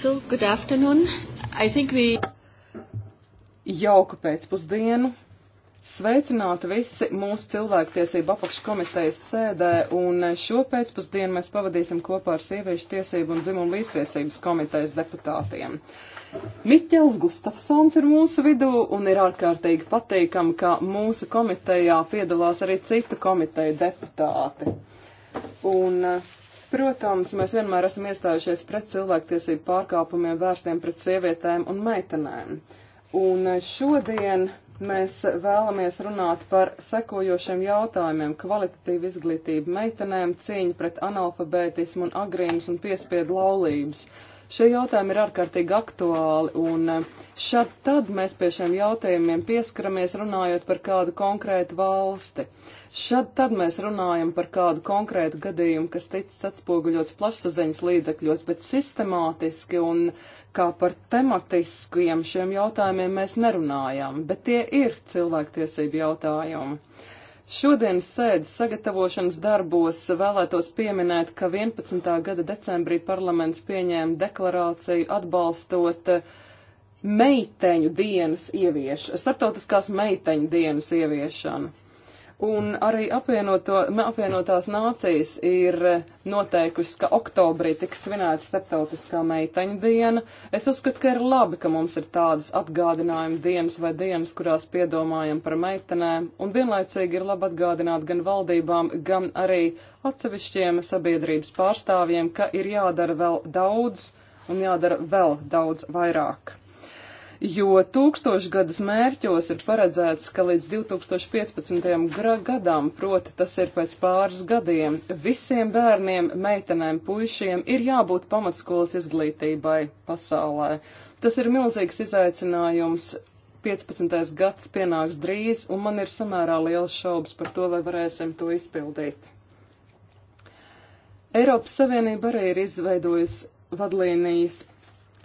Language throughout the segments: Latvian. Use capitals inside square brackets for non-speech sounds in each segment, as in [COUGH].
So, good afternoon. I think we. Jauka pēcpusdienu. Sveicināti visi mūsu cilvēktiesību apakškomitejas sēdē, un šo pēcpusdienu mēs pavadīsim kopā ar sieviešu tiesību un dzimumu līdztiesības komitejas deputātiem. Miķels Gustafsons ir mūsu vidū, un ir ārkārtīgi patīkam, ka mūsu komitejā piedalās arī citu komiteju deputāti. Un uh, Protams, mēs vienmēr esam iestājušies pret cilvēktiesību pārkāpumiem vērstiem pret sievietēm un meitenēm. Un šodien mēs vēlamies runāt par sekojošiem jautājumiem - kvalitatīva izglītība meitenēm, cīņa pret analfabētismu un agrīnas un piespiedu laulības Šie jautājumi ir ārkārtīgi aktuāli, un eh, šad tad mēs pie šiem jautājumiem pieskaramies runājot par kādu konkrētu valsti. Šad tad mēs runājam par kādu konkrētu gadījumu, kas ticis atspoguļots plašsaziņas līdzekļos, bet sistemātiski un kā par tematiskiem šiem jautājumiem mēs nerunājam, bet tie ir cilvēktiesību jautājumi. Šodienas sēdes sagatavošanas darbos vēlētos pieminēt, ka 11. gada decembrī parlaments pieņēma deklarāciju atbalstot meiteņu dienas ieviešanu, starptautiskās meiteņu dienas ieviešanu. Un arī apvienoto, apvienotās nācijas ir noteikusi, ka oktobrī tiks svinēta starptautiskā meiteņu diena. Es uzskatu, ka ir labi, ka mums ir tādas atgādinājuma dienas vai dienas, kurās piedomājam par meitenēm, un vienlaicīgi ir labi atgādināt gan valdībām, gan arī atsevišķiem sabiedrības pārstāvjiem, ka ir jādara vēl daudz un jādara vēl daudz vairāk jo tūkstošgadas mērķos ir paredzēts, ka līdz 2015. gadam, proti tas ir pēc pāris gadiem, visiem bērniem, meitenēm, puišiem ir jābūt pamatskolas izglītībai pasaulē. Tas ir milzīgs izaicinājums. 15. gads pienāks drīz, un man ir samērā liels šaubas par to, vai varēsim to izpildīt. Eiropas Savienība arī ir izveidojusi vadlīnijas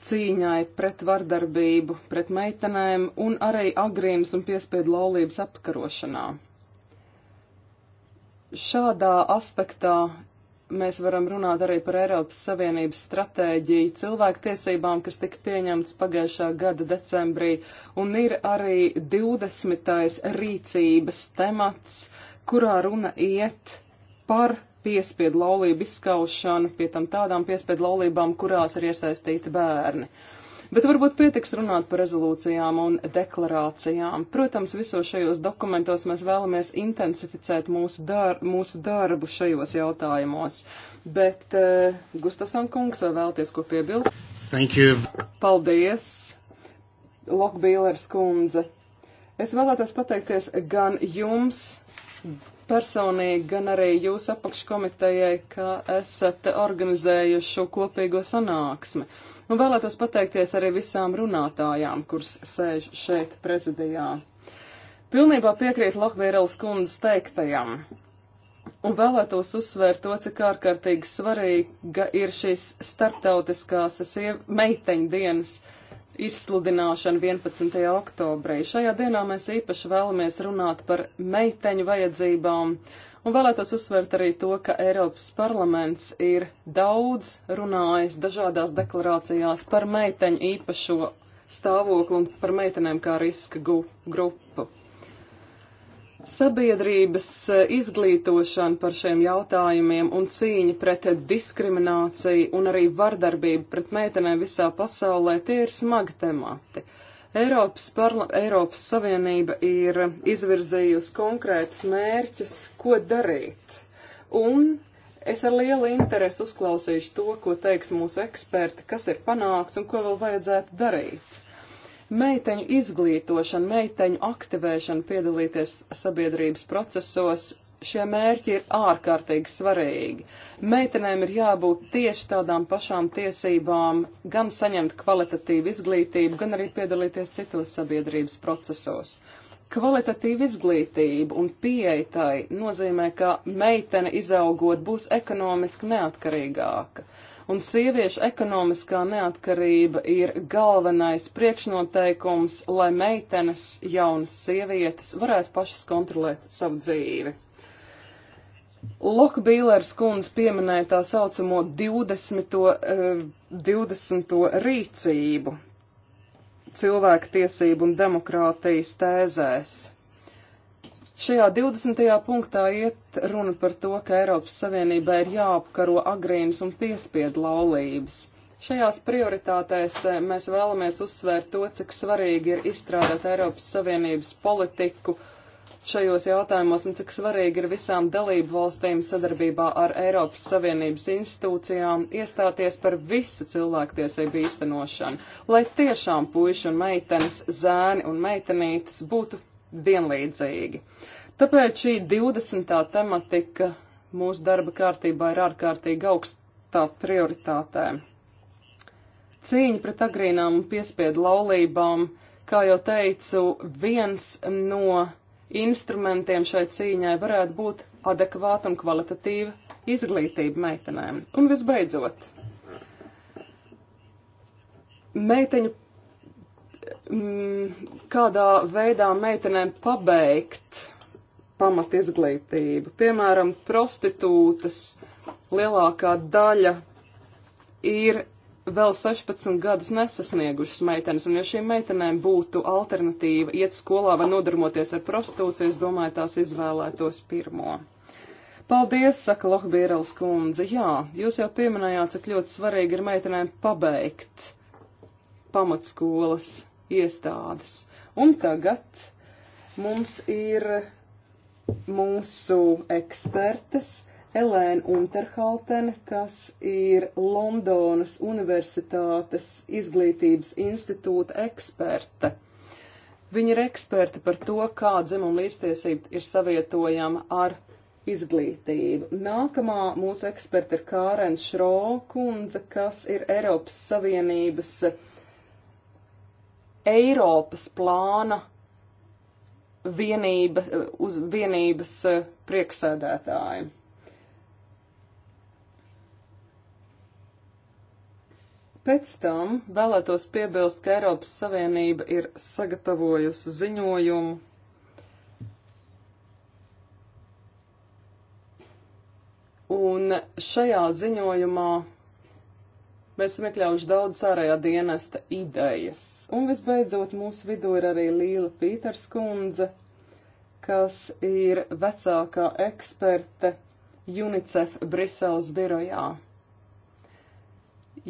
cīņai pret vardarbību, pret meitenēm un arī agrīnas un piespiedu laulības apkarošanā. Šādā aspektā mēs varam runāt arī par Eiropas Savienības stratēģiju cilvēktiesībām, kas tika pieņemts pagājušā gada decembrī, un ir arī 20. rīcības temats, kurā runa iet par piespiedu laulību izskaušanu, pie tam tādām piespiedu laulībām, kurās ir iesaistīti bērni. Bet varbūt pietiks runāt par rezolūcijām un deklarācijām. Protams, visos šajos dokumentos mēs vēlamies intensificēt mūsu, dar mūsu darbu šajos jautājumos. Bet, uh, eh, Gustafson kungs, vai vēlties ko piebilst? Thank you. Paldies, Lokbīlers kundze. Es vēlētos pateikties gan jums, personīgi, gan arī jūsu apakškomitejai, ka esat organizējuši šo kopīgo sanāksmi. Un vēlētos pateikties arī visām runātājām, kuras sēž šeit prezidijā. Pilnībā piekrīt Lohvīrelas kundas teiktajam. Un vēlētos uzsvērt to, cik ārkārtīgi svarīga ir šīs starptautiskās meiteņu dienas izsludināšanu 11. oktobrī. Šajā dienā mēs īpaši vēlamies runāt par meiteņu vajadzībām un vēlētos uzsvērt arī to, ka Eiropas parlaments ir daudz runājis dažādās deklarācijās par meiteņu īpašo stāvokli un par meitenēm kā riska grupu. Sabiedrības eh, izglītošana par šiem jautājumiem un cīņa pret diskrimināciju un arī vardarbību pret meitenēm visā pasaulē tie ir smagi temati. Eiropas, parla, Eiropas Savienība ir izvirzījusi konkrētus mērķus, ko darīt. Un es ar lielu interesi uzklausīšu to, ko teiks mūsu eksperti, kas ir panākts un ko vēl vajadzētu darīt meiteņu izglītošana, meiteņu aktivēšana piedalīties sabiedrības procesos. Šie mērķi ir ārkārtīgi svarīgi. Meitenēm ir jābūt tieši tādām pašām tiesībām gan saņemt kvalitatīvu izglītību, gan arī piedalīties citos sabiedrības procesos. Kvalitatīva izglītība un pieeja tai nozīmē, ka meitene izaugot būs ekonomiski neatkarīgāka. Uh, un sieviešu ekonomiskā neatkarība ir galvenais priekšnoteikums, lai meitenes, jaunas sievietes varētu pašas kontrolēt savu dzīvi. Lokbīlers kundze pieminēja tā saucamo 20. 20. Eh, rīcību cilvēku tiesību un demokrātijas tēzēs. Šajā 20. punktā iet runa par to, ka Eiropas Savienībai ir jāapkaro agrīnas un piespiedu laulības. Šajās prioritātēs eh, mēs vēlamies uzsvērt to, cik svarīgi ir izstrādāt Eiropas Savienības politiku šajos jautājumos un cik svarīgi ir visām dalību valstīm sadarbībā ar Eiropas Savienības institūcijām iestāties par visu cilvēktiesību īstenošanu, lai tiešām puiši un meitenes, zēni un meitenītes būtu vienlīdzīgi. Tāpēc šī 20. tematika mūsu darba kārtībā ir ārkārtīgi augstā prioritātē. Cīņa pret agrīnām un piespiedu laulībām, kā jau teicu, viens no instrumentiem šai cīņai varētu būt adekvāta un kvalitatīva izglītība meitenēm. Un visbeidzot, meiteņu mm, kādā veidā meitenēm pabeigt pamat izglītību. Piemēram, prostitūtas lielākā daļa ir vēl 16 gadus nesasniegušas meitenes, un ja šīm meitenēm būtu alternatīva iet skolā vai nodarboties ar prostitūciju, es domāju, tās izvēlētos pirmo. Paldies, saka Lohbīrels kundze. Jā, jūs jau pieminējāt, cik ļoti svarīgi ir meitenēm pabeigt pamatskolas iestādes. Un tagad mums ir mūsu ekspertes Elēna Unterhalten, kas ir Londonas Universitātes izglītības institūta eksperte. Viņa ir eksperte par to, kā dzimuma līdztiesība ir savietojama ar izglītību. Nākamā mūsu eksperta ir Kārens Šro kundze, kas ir Eiropas Savienības uh, Eiropas plāna vienības, uz vienības eh, prieksēdētāju. Pēc tam vēlētos piebilst, ka Eiropas Savienība ir sagatavojusi ziņojumu Un šajā ziņojumā mēs esam iekļaujuši daudz ārējā dienesta idejas. Un visbeidzot, mūsu vidū ir arī Līla Pīters kundze, kas ir vecākā eksperte UNICEF Briseles birojā.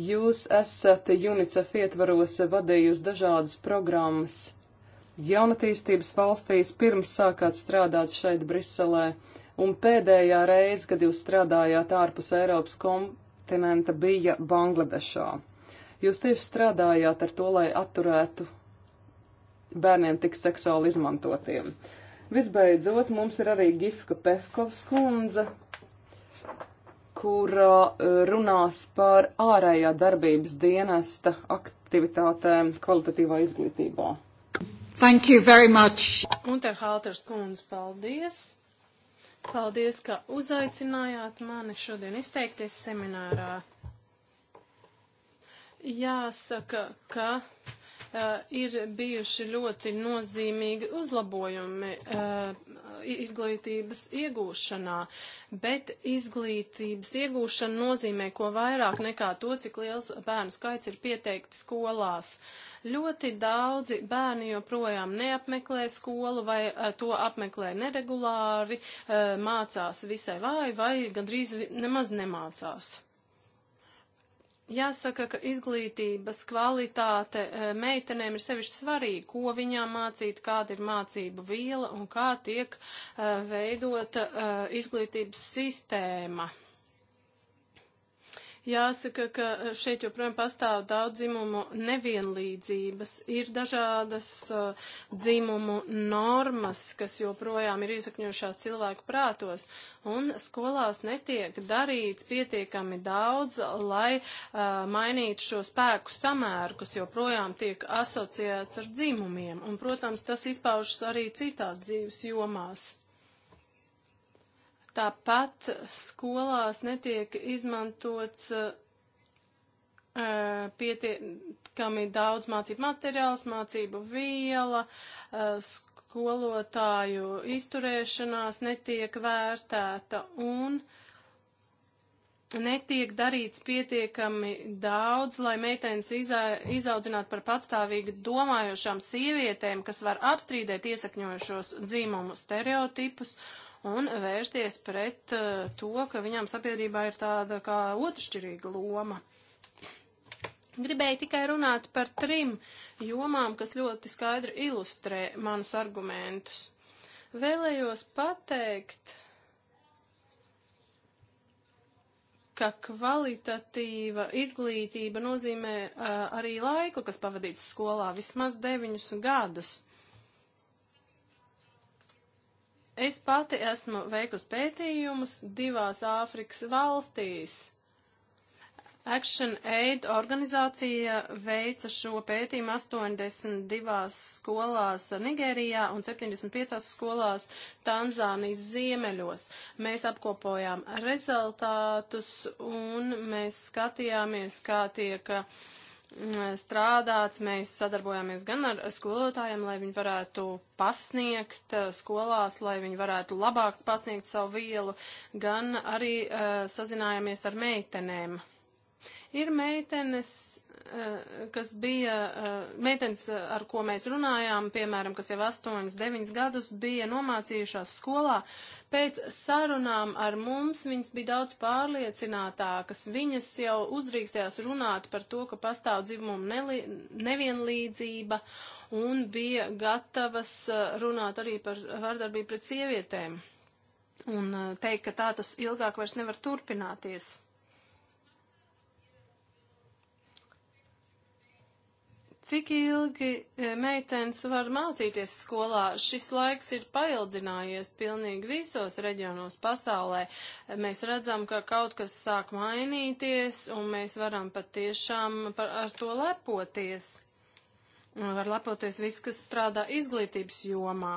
Jūs esat UNICEF ietvaros vadījusi dažādas programmas jaunatīstības valstīs, pirms sākāt strādāt šeit Briselē, un pēdējā reize, kad jūs strādājāt ārpus Eiropas kontinenta, bija Bangladešā. Jūs tieši strādājāt ar to, lai atturētu bērniem tik seksuāli izmantotiem. Visbeidzot, mums ir arī Gifka Pefkovs kundze, kura e, runās par ārējā darbības dienesta aktivitātēm kvalitatīvā izglītībā. Thank you very much. Unterhalters kundze, paldies. Paldies, ka uzaicinājāt mani šodien izteikties seminārā. Jāsaka, ka ir bijuši ļoti nozīmīgi uzlabojumi izglītības iegūšanā, bet izglītības iegūšana nozīmē ko vairāk nekā to, cik liels bērnu skaits ir pieteikti skolās. Ļoti daudzi bērni joprojām neapmeklē skolu vai to apmeklē neregulāri, mācās visai vai vai gandrīz nemaz nemācās. Jāsaka, ka izglītības kvalitāte e, meitenēm ir sevišķi svarīga, ko viņām mācīt, kāda ir mācību viela un kā tiek e, veidota e, izglītības sistēma. Jāsaka, ka e, šeit joprojām pastāv daudz dzimumu nevienlīdzības. Ir dažādas uh, dzimumu normas, kas joprojām ir iesakņojušās cilvēku prātos, un skolās netiek darīts pietiekami daudz, lai uh, mainītu šo spēku samēru, kas joprojām tiek asociēts ar dzimumiem. Un, protams, tas izpaužas arī citās dzīves jomās. Tāpat skolās netiek izmantots uh, pietiekami daudz mācību materiāls, mācību viela, uh, skolotāju izturēšanās netiek vērtēta un netiek darīts pietiekami daudz, lai meitenes izaudzinātu par patstāvīgi domājošām sievietēm, kas var apstrīdēt iesakņojušos dzīmumu stereotipus un vērsties pret uh, to, ka viņām sabiedrībā ir tāda kā otršķirīga loma. Gribēju tikai runāt par trim jomām, kas ļoti skaidri ilustrē manus argumentus. Vēlējos pateikt, ka kvalitatīva izglītība nozīmē uh, arī laiku, kas pavadīts skolā, vismaz deviņus gadus. Es pati esmu veikusi pētījumus divās Āfrikas valstīs. Action Aid organizācija veica šo pētījumu 82 skolās Nigērijā un 75 skolās Tanzānijas ziemeļos. Mēs apkopojām rezultātus un mēs skatījāmies, kā tiek uh, strādāts, mēs sadarbojāmies gan ar skolotājiem, lai viņi varētu pasniegt eh, skolās, lai viņi varētu labāk pasniegt savu vielu, gan arī uh, eh, sazinājāmies ar meitenēm. Ir meitenes, Eh, kas bija eh, meitenes, eh, ar ko mēs runājām, piemēram, kas jau 8-9 gadus bija nomācījušās skolā, pēc sarunām ar mums viņas bija daudz pārliecinātākas. Viņas jau uzdrīkstējās runāt par to, ka pastāv dzimumu nevienlīdzība un bija gatavas runāt arī par vardarbību pret sievietēm un teikt, ka tā tas ilgāk vairs nevar turpināties. Cik ilgi e, meitenes var mācīties skolā? Šis laiks ir paildzinājies pilnīgi visos reģionos pasaulē. Mēs redzam, ka kaut kas sāk mainīties, un mēs varam pat tiešām par, ar to lepoties. Var lepoties viss, kas strādā izglītības jomā.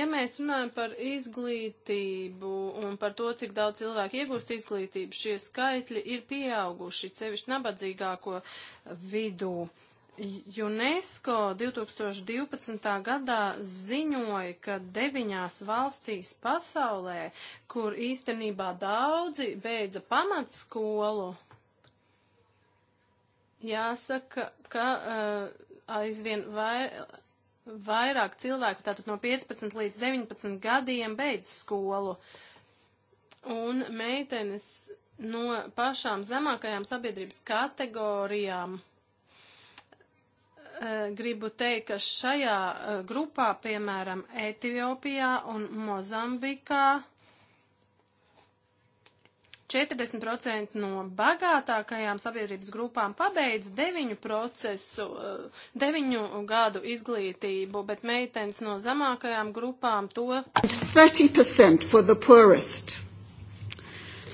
Ja mēs runājam par izglītību un par to, cik daudz cilvēku iegūst izglītību, šie skaitļi ir pieauguši, sevišķi nabadzīgāko vidū. Uh, UNESCO 2012. gadā ziņoja, ka deviņās valstīs pasaulē, kur īstenībā daudzi beidza pamatskolu, jāsaka, ka uh, aizvien vairāk vairāk cilvēku, tātad no 15 līdz 19 gadiem, beidz skolu. Un meitenes no pašām zemākajām sabiedrības kategorijām Eh, gribu teikt, ka šajā eh, grupā, piemēram, Etiopijā un Mozambikā, 40% no bagātākajām sabiedrības grupām pabeidz 9 procesu, 9 eh, gadu izglītību, bet meitenes no zamākajām grupām to. 30% for the poorest.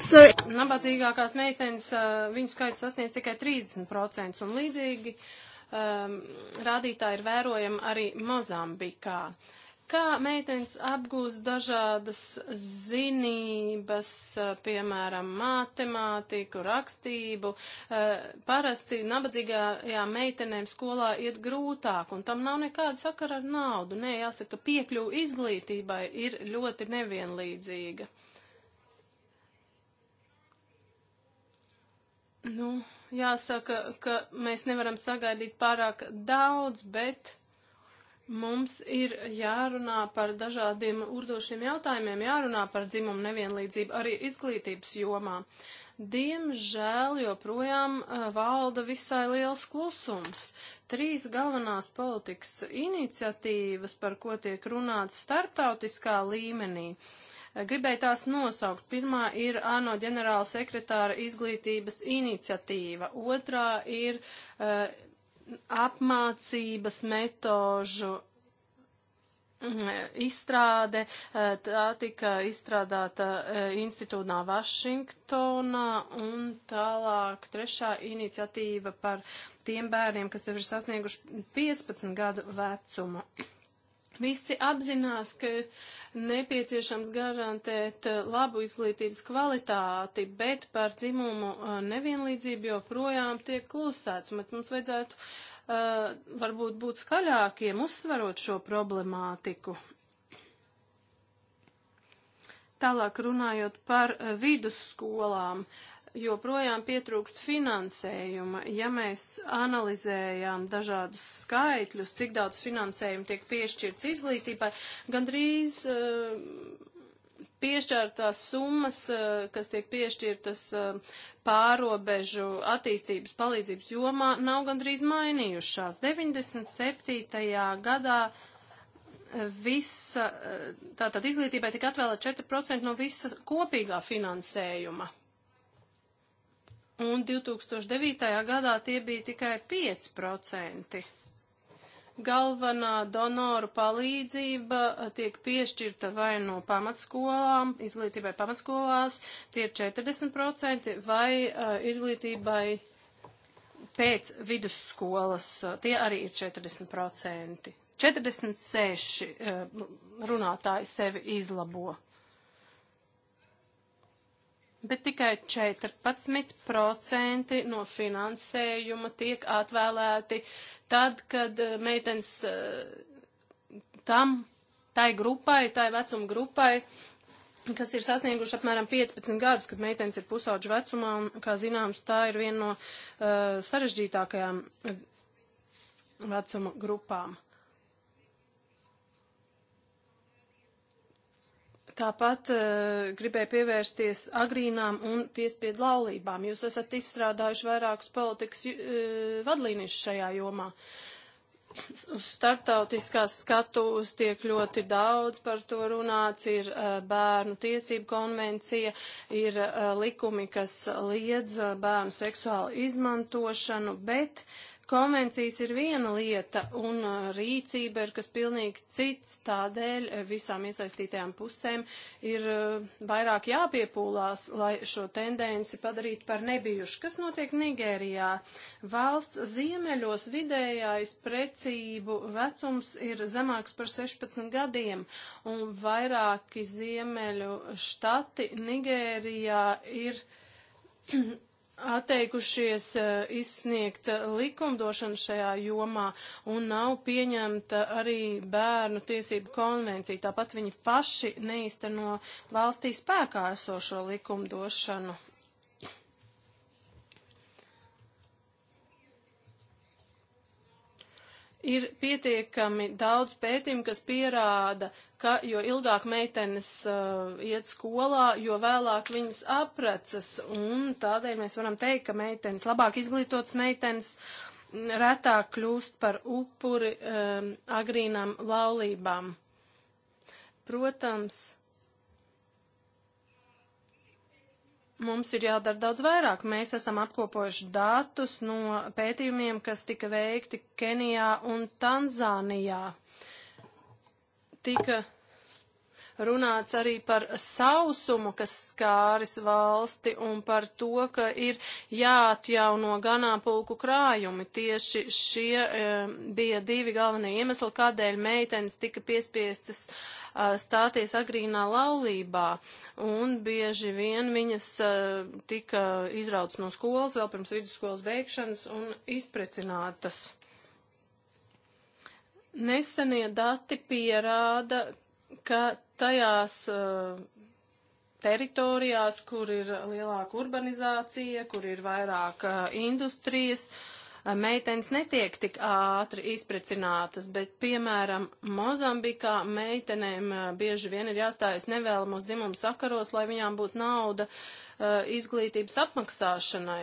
So... Nabadzīgākās meitenes, viņu skaits sasniedz tikai 30% un līdzīgi. Uh, um, rādītāji ir vērojami arī Mozambikā. Kā meitenes apgūst dažādas zinības, uh, piemēram, matemātiku, rakstību, uh, parasti nabadzīgajām meitenēm skolā iet grūtāk, un tam nav nekāda sakara ar naudu. Nē, jāsaka, piekļuva izglītībai ir ļoti nevienlīdzīga. Nu, Jāsaka, ka mēs nevaram sagaidīt pārāk daudz, bet mums ir jārunā par dažādiem urdošiem jautājumiem, jārunā par dzimumu nevienlīdzību arī izglītības jomā. Diemžēl joprojām eh, valda visai liels klusums. Trīs galvenās politikas iniciatīvas, par ko tiek runāts starptautiskā līmenī. Uh, Gribēju tās nosaukt. Pirmā ir ANO ģenerāla sekretāra izglītības iniciatīva, otrā ir uh, apmācības metožu mm, izstrāde, eh, tā tika izstrādāta eh, institūtā Vašingtonā un tālāk trešā iniciatīva par tiem bērniem, kas tev ir sasnieguši 15 gadu vecumu. Visi apzinās, ka ir nepieciešams garantēt eh, labu izglītības kvalitāti, bet par dzimumu eh, nevienlīdzību joprojām tiek klusēts. Bet mums vajadzētu uh, varbūt būt skaļākiem, uzsvarot šo problemātiku. Tālāk runājot par vidusskolām. Uh, joprojām pietrūkst finansējuma. Ja mēs analizējām dažādus skaitļus, cik daudz finansējuma tiek piešķirts izglītībai, gandrīz uh, piešķērtās summas, uh, kas tiek piešķirtas uh, pārobežu attīstības palīdzības jomā, nav gandrīz mainījušās. 97. gadā visa, tātad izglītībai tika atvēlēt 4% no visa kopīgā finansējuma un 2009. gadā tie bija tikai 5%. Galvenā donoru palīdzība tiek piešķirta vai no pamatskolām, izglītībai pamatskolās, tie ir 40%, vai uh, izglītībai pēc vidusskolas, uh, tie arī ir 40%. 46 uh, runātāji sevi izlabo bet tikai 14% no finansējuma tiek atvēlēti tad, kad eh, meitenes eh, tam, tai grupai, tai vecuma grupai, kas ir sasnieguši apmēram 15 gadus, kad meitenes ir pusauģu vecumā, un, kā zināms, tā ir viena no uh, sarežģītākajām vecuma grupām. Uh, Tāpat uh, gribēju pievērsties agrīnām un piespiedu laulībām. Jūs esat izstrādājuši vairākas politikas uh, vadlīnijas šajā jomā. Uz starptautiskās skatūs tiek ļoti daudz par to runāts, ir uh, bērnu tiesību konvencija, ir uh, likumi, kas liedz uh, bērnu seksuālu izmantošanu, bet uh, Konvencijas ir viena lieta un uh, rīcība ir kas pilnīgi cits, tādēļ uh, visām iesaistītajām pusēm ir uh, vairāk jāpiepūlās, lai šo tendenci padarītu par nebijušu. Kas notiek Nigērijā? Valsts ziemeļos vidējais precību vecums ir zemāks par 16 gadiem un vairāki ziemeļu štati Nigērijā ir [CLEARS THROAT] atteikušies eh, izsniegt likumdošanu šajā jomā un nav pieņemta arī bērnu tiesību konvencija. Tāpat viņi paši neīsteno valstī spēkā esošo likumdošanu. Ir pietiekami daudz pētījumu, kas pierāda, ka jo ilgāk meitenes uh, iet skolā, jo vēlāk viņas aprecas, un tādēļ mēs varam teikt, ka meitenes, labāk izglītotas meitenes, retāk kļūst par upuri um, agrīnām laulībām. Protams, mums ir jādara daudz vairāk. Mēs esam apkopojuši datus no pētījumiem, kas tika veikti Kenijā un Tanzānijā tika runāts arī par sausumu, kas skāris valsti un par to, ka ir jāatjauno ganāpulku krājumi. Tieši šie e, bija divi galvenie iemesli, kādēļ meitenes tika piespiestas a, eh, stāties agrīnā laulībā, un bieži vien viņas a, eh, tika izrauts no skolas vēl pirms vidusskolas beigšanas un izprecinātas. Nesenie dati pierāda, ka tajās uh, teritorijās, kur ir lielāka urbanizācija, kur ir vairāk uh, industrijas, eh, meitenes netiek tik ātri izprecinātas, bet, piemēram, Mozambikā meitenēm uh, bieži vien ir jāstājas nevēlamos dzimumu sakaros, lai viņām būtu nauda uh, izglītības apmaksāšanai.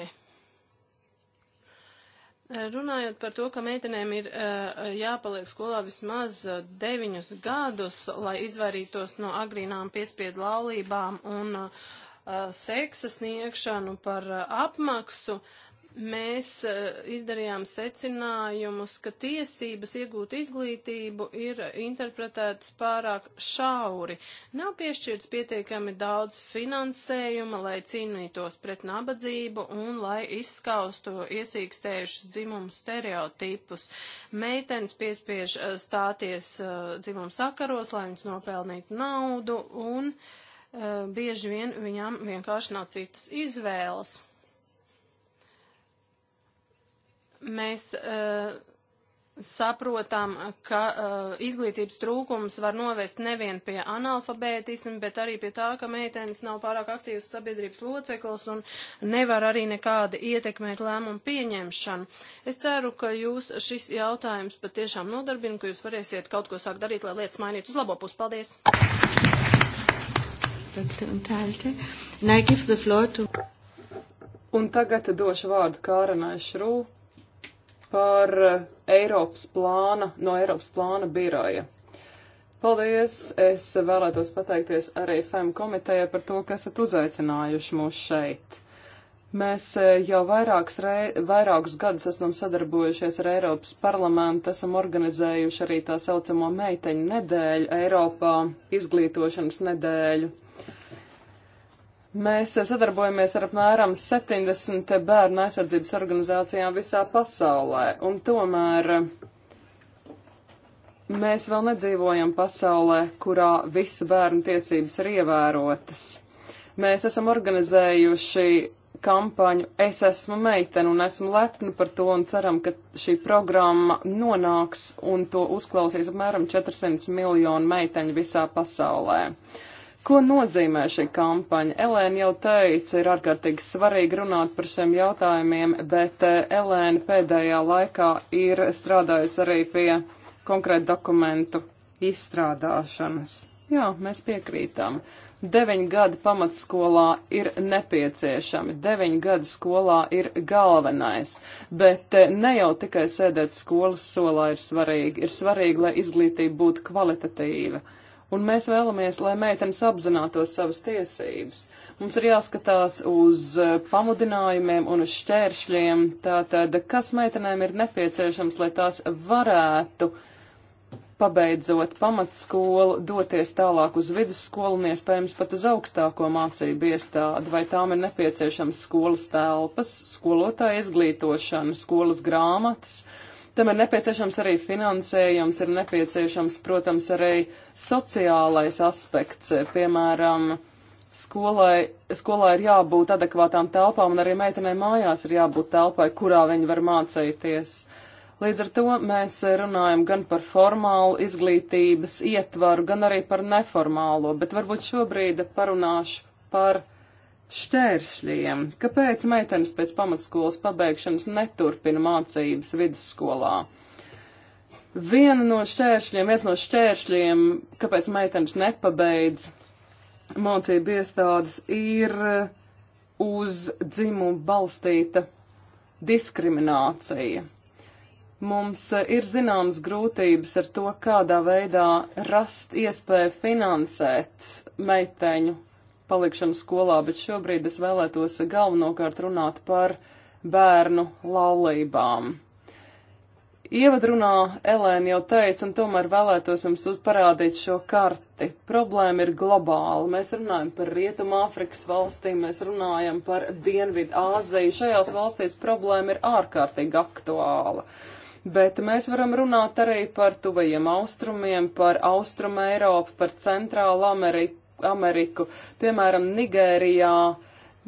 Runājot par to, ka meitenēm ir uh, jāpaliek skolā vismaz eh, deviņus gadus, lai izvairītos no agrīnām piespiedu laulībām un uh, seksa sniegšanu par uh, apmaksu, uh, mēs e, izdarījām secinājumus, ka tiesības iegūt izglītību ir interpretētas pārāk šauri. Nav piešķirts pietiekami daudz finansējuma, lai cīnītos pret nabadzību un lai izskaustu iesīkstējušas dzimumu stereotipus. Meitenes piespiež e, stāties e, dzimumu sakaros, lai viņas nopelnītu naudu un bieži vien viņām vienkārši nav citas izvēles. mēs uh, saprotam, ka uh, izglītības trūkums var novest nevien pie analfabētismu, bet arī pie tā, ka meitenes nav pārāk aktīvas sabiedrības loceklis un nevar arī nekādi ietekmēt lēmumu pieņemšanu. Es ceru, ka jūs šis jautājums patiešām nodarbina, ka jūs varēsiet kaut ko sākt darīt, lai lietas mainītu uz labo pusi. Paldies! Un tagad došu vārdu Kārenai Šrū par eh, Eiropas plāna, no Eiropas plāna biroja. Paldies! Es vēlētos pateikties arī FEM komitejai par to, ka esat uzaicinājuši mūs šeit. Mēs eh, jau vairākus, rei, vairākus gadus esam sadarbojušies ar Eiropas parlamentu, esam organizējuši arī tā saucamo meiteņu nedēļu Eiropā, izglītošanas nedēļu. Mēs eh, sadarbojamies ar apmēram 70 bērnu aizsardzības organizācijām visā pasaulē, un tomēr eh, mēs vēl nedzīvojam pasaulē, kurā visu bērnu tiesības ir ievērotas. Mēs esam organizējuši kampaņu Es esmu meitene un esmu lepni par to un ceram, ka šī programma nonāks un to uzklausīs apmēram 400 miljonu meiteņu visā pasaulē. Uh, Ko nozīmē šī kampaņa? Elēna jau teica, ir ārkārtīgi svarīgi runāt par šiem jautājumiem, bet eh, Elēna pēdējā laikā ir strādājusi arī pie konkrētu dokumentu izstrādāšanas. Jā, mēs piekrītam. Deviņi gadi pamatskolā ir nepieciešami, deviņi gadi skolā ir galvenais, bet eh, ne jau tikai sēdēt skolas solā ir svarīgi, ir svarīgi, lai izglītība būtu kvalitatīva un mēs vēlamies, lai meitenes apzinātos savas tiesības. Mums ir jāskatās uz eh, pamudinājumiem un uz šķēršļiem, tātad, kas meitenēm ir nepieciešams, lai tās varētu pabeidzot pamatskolu, doties tālāk uz vidusskolu un iespējams pat uz augstāko mācību iestādi, vai tām ir nepieciešams skolas telpas, skolotāja izglītošana, skolas grāmatas, Tam ir nepieciešams arī finansējums, ir nepieciešams, protams, arī sociālais aspekts. Piemēram, skolai, skolai ir jābūt adekvātām telpām, un arī meitenei mājās ir jābūt telpai, kurā viņi var mācīties. Līdz ar to mēs runājam gan par formālu izglītības ietvaru, gan arī par neformālo, bet varbūt šobrīd parunāšu par šķēršļiem. Kāpēc meitenes pēc pamatskolas pabeigšanas neturpina mācības vidusskolā? Viena no šķēršļiem, viens no šķēršļiem, kāpēc meitenes nepabeidz mācību iestādes, ir eh, uz dzimumu balstīta diskriminācija. Mums eh, ir zināmas grūtības ar to, kādā veidā rast iespēju finansēt meiteņu palikšanu skolā, bet šobrīd es vēlētos galvenokārt runāt par bērnu laulībām. Ievadrunā Elēna jau teica, un tomēr vēlētos jums parādīt šo karti. Problēma ir globāla. Mēs runājam par Rietumu Āfrikas valstīm, mēs runājam par Dienvidu Āziju. Šajās valstīs problēma ir ārkārtīgi aktuāla. Bet mēs varam runāt arī par tuvajiem austrumiem, par Austrumu Eiropu, par Centrālu Ameriku Ameriku. Piemēram, Nigērijā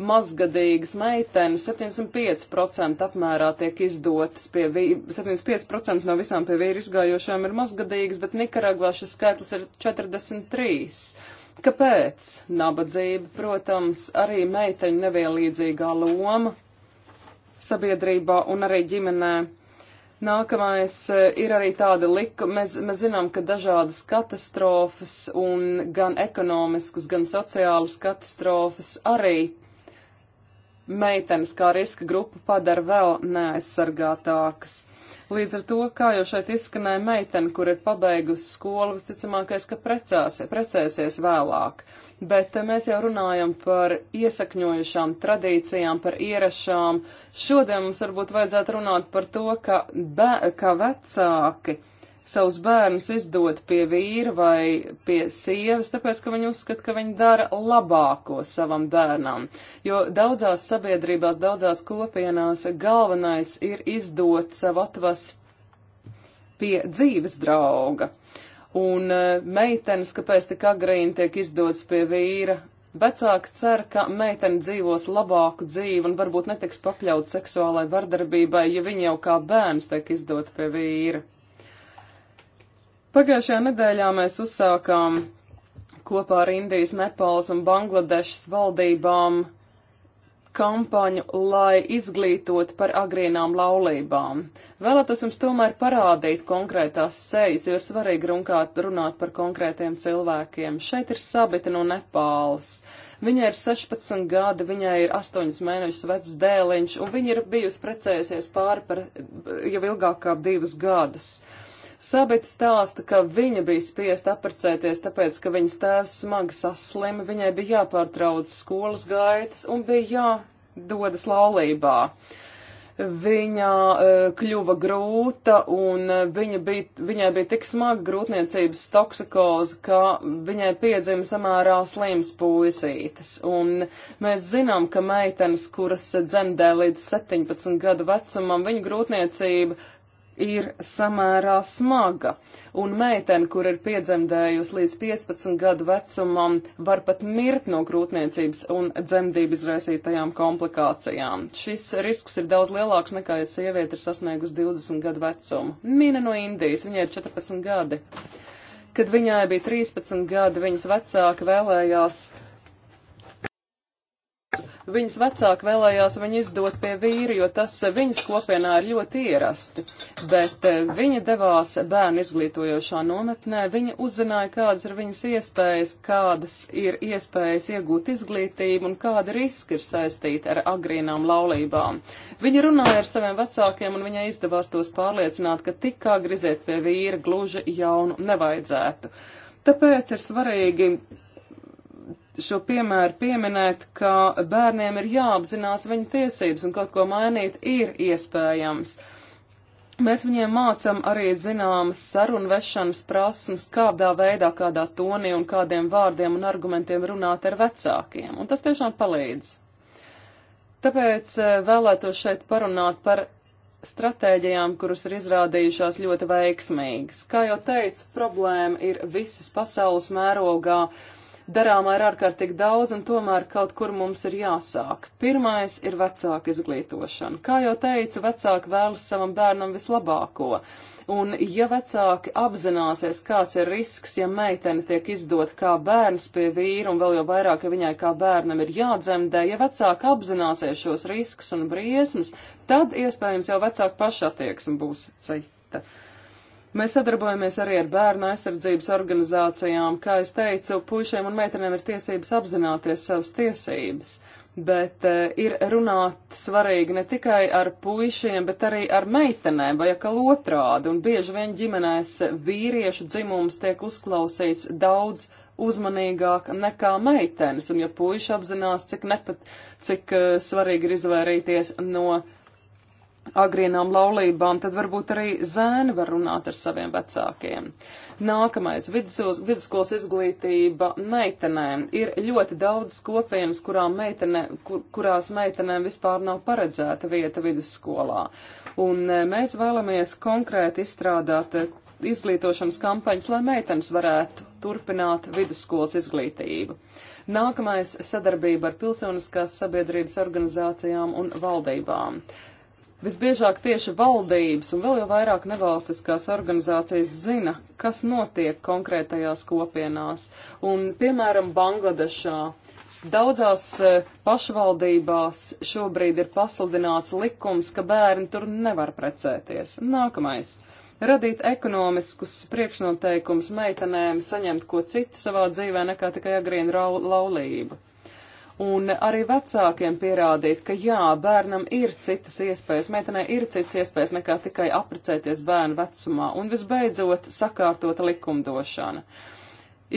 mazgadīgas meitenes 75% apmērā tiek izdotas pie vīri, 75% no visām pie vīri izgājošām ir mazgadīgas, bet Nikaragvā šis skaitlis ir 43. Kāpēc? Nabadzība, protams, arī meiteņu nevienlīdzīgā loma sabiedrībā un arī ģimenē. Nākamais eh, ir arī tāda likuma. Mēs, mēs zinām, ka dažādas katastrofas un gan ekonomiskas, gan sociālas katastrofas arī meitenes kā riska grupa padara vēl neaizsargātākas. Līdz ar to, kā jau šeit izskanēja meitene, kur ir pabeigusi skolu, visticamākais, ka precās, precēsies vēlāk. Bet eh, mēs jau runājam par iesakņojušām tradīcijām, par ierašām. Šodien mums varbūt vajadzētu runāt par to, ka, be, ka vecāki savus bērnus izdod pie vīra vai pie sievas, tāpēc, ka viņi uzskata, ka viņi dara labāko savam bērnam. Jo daudzās sabiedrībās, daudzās kopienās galvenais ir izdot savu atvas pie dzīves drauga. Un e, meitenes, kāpēc tik agrīni tiek izdots pie vīra, Vecāki cer, ka meitene dzīvos labāku dzīvi un varbūt netiks pakļaut seksuālai vardarbībai, ja viņa jau kā bērns tiek izdota pie vīra. Pagājušajā nedēļā mēs uzsākām kopā ar Indijas, Nepāls un Bangladešas valdībām kampaņu, lai izglītot par agrīnām laulībām. Vēlētos jums tomēr parādīt konkrētās sejas, jo svarīgi runkāt, runāt par konkrētiem cilvēkiem. Šeit ir Sabita no Nepālas. Viņai ir 16 gadi, viņai ir 8 mēnešus vecs dēliņš, un viņa ir bijusi precējusies pāri par jau ilgāk kā divus gadus. Uh, Sabita stāsta, ka viņa bija spiest aprecēties, tāpēc, ka viņas tēvs smagi saslima, viņai bija jāpārtrauc skolas gaitas un bija jādodas laulībā. Viņa uh, kļuva grūta un e, viņa bija, viņai bija tik smaga grūtniecības toksikoze, ka viņai piedzima samērā slims puisītis. Un mēs zinām, ka meitenes, kuras dzemdē līdz 17 gadu vecumam, viņa grūtniecība ir samērā smaga, un meitene, kur ir piedzemdējusi līdz 15 gadu vecumam, var pat mirt no krūtniecības un dzemdību izraisītajām komplikācijām. Šis risks ir daudz lielāks nekā, ja sieviete ir sasniegusi 20 gadu vecumu. Mina no Indijas, viņai ir 14 gadi. Kad viņai bija 13 gadi, viņas vecāki vēlējās Viņas vecāki vēlējās viņu izdot pie vīra, jo tas eh, viņas kopienā ir ļoti ierasti. Bet eh, viņa devās bērnu izglītojošā nometnē, viņa uzzināja, kādas ir viņas iespējas, kādas ir iespējas iegūt izglītību un kāda riska ir saistīta ar agrīnām laulībām. Viņa runāja ar saviem vecākiem un viņai izdevās tos pārliecināt, ka tik kā grizēt pie vīra gluži jaunu nevajadzētu. Tāpēc ir svarīgi šo piemēru pieminēt, ka bērniem ir jāapzinās viņu tiesības un kaut ko mainīt ir iespējams. Mēs viņiem mācam arī zināmas sarunvešanas prasmes, kādā veidā, kādā tonī un kādiem vārdiem un argumentiem runāt ar vecākiem, un tas tiešām palīdz. Tāpēc eh, vēlētos šeit parunāt par stratēģijām, kuras ir izrādījušās ļoti veiksmīgas. Kā jau teicu, problēma ir visas pasaules mērogā. Uh, Darāmā ir ārkārtīgi daudz, un tomēr kaut kur mums ir jāsāk. Pirmais ir vecāka izglītošana. Kā jau teicu, vecāki vēlas savam bērnam vislabāko. Un, ja vecāki apzināsies, kāds ir risks, ja meitene tiek izdota kā bērns pie vīra, un vēl jau vairāk, ja viņai kā bērnam ir jādzemdē, ja vecāki apzināsies šos riskus un briesmas, tad iespējams jau vecāku pašatieksme būs cita. Mēs sadarbojamies arī ar bērnu aizsardzības organizācijām. Kā es teicu, puišiem un meitenēm ir tiesības apzināties savas tiesības, bet uh, ir runāt svarīgi ne tikai ar puišiem, bet arī ar meitenēm vai akal otrādi, un bieži vien ģimenēs vīriešu dzimums tiek uzklausīts daudz uzmanīgāk nekā meitenes, un ja puiši apzinās, cik, nepat, cik uh, svarīgi ir izvairīties no agrīnām laulībām, tad varbūt arī zēni var runāt ar saviem vecākiem. Nākamais - vidusskolas izglītība meitenēm. Ir ļoti daudz kopienas, meitene, kur, kurās meitenēm vispār nav paredzēta vieta vidusskolā. Un e, mēs vēlamies konkrēti izstrādāt e, izglītošanas kampaņas, lai meitenes varētu turpināt vidusskolas izglītību. Nākamais - sadarbība ar pilsoniskās sabiedrības organizācijām un valdībām. Visbiežāk tieši valdības un vēl jau vairāk nevalstiskās organizācijas zina, kas notiek konkrētajās kopienās. Un, piemēram, Bangladešā daudzās e, pašvaldībās šobrīd ir pasludināts likums, ka bērni tur nevar precēties. Nākamais radīt ekonomiskus priekšnoteikumus meitenēm saņemt ko citu savā dzīvē nekā tikai agrīnu laulību un arī vecākiem pierādīt, ka jā, bērnam ir citas iespējas, meitenei ir citas iespējas nekā tikai apprecēties bērnu vecumā, un visbeidzot sakārtot likumdošana.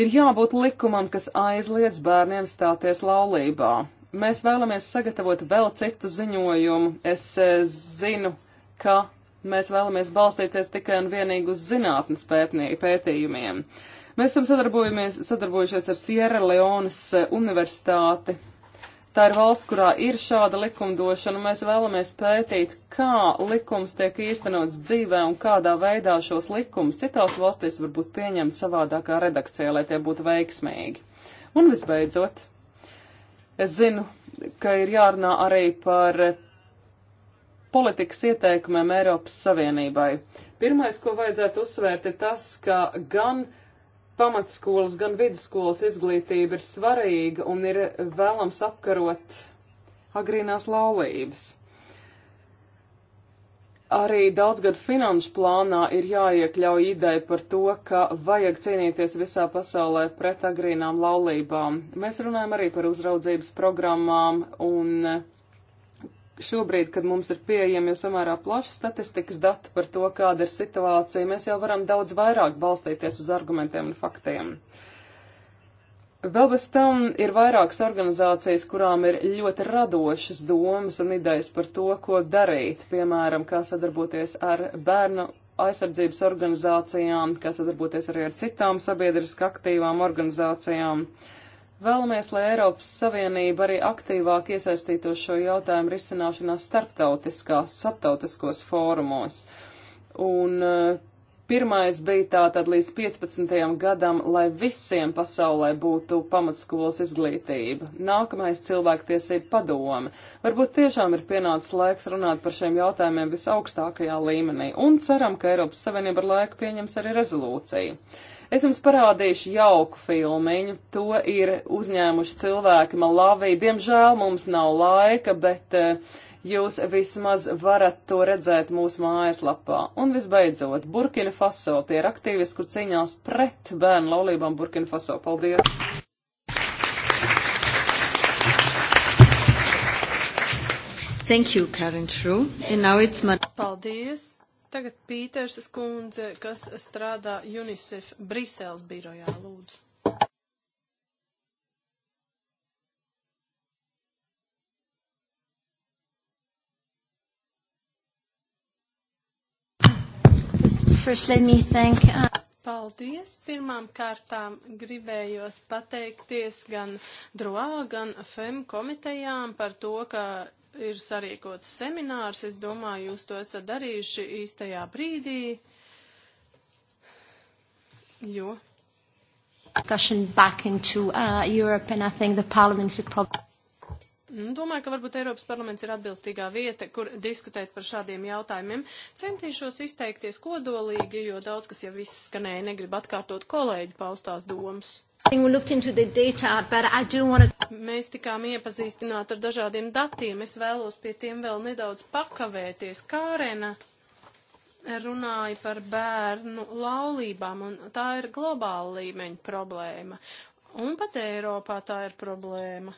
Ir jābūt likumam, kas aizliedz bērniem stāties laulībā. Mēs vēlamies sagatavot vēl citu ziņojumu. Es eh, zinu, ka mēs vēlamies balstīties tikai un vienīgi uz zinātnes pētījumiem. Mēs esam sadarbojušies ar Sierra Leonas eh, universitāti Tā ir valsts, kurā ir šāda likumdošana, un mēs vēlamies pētīt, kā likums tiek īstenots dzīvē un kādā veidā šos likumus citās valstīs var būt pieņemt savādākā redakcijā, lai tie būtu veiksmīgi. Un visbeidzot, es zinu, ka ir jārunā arī par politikas ieteikumiem Eiropas Savienībai. Pirmais, ko vajadzētu uzsvērt, ir tas, ka gan uh, pamatskolas, gan vidusskolas izglītība ir svarīga un ir vēlams apkarot agrīnās laulības. Arī daudzgad finanšu plānā ir jāiekļauj ideja par to, ka vajag cīnīties visā pasaulē pret agrīnām laulībām. Mēs runājam arī par uzraudzības programmām un uh, šobrīd, kad mums ir pieejami jau samērā plaši statistikas dati par to, kāda ir situācija, mēs jau varam daudz vairāk balstīties uz argumentiem un faktiem. Vēl bez tam ir vairākas organizācijas, kurām ir ļoti radošas domas un idejas par to, ko darīt, piemēram, kā sadarboties ar bērnu aizsardzības organizācijām, kā sadarboties arī ar citām sabiedriski aktīvām organizācijām. Uh, Vēlamies, lai Eiropas Savienība arī aktīvāk iesaistītos šo jautājumu risināšanā starptautiskās, starptautiskos fórumos. Un eh, pirmais bija tātad līdz 15. gadam, lai visiem pasaulē būtu pamatskolas izglītība. Nākamais cilvēktiesība padome. Varbūt tiešām ir pienācis laiks runāt par šiem jautājumiem visaugstākajā līmenī. Un ceram, ka Eiropas Savienība ar laiku pieņems arī rezolūciju. Es jums parādīšu jauku filmiņu. To ir uzņēmuši cilvēki Malavī. Diemžēl mums nav laika, bet eh, jūs vismaz varat to redzēt mūsu mājaslapā. Un visbeidzot, Burkina Faso. Tie ir aktīvis, kur cīņās pret bērnu laulībām Burkina Faso. Paldies! Thank you, Karen True. And now it's my... Paldies! Tagad Pītersas kundze, kas strādā UNICEF Briseles birojā, lūdzu. First, let me thank. Uh... Paldies! Pirmām kārtām gribējos pateikties gan DROA, gan FEM komitejām par to, ka ir sarīkots seminārs. Es domāju, jūs to esat darījuši īstajā brīdī, jo. Discussion back into uh, Europe, and I think the Parliament should probably. Nu, domāju, ka varbūt Eiropas parlaments ir atbilstīgā vieta, kur diskutēt par šādiem jautājumiem. Centīšos izteikties kodolīgi, jo daudz kas jau viss skanēja, negribu atkārtot kolēģi paustās domas. Mēs tikām iepazīstināti ar dažādiem datiem. Es vēlos pie tiem vēl nedaudz pakavēties. Kārena runāja par bērnu laulībām, un tā ir globāla līmeņa problēma. Un pat Eiropā tā ir problēma.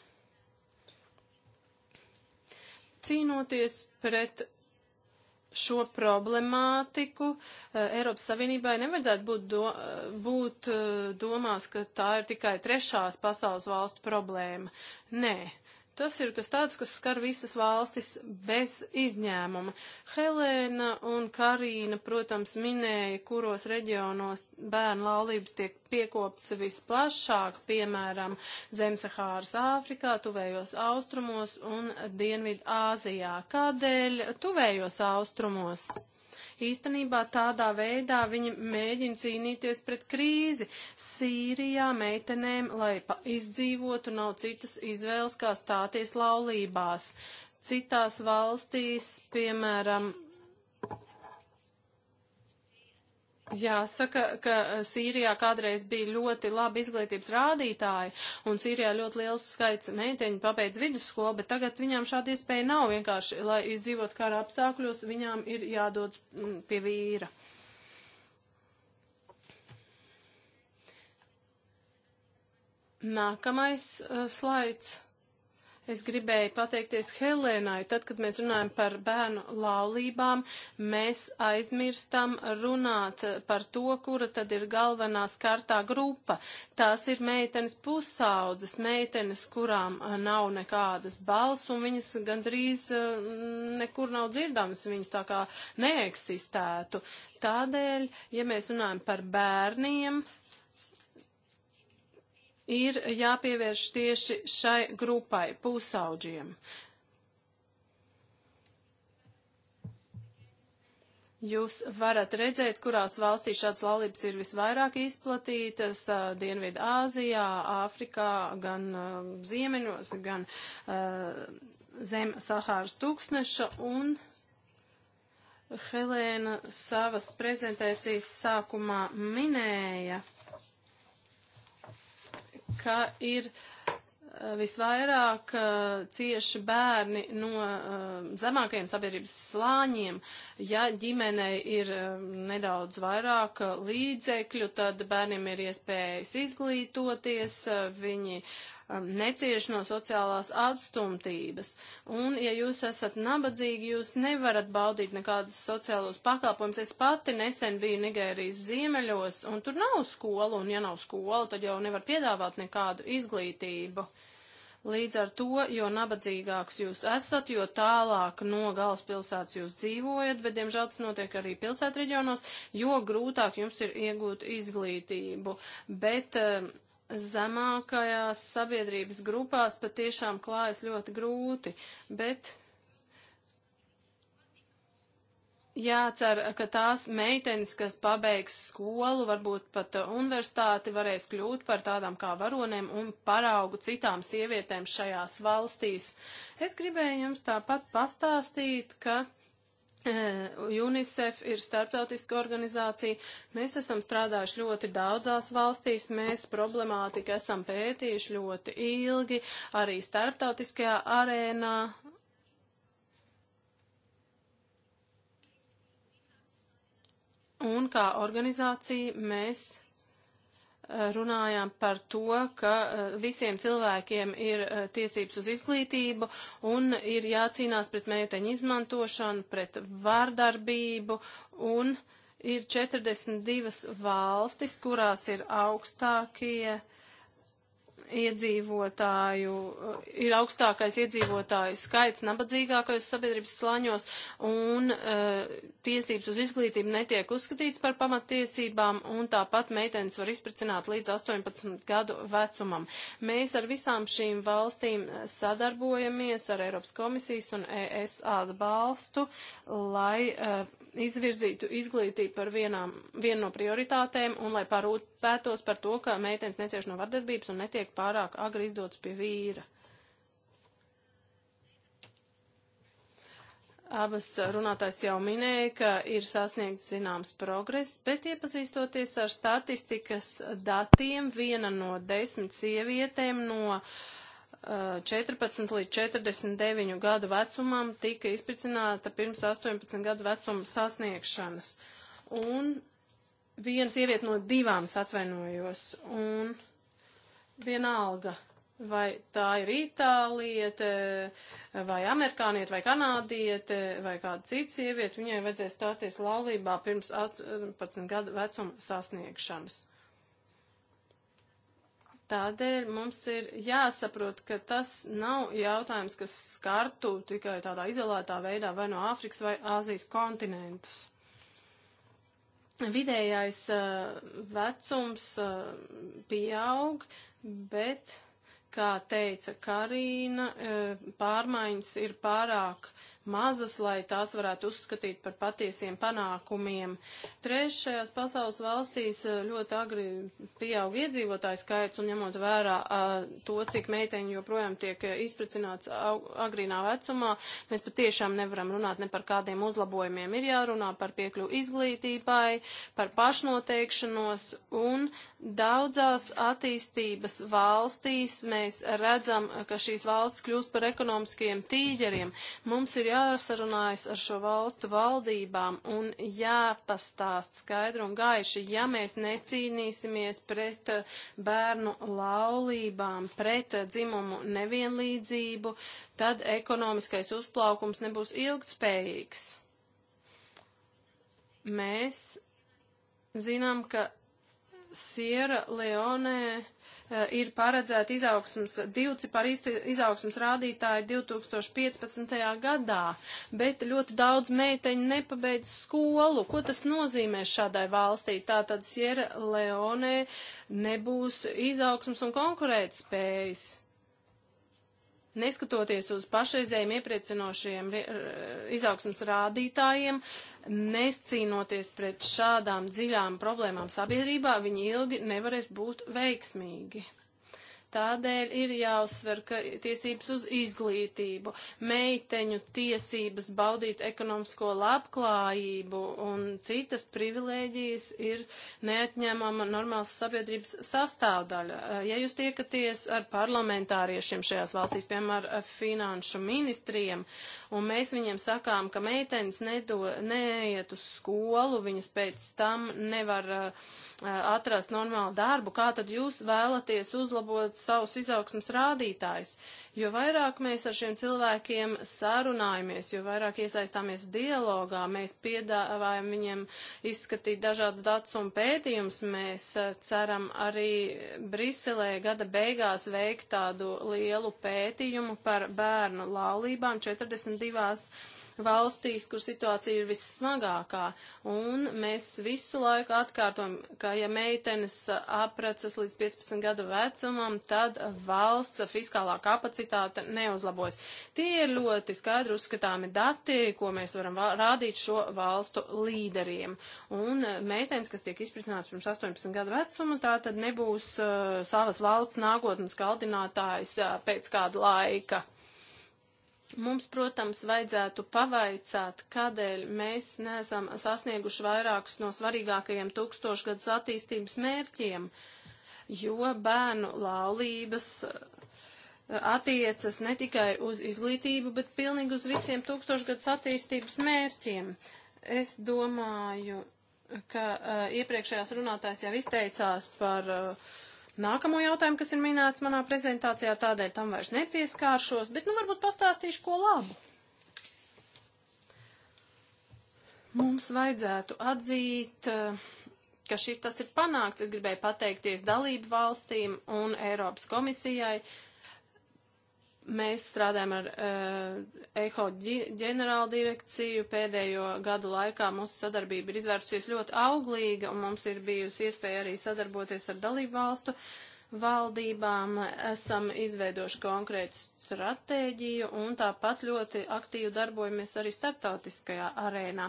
Cīnoties pret šo problemātiku, eh, Eiropas Savienībai nevajadzētu būt, do, eh, būt eh, domās, ka tā ir tikai trešās pasaules valstu problēma. Nē, Tas ir kas tāds, kas skar visas valstis bez izņēmuma. Helēna un Karīna, protams, minēja, kuros reģionos bērnu laulības tiek piekopts visplašāk, piemēram, Zemsahāras Āfrikā, tuvējos austrumos un Dienvidu Āzijā. Kādēļ tuvējos austrumos? Īstenībā tādā veidā viņi mēģina cīnīties pret krīzi. Sīrijā meitenēm, lai izdzīvotu, nav citas izvēles, kā stāties laulībās. Citās valstīs, piemēram, Jāsaka, ka eh, Sīrijā kādreiz bija ļoti labi izglītības rādītāji, un Sīrijā ļoti liels skaits meiteņu pabeidz vidusskolu, bet tagad viņām šāda iespēja nav. Vienkārši, lai izdzīvot kara apstākļos, viņām ir jādod mm, pie vīra. Nākamais uh, slaids. Es gribēju pateikties Helēnai, tad, kad mēs runājam par bērnu laulībām, mēs aizmirstam runāt par to, kura tad ir galvenā skartā grupa. Tās ir meitenes pusaudzes, meitenes, kurām nav nekādas balss, un viņas gandrīz nekur nav dzirdamas, viņas tā kā neeksistētu. Tādēļ, ja mēs runājam par bērniem, ir jāpievērš tieši šai grupai, pusauģiem. Jūs varat redzēt, kurās valstīs šāds laulības ir visvairāk izplatītas - Dienvidu Āzijā, Āfrikā, gan uh, Ziemeņos, gan uh, zem Sahāras tūkstneša un Helēna savas prezentācijas sākumā minēja, ka ir eh, visvairāk uh, cieši bērni no uh, zemākajiem sabiedrības slāņiem. Ja ģimenei ir uh, nedaudz vairāk līdzekļu, tad bērniem ir iespējas izglītoties, viņi um, necieš no sociālās atstumtības. Un, ja jūs esat nabadzīgi, jūs nevarat baudīt nekādus sociālos pakalpojumus. Es pati nesen biju Nigērijas ziemeļos, un tur nav skolu, un ja nav skola, tad jau nevar piedāvāt nekādu izglītību. Līdz ar to, jo nabadzīgāks jūs esat, jo tālāk no galvaspilsētas jūs dzīvojat, bet, diemžēl, tas notiek arī pilsētreģionos, jo grūtāk jums ir iegūt izglītību. Bet, uh, zemākajās sabiedrības grupās patiešām klājas ļoti grūti, bet jācer, ka tās meitenes, kas pabeigs skolu, varbūt pat universitāti, varēs kļūt par tādām kā varonēm un paraugu citām sievietēm šajās valstīs. Es gribēju jums tāpat pastāstīt, ka Eh, UNICEF ir starptautiska organizācija. Mēs esam strādājuši ļoti daudzās valstīs, mēs problemātiku esam pētījuši ļoti ilgi, arī starptautiskajā arēnā. Un kā organizācija mēs runājām par to, ka eh, visiem cilvēkiem ir eh, tiesības uz izglītību un ir jācīnās pret meiteņu izmantošanu, pret vārdarbību un ir 42 valstis, kurās ir augstākie uh, iedzīvotāju, eh, ir augstākais iedzīvotāju skaits nabadzīgākajos sabiedrības slāņos, un uh, tiesības uz izglītību netiek uzskatīts par pamattiesībām, un tāpat meitenes var izpricināt līdz 18 gadu vecumam. Mēs ar visām šīm valstīm sadarbojamies ar Eiropas komisijas un ES atbalstu, lai uh, izvirzītu izglītību par vienām, vienu no prioritātēm un lai parūpētos par to, ka meitenes necieš no vardarbības un netiek pārāk agri izdots pie vīra. Abas runātājs jau minēja, ka ir sasniegts zināms progress, bet iepazīstoties ar statistikas datiem, viena no desmit sievietēm no uh, 14 līdz 49 gadu vecumam tika izpricināta pirms 18 gadu vecuma sasniegšanas. Un viena sieviete no divām atvainojos. Un vienalga, vai tā ir itāliete, vai amerikāniete, vai kanādiete, vai kāda cita sieviete, viņai vajadzēja stāties laulībā pirms 18 gadu vecuma sasniegšanas. Tādēļ mums ir jāsaprot, ka tas nav jautājums, kas skartu tikai tādā izolētā veidā vai no Āfrikas vai Āzijas kontinentus. Vidējais uh, vecums uh, pieaug, bet, kā teica Karīna, uh, eh, pārmaiņas ir pārāk uh, mazas, lai tās varētu uzskatīt par patiesiem panākumiem. Trešajās pasaules valstīs eh, ļoti agri pieaug iedzīvotāju skaits un ņemot vērā a, eh, to, cik meiteņi joprojām tiek eh, izprecināts agrīnā vecumā, mēs patiešām nevaram runāt ne par kādiem uzlabojumiem. Ir jārunā par piekļu izglītībai, par pašnoteikšanos un daudzās attīstības valstīs mēs redzam, ka šīs valsts kļūst par ekonomiskiem tīģeriem. Mums ir jā jārasarunājas ar šo valstu valdībām un jāpastāst skaidri un gaiši, ja mēs necīnīsimies pret eh, bērnu laulībām, pret eh, dzimumu nevienlīdzību, tad ekonomiskais uzplaukums nebūs ilgtspējīgs. Mēs zinām, ka Sierra Leonē Eh, ir paredzēta izaugsmas divci par izaugsmas rādītāju 2015. gadā, bet ļoti daudz meiteņu nepabeidz skolu. Ko tas nozīmē šādai valstī? Tātad Sierra Leone nebūs izaugsmas un konkurētspējas neskatoties uz pašreizējiem iepriecinošiem izaugsmas rādītājiem, necīnoties pret šādām dziļām problēmām sabiedrībā, viņi ilgi nevarēs būt veiksmīgi. Tādēļ ir jāuzsver, ka tiesības uz izglītību, meiteņu tiesības baudīt ekonomisko labklājību un citas privilēģijas ir neatņemama normālas sabiedrības sastāvdaļa. Eh, ja jūs tiekaties ar parlamentāriešiem šajās valstīs, piemēram, finanšu ministriem, un mēs viņiem sakām, ka meitenes nedo, neiet uz skolu, viņas pēc tam nevar uh, atrast normālu darbu, kā tad jūs vēlaties uzlabot savus izaugsmas rādītājs? Jo vairāk mēs ar šiem cilvēkiem sarunājamies, jo vairāk iesaistāmies dialogā, mēs piedāvājam viņiem izskatīt dažādas datus un pētījumus, mēs ceram arī Briselē gada beigās veikt tādu lielu pētījumu par bērnu laulībām 40 divās valstīs, kur situācija ir vissmagākā. Un mēs visu laiku atkārtojam, ka ja meitenes aprecas līdz 15 gadu vecumam, tad valsts fiskālā kapacitāte neuzlabojas. Tie ir ļoti skaidri uzskatāmi dati, ko mēs varam rādīt šo valstu līderiem. Un meitenes, kas tiek izpratināts pirms 18 gadu vecuma, tā tad nebūs uh, savas valsts nākotnes kaldinātājs uh, pēc kāda laika. Mums, protams, vajadzētu pavaicāt, kādēļ mēs neesam sasnieguši vairākus no svarīgākajiem tūkstošgadus attīstības mērķiem, jo bērnu laulības eh, attiecas ne tikai uz izglītību, bet pilnīgi uz visiem tūkstošgadus attīstības mērķiem. Es domāju, ka uh, iepriekšējās runātājs jau izteicās par uh, nākamo jautājumu, kas ir minēts manā prezentācijā, tādēļ tam vairs nepieskāršos, bet nu varbūt pastāstīšu ko labu. Mums vajadzētu atzīt, eh, ka šis tas ir panākts. Es gribēju pateikties dalību valstīm un Eiropas komisijai. Uh, Mēs strādājam ar uh, EHO ģenerāla direkciju. Pēdējo gadu laikā mūsu sadarbība ir izvērsusies ļoti auglīga, un mums ir bijusi iespēja arī sadarboties ar dalību valstu uh, valdībām, esam izveidojuši konkrētu stratēģiju un tāpat ļoti aktīvi darbojamies arī starptautiskajā arēnā.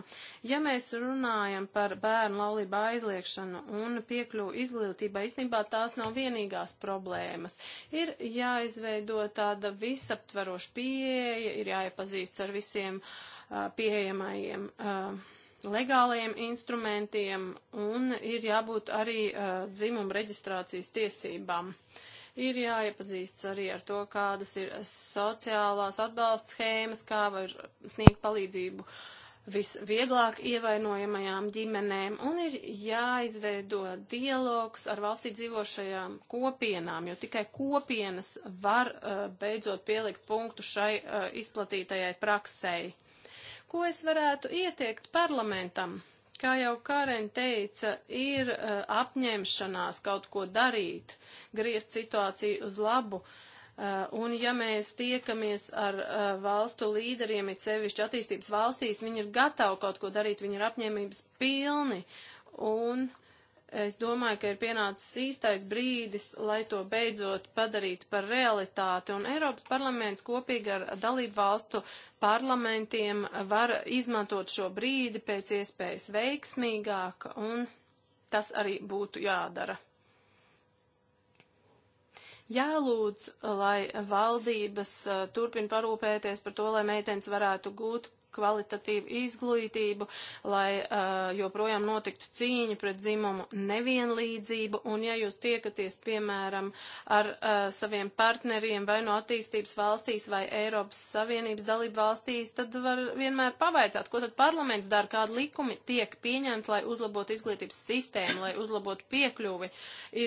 Ja mēs runājam par bērnu laulību aizliekšanu un piekļuvu izglītībā, īstenībā tās nav vienīgās problēmas. Ir jāizveido tāda visaptvaroša pieeja, ir jāiepazīsts ar visiem uh, pieejamajiem uh, legālajiem instrumentiem un ir jābūt arī uh, eh, dzimuma reģistrācijas tiesībām. Ir jāiepazīstas arī ar to, kādas ir sociālās atbalsts schēmas, kā var sniegt palīdzību visvieglāk ievainojamajām ģimenēm, un ir jāizveido dialogs ar valstī dzīvošajām kopienām, jo tikai kopienas var uh, beidzot pielikt punktu šai uh, izplatītajai praksei. Ko es varētu ieteikt parlamentam? Kā jau Karen teica, ir uh, apņemšanās kaut ko darīt, griezt situāciju uz labu. Uh, un ja mēs tiekamies ar uh, valstu līderiem, it sevišķi attīstības valstīs, viņi ir gatavi kaut ko darīt, viņi ir apņēmības pilni. Un uh, Es domāju, ka ir pienācis īstais brīdis, lai to beidzot padarītu par realitāti, un Eiropas parlaments kopīgi ar dalību valstu parlamentiem var izmantot šo brīdi pēc iespējas veiksmīgāk, un tas arī būtu jādara. Jālūdz, lai valdības eh, turpina parūpēties par to, lai meitenes varētu gūt kvalitatīvu izglītību, lai uh, joprojām notiktu cīņa pret dzimumu nevienlīdzību. Un ja jūs tiekaties, piemēram, ar uh, saviem partneriem vai no attīstības valstīs vai Eiropas Savienības dalību valstīs, tad var vienmēr pavaicāt, ko tad parlaments dara, kādi likumi tiek pieņemti, lai uzlabotu izglītības sistēmu, lai uzlabotu piekļuvi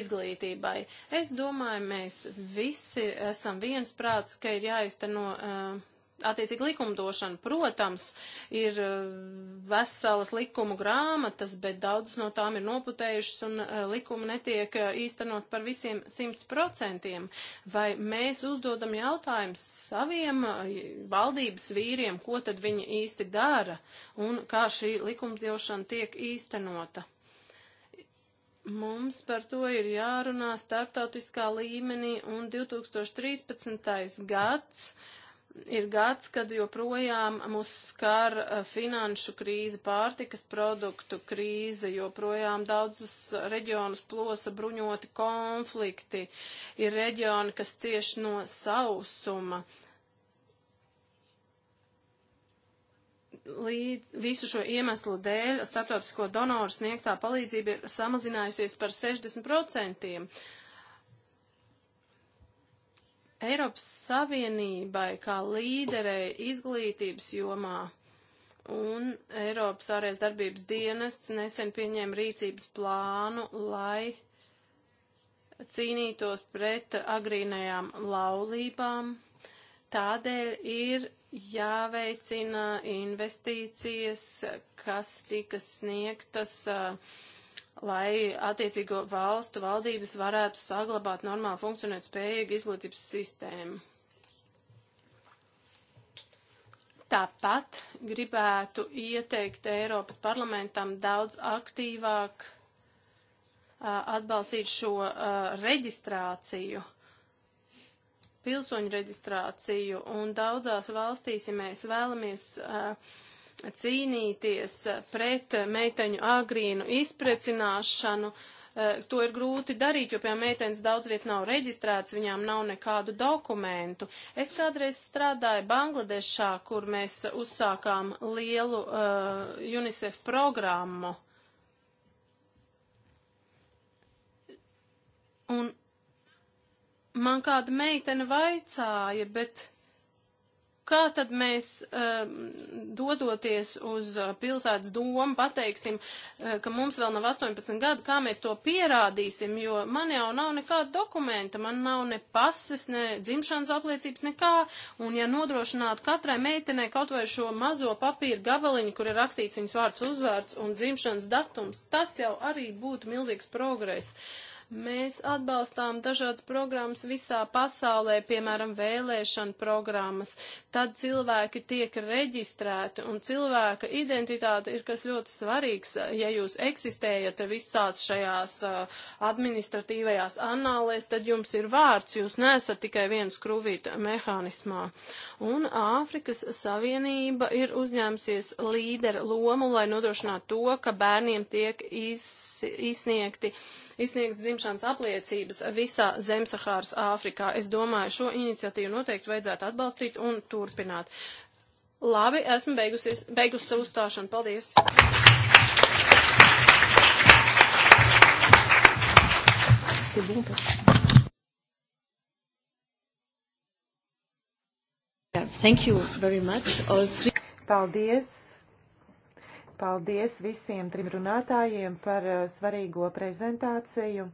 izglītībai. Es domāju, mēs visi esam viensprāts, ka ir jāizteno uh, attiecīgi likumdošana. Protams, ir eh, veselas likumu grāmatas, bet daudzas no tām ir noputējušas un eh, likumi netiek eh, īstenot par visiem simts procentiem. Vai mēs uzdodam jautājumus saviem valdības vīriem, ko tad viņi īsti dara un kā šī likumdošana tiek īstenota? Mums par to ir jārunā starptautiskā līmenī, un 2013. gads uh, ir gads, kad joprojām mūs skar eh, finanšu krīze, pārtikas produktu krīze, joprojām daudzas reģionus plosa bruņoti konflikti, ir reģioni, kas cieši no sausuma. līdz visu šo iemeslu dēļ starptautisko donoru sniegtā palīdzība ir samazinājusies par 60%. Eiropas Savienībai kā līderei izglītības jomā un Eiropas ārējās darbības dienests nesen pieņēma rīcības plānu, lai cīnītos pret agrīnajām laulībām. Tādēļ ir jāveicina investīcijas, kas tika sniegtas uh, lai attiecīgo valstu valdības varētu saglabāt normāli funkcionēt spējīgu izglītības sistēmu. Tāpat gribētu ieteikt Eiropas parlamentam daudz aktīvāk a, atbalstīt šo a, reģistrāciju, pilsoņu reģistrāciju, un daudzās valstīs, ja mēs vēlamies uh, cīnīties eh, pret eh, meiteņu agrīnu izprecināšanu. Eh, to ir grūti darīt, jo, piemēram, meitenes daudz viet nav reģistrēts, viņām nav nekādu dokumentu. Es kādreiz strādāju Bangladešā, kur mēs uzsākām lielu uh, UNICEF programmu. Un man kāda meitene vaicāja, bet kā tad mēs, ehm, dodoties uz eh, pilsētas domu, pateiksim, eh, ka mums vēl nav 18 gadu, kā mēs to pierādīsim, jo man jau nav nekāda dokumenta, man nav ne pases, ne dzimšanas apliecības, nekā, un ja nodrošinātu katrai meitenei kaut vai šo mazo papīru gabaliņu, kur ir rakstīts viņas vārds uzvārds un dzimšanas datums, tas jau arī būtu milzīgs progress. Mēs atbalstām dažādas programmas visā pasaulē, piemēram, vēlēšana programmas. Tad cilvēki tiek reģistrēti un cilvēka identitāte ir kas ļoti svarīgs, ja jūs eksistējat visās šajās uh, administratīvajās anālēs, tad jums ir vārds, jūs nesat tikai viens krūvīt mehānismā. Un Āfrikas Savienība ir uzņēmusies līdera lomu, lai nodrošinātu to, ka bērniem tiek iz, izsniegti uh, izsniegts dzimšanas apliecības visā Zemsahāras Āfrikā. Es domāju, šo iniciatīvu noteikti vajadzētu atbalstīt un turpināt. Labi, esmu beigusies, beigusi savu stāšanu. Paldies! C'est bon parce que... Thank you very much, all three. Paldies Paldies visiem trim runātājiem par eh, svarīgo prezentāciju.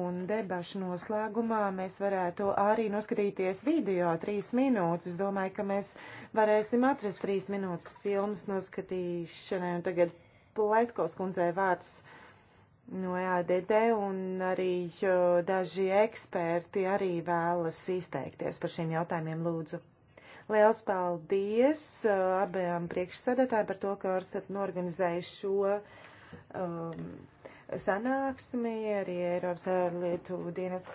Un debašu noslēgumā mēs varētu arī noskatīties video trīs minūtes. Es domāju, ka mēs varēsim atrast trīs minūtes filmas noskatīšanai. Un tagad Pletkos kundzei vārds no ADD un arī eh, daži eksperti arī vēlas izteikties par šiem jautājumiem lūdzu. Liels paldies uh, abiem priekšsēdētājiem par to, ka esat norganizējuši šo um, sanāksmi. Arī Eiropas ārlietu dienas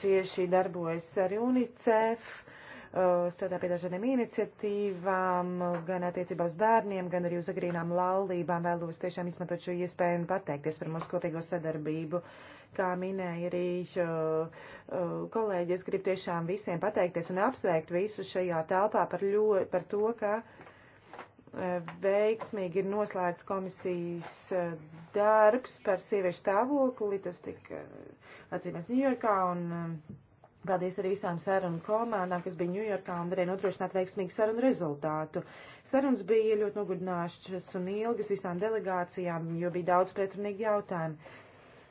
cieši darbojas ar UNICEF uh, strādā pie dažādiem iniciatīvām, gan attiecībā uz bērniem, gan arī uz agrīnām laulībām. Vēlos tiešām izmantot šo iespēju un pateikties par mūsu kopīgo sadarbību. Kā minēja arī kolēģi, es gribu tiešām visiem pateikties un apsveikt visus šajā telpā par, ļo, par to, ka e, veiksmīgi ir noslēgts komisijas e, darbs par sieviešu stāvokli. Tas tika e, atzīmēts Ņujorkā un Paldies arī visām sarunu komandām, kas bija Ņujorkā un varēja nodrošināt veiksmīgu sarunu rezultātu. Sarunas bija ļoti nogurdināšas un ilgas visām delegācijām, jo bija daudz pretrunīgi jautājumi.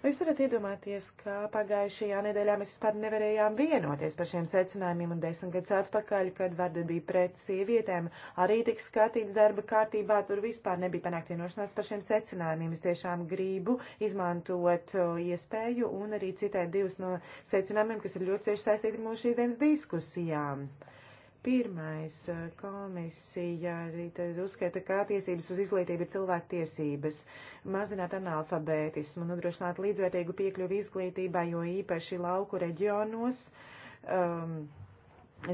Vai jūs varat iedomāties, ka pagājušajā nedēļā mēs vispār nevarējām vienoties par šiem secinājumiem un desmit gadus atpakaļ, kad vardarbība pret sievietēm arī tika skatīts darba kārtībā, tur vispār nebija panākt vienošanās par šiem secinājumiem. Es tiešām gribu izmantot uh, iespēju un arī citēt divus no secinājumiem, kas ir ļoti cieši saistīti ar mūsu šīs dienas diskusijām. Uh, Pirmais komisija arī uzskata, ka tiesības uz izglītību ir cilvēku tiesības, mazināt analfabētismu, nodrošināt līdzvērtīgu piekļuvi izglītībai, jo īpaši lauku reģionos um,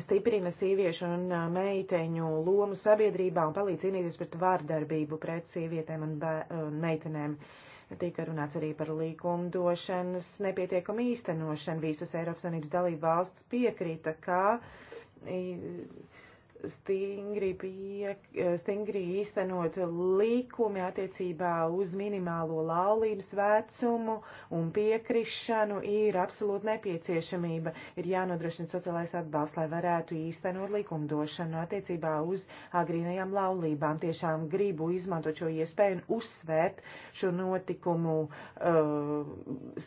stiprina sieviešu un meiteņu lomu sabiedrībā un palīdz cīnīties pret vārdarbību pret sievietēm un, un meitenēm. Tika runāts arī par līkumdošanas nepietiekumu īstenošanu. Visas Eiropas Savienības dalība valsts piekrita, ka uh, stingri, pie, stingri īstenot likumi attiecībā uz minimālo laulības vecumu un piekrišanu ir absolūti nepieciešamība. Ir jānodrošina sociālais atbalsts, lai varētu īstenot likumdošanu attiecībā uz agrīnajām laulībām. Tiešām gribu izmantot šo iespēju un uzsvērt šo notikumu uh,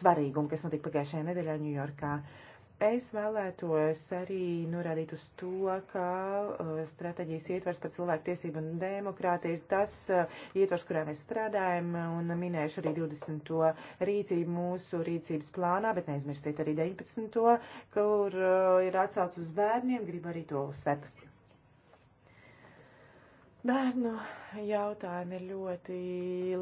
svarīgumu, kas notika pagājušajā nedēļā Ņujorkā. Uh, Es vēlētos arī norādīt uz to, ka uh, stratēģijas ietvers par cilvēku tiesību un demokrātiju ir tas uh, ietvers, kurā mēs strādājam, un minēšu arī 20. rīcību mūsu rīcības plānā, bet neaizmirstiet arī 19. kur uh, ir atsauc uz bērniem, gribu arī to uzsvērt. Bērnu jautājumi ir ļoti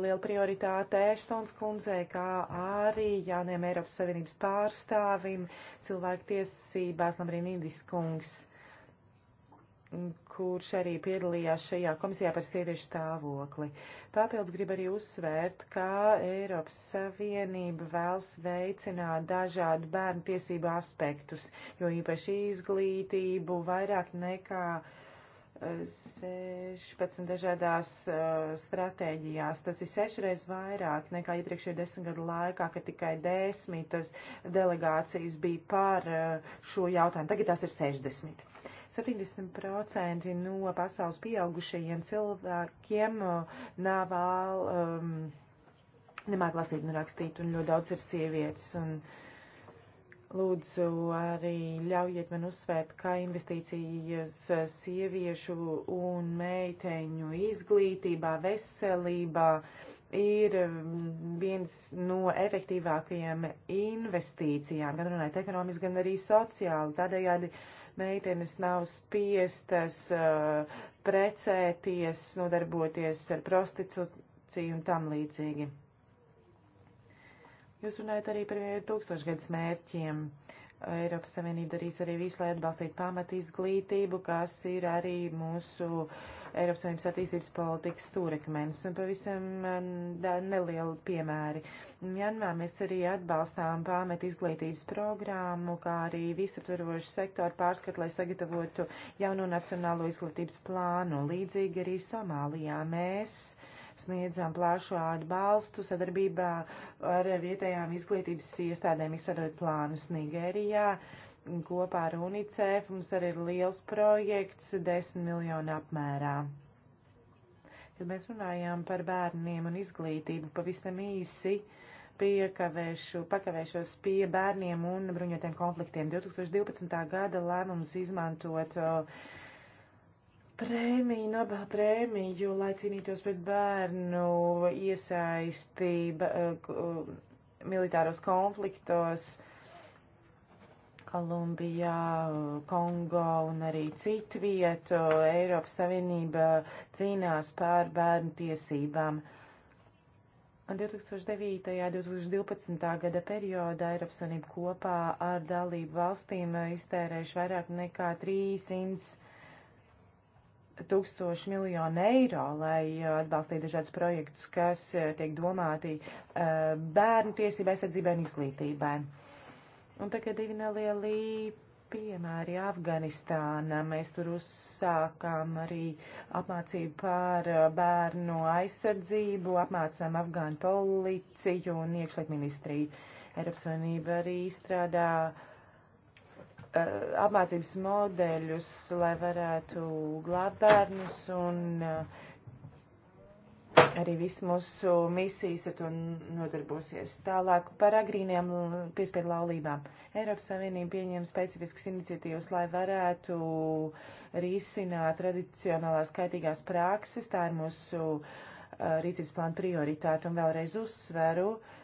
liela prioritāte Ēštons kundzei, kā arī jauniem Eiropas Savienības pārstāvim cilvēktiesībās Lamrīna Indis kungs, kurš arī piedalījās šajā komisijā par sieviešu stāvokli. Papildus grib arī uzsvērt, ka Eiropas Savienība vēlas veicināt dažādu bērnu tiesību aspektus, jo īpaši izglītību vairāk nekā 16 dažādās uh, stratēģijās. Tas ir sešreiz vairāk nekā iepriekšējā desmitgadu laikā, kad tikai desmitas delegācijas bija par uh, šo jautājumu. Tagad tās ir 60. 70% no pasaules pieaugušajiem cilvēkiem uh, nav vēl um, ehm, nemāk lasīt un rakstīt, un ļoti daudz ir sievietes. Un, uh, Lūdzu, arī ļaujiet man uzsvērt, ka investīcijas sieviešu un meiteņu izglītībā, veselībā ir mm, viens no efektīvākajiem investīcijām, gan runājot ekonomiski, gan arī sociāli. Tādējādi meitenes nav spiestas uh, precēties, nodarboties ar prostitūciju un tam līdzīgi. Jūs runājat arī par tūkstošgadus mērķiem. Eiropas Savienība darīs arī visu, lai atbalstītu pamat izglītību, kas ir arī mūsu Eiropas Savienības attīstības politikas stūrekmens. Un pavisam mm, nelieli piemēri. Janvā mēs arī atbalstām pamat izglītības programmu, kā arī visaptverošu sektoru pārskatu, lai sagatavotu jauno nacionālo izglītības plānu. Līdzīgi arī Somālijā mēs sniedzām plāšu atbalstu sadarbībā ar vietējām izglītības iestādēm, izsadot plānus Nigērijā. Kopā ar UNICEF mums arī ir liels projekts 10 miljonu apmērā. Kad mēs runājām par bērniem un izglītību, pavisam īsi piekavēšu, pakavēšos pie bērniem un bruņotiem konfliktiem. 2012. gada lēmums izmantot uh, prēmiju, Nobela prēmiju, lai cīnītos pret bērnu iesaistību eh, uh, um, militāros konfliktos Kolumbijā, Kongo un arī citu vietu. Eh, Eiropas Savienība cīnās pār bērnu tiesībām. Un 2009. un 2012. gada periodā Eiropas Savienība kopā ar dalību valstīm eh, iztērējuši vairāk nekā 300 tūkstoši miljonu eiro, lai uh, atbalstītu dažādus projektus, kas uh, tiek domāti uh, bērnu tiesībai, aizsardzībai un izglītībai. Un tagad divi nelieli piemēri Afganistāna. Mēs tur uzsākām arī apmācību par bērnu aizsardzību, apmācām Afgānu policiju un iekšliet ministriju. Eiropas Savienība arī strādā uh, Eh, apmācības modeļus, lai varētu glābt bērnus un eh, arī viss mūsu misijas ar to nodarbosies. Tālāk par agrīniem piespiedu laulībām. Eiropas Savienība pieņem specifiskas iniciatīvas, lai varētu risināt tradicionālās kaitīgās prakses. Tā ir mūsu eh, rīcības plāna prioritāte un vēlreiz uzsveru. Uh,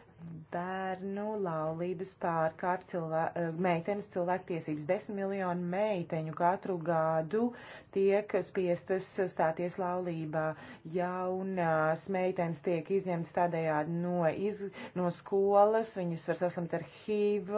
bērnu laulības pārkāp cilvē, eh, meitenes cilvēktiesības. Desmit miljonu meiteņu katru gadu tiek spiestas stāties laulībā. Jaunās meitenes tiek izņemtas tādējādi no, iz, no skolas, viņas var saslimt ar HIV,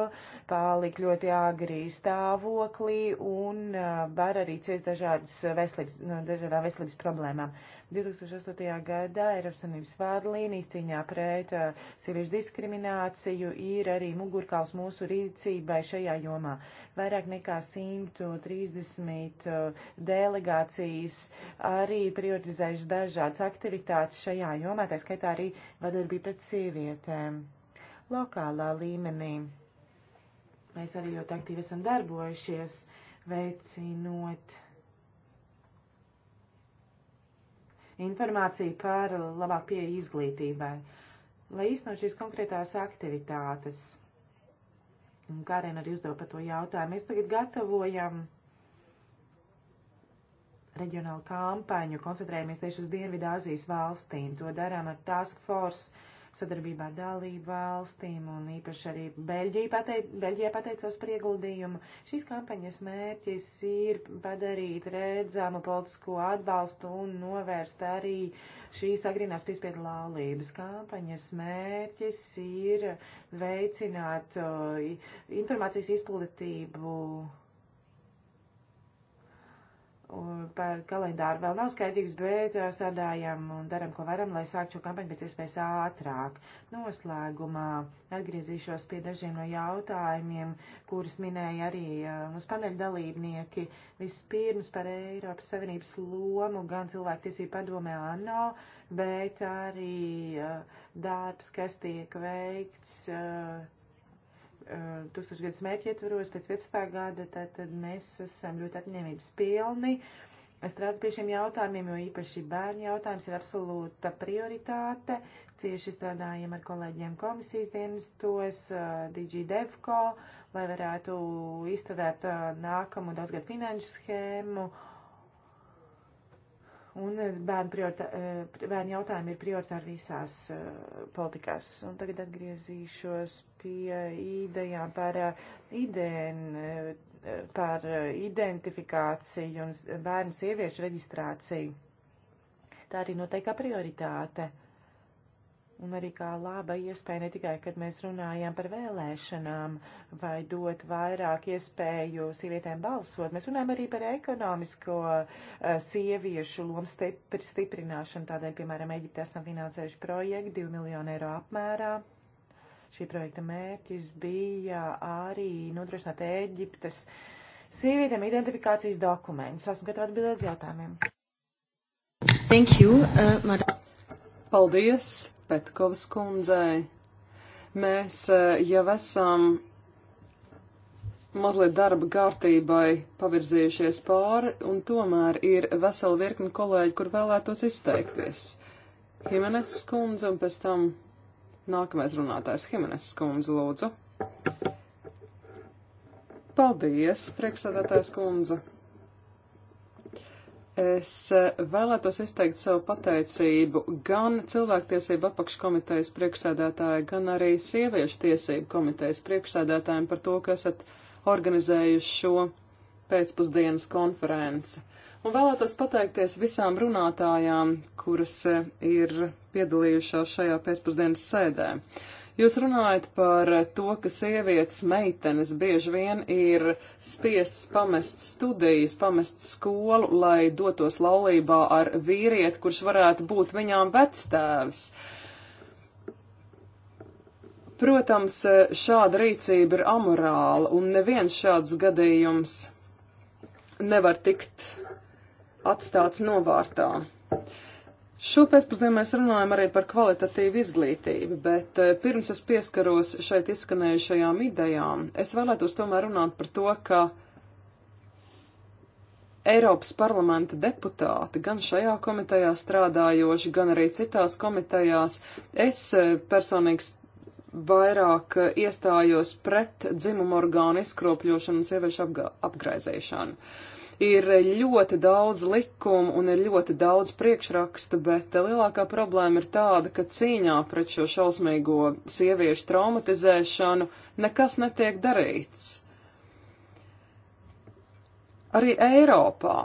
palikt ļoti agrī stāvoklī un eh, var arī ciest dažādas veselības, no dažādām veselības problēmām. Uh, 2008. gadā Eiropas Savienības vārdlīnijas cīņā pret uh, sieviešu diskrimināciju ir arī mugurkauls mūsu rīcībai šajā jomā. Vairāk nekā 130 uh, delegācijas arī prioritizējuši dažādas aktivitātes šajā jomā, tā skaitā arī vadarbība pret sievietēm lokālā līmenī. Mēs arī ļoti aktīvi esam darbojušies, veicinot informāciju par labāk pieeju izglītībai, lai īstenot šīs konkrētās aktivitātes. Kārēna arī uzdeva par to jautājumu. Mēs tagad gatavojam reģionālu kampaņu, koncentrējamies tieši uz Dienvidāzijas valstīm. To darām ar Task Force sadarbībā ar dalību valstīm un īpaši arī Beļģijai pateic, Beļģijai pateicos par ieguldījumu. Šīs kampaņas mērķis ir padarīt redzamu politisko atbalstu un novērst arī šīs agrīnās piespiedu laulības. Kampaņas mērķis ir veicināt uh, informācijas izplatību par kalendāru vēl nav skaidrības, bet uh, strādājam un daram, ko varam, lai sāktu šo kampaņu pēc iespējas ātrāk. Noslēgumā atgriezīšos pie dažiem no jautājumiem, kurus minēja arī uh, mūsu paneļa dalībnieki. Vispirms par Eiropas Savienības lomu gan cilvēktiesību padomē ANO, bet arī uh, darbs, kas tiek veikts. Uh, Uh, tūkstošgadus mērķi ietvaros pēc 15. gada, tātad mēs esam ļoti apņēmības pilni. Strādāt pie šiem jautājumiem, jo īpaši bērnu jautājums ir absolūta prioritāte. Cieši strādājam ar kolēģiem komisijas dienestos, uh, DigiDevco, lai varētu izstrādāt uh, nākamu daudzgad finanšu schēmu Un eh, bērnu, prioritā, eh, bērnu jautājumi ir prioritāri visās eh, politikās. Un tagad atgriezīšos pie idejām par idēnu, par identifikāciju un bērnu sieviešu reģistrāciju. Tā arī noteikā prioritāte. Uh, un arī kā laba iespēja ne tikai, kad mēs runājam par vēlēšanām vai dot vairāk iespēju sievietēm balsot, mēs runājam arī par ekonomisko uh, sieviešu lomu stipri, stiprināšanu. Tādēļ, piemēram, Eģipte esam finansējuši projektu 2 miljonu eiro apmērā. Šī projekta mērķis bija arī nodrošināt Eģiptes sievietēm identifikācijas dokumentus. Esmu gatava atbildēt uz jautājumiem. Thank you, uh, madam. Paldies Petkovas kundzei. Mēs eh, jau esam mazliet darba kārtībai pavirzījušies pāri, un tomēr ir vesela virkni kolēģi, kur vēlētos izteikties. Himenes skundze un pēc tam nākamais runātājs Himenes skundze lūdzu. Paldies, priekšsādātājs skundze. Es eh, vēlētos izteikt savu pateicību gan cilvēktiesību apakškomitejas priekšsēdētāja, gan arī sieviešu tiesību komitejas priekšsēdētājiem par to, ka esat organizējuši šo pēcpusdienas konferenci. Un vēlētos pateikties visām runātājām, kuras eh, ir piedalījušās šajā pēcpusdienas sēdē. Uh, Jūs runājat par to, ka sievietes, meitenes bieži vien ir spiestas pamest studijas, pamest skolu, lai dotos laulībā ar vīrieti, kurš varētu būt viņām vecstāvs. Protams, šāda rīcība ir amorāla, un neviens šāds gadījums nevar tikt atstāts novārtā. Šopēcpusdien mēs runājam arī par kvalitatīvu izglītību, bet eh, pirms es pieskaros šeit izskanējušajām idejām, es vēlētos tomēr runāt par to, ka Eiropas parlamenta deputāti, gan šajā komitejā strādājoši, gan arī citās komitejās, es eh, personīgs vairāk eh, iestājos pret dzimumu orgānu izkropļošanu un sieviešu apga apgraizēšanu. Uh, Ir ļoti daudz likumu un ir ļoti daudz priekšrakstu, bet lielākā problēma ir tāda, ka cīņā pret šo šausmīgo sieviešu traumatizēšanu nekas netiek darīts. Arī Eiropā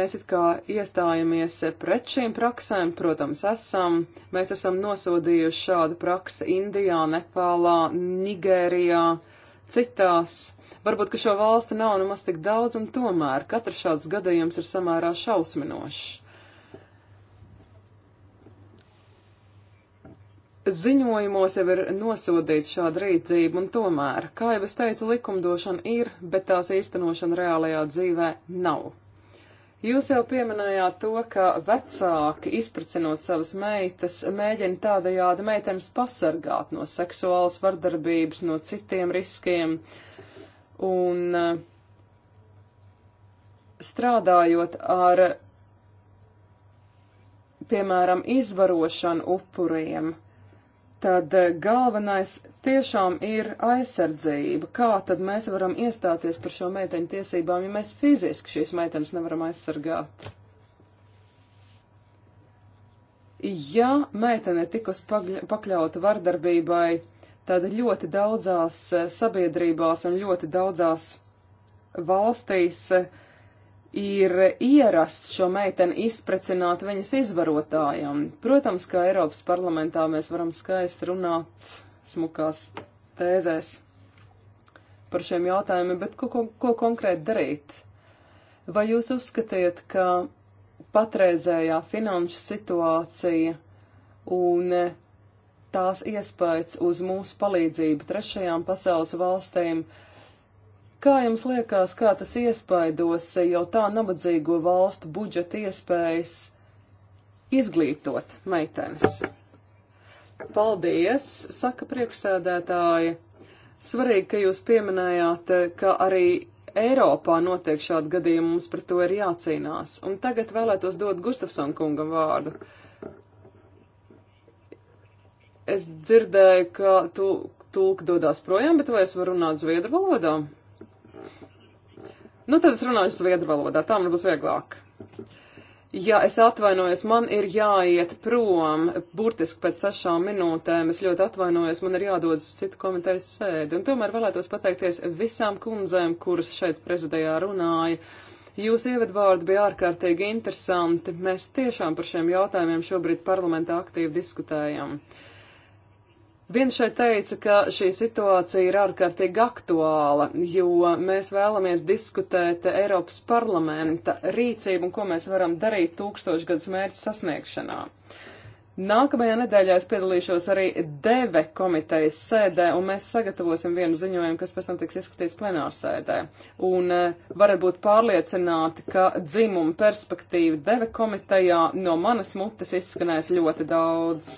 mēs it kā iestājamies pret šīm praksēm, protams, esam. Mēs esam nosodījuši šādu praksi Indijā, Nepālā, Nigērijā. Citās varbūt, ka šo valstu nav nemaz tik daudz, un tomēr katrs šāds gadījums ir samērā šausminošs. Ziņojumos jau ir nosodīts šāda rīcība, un tomēr, kā jau es teicu, likumdošana ir, bet tās īstenošana reālajā dzīvē nav. Jūs jau pieminējāt to, ka vecāki, izpracinot savas meitas, mēģina tādajādi meitenes pasargāt no seksuālas vardarbības, no citiem riskiem. Un eh, strādājot ar, piemēram, izvarošanu upuriem, Tātad eh, galvenais tiešām ir aizsardzība. Kā tad mēs varam iestāties par šo meiteņu tiesībām, ja mēs fiziski šīs meitenes nevaram aizsargāt? Ja meitene ir tikus pakļauta vardarbībai, tad ļoti daudzās eh, sabiedrībās un ļoti daudzās valstīs uh, ir ierasts šo meiteni izprecināt viņas izvarotājam. Protams, kā Eiropas parlamentā mēs varam skaisti runāt smukās tēzēs par šiem jautājumiem, bet ko, ko, ko konkrēti darīt? Vai jūs uzskatiet, ka patreizējā finanšu situācija un tās iespējas uz mūsu palīdzību trešajām pasaules valstīm uh, Kā jums liekas, kā tas iespaidos eh, jau tā nabadzīgo valstu budžeta iespējas izglītot meitenes? Paldies, saka priekšsēdētāji. Svarīgi, ka jūs pieminējāt, eh, ka arī Eiropā notiek šādi gadījumi, mums par to ir jācīnās. Un tagad vēlētos dot Gustafson kungam vārdu. Es dzirdēju, ka tu tulk dodās projām, bet vai es varu runāt zviedru valodā? Nu, tad es runāšu zviedru valodā, tā man būs vieglāk. Ja es atvainojos, man ir jāiet prom, burtiski pēc sešām minūtēm, es ļoti atvainojos, man ir jādodas uz citu komitejas sēdi, un tomēr vēlētos pateikties visām kundzēm, kuras šeit prezidējā runāja. Jūsu ievadvārdi bija ārkārtīgi interesanti. Mēs tiešām par šiem jautājumiem šobrīd parlamentā aktīvi diskutējam. Viens šeit teica, ka šī situācija ir ārkārtīgi aktuāla, jo mēs vēlamies diskutēt Eiropas parlamenta rīcību un ko mēs varam darīt tūkstošgadus mērķu sasniegšanā. Nākamajā nedēļā es piedalīšos arī DEVE komitejas sēdē, un mēs sagatavosim vienu ziņojumu, kas pēc tam tiks izskatīts plenārsēdē. Un eh, varat būt pārliecināti, ka dzimuma perspektīva DEVE komitejā no manas mutes izskanēs ļoti daudz.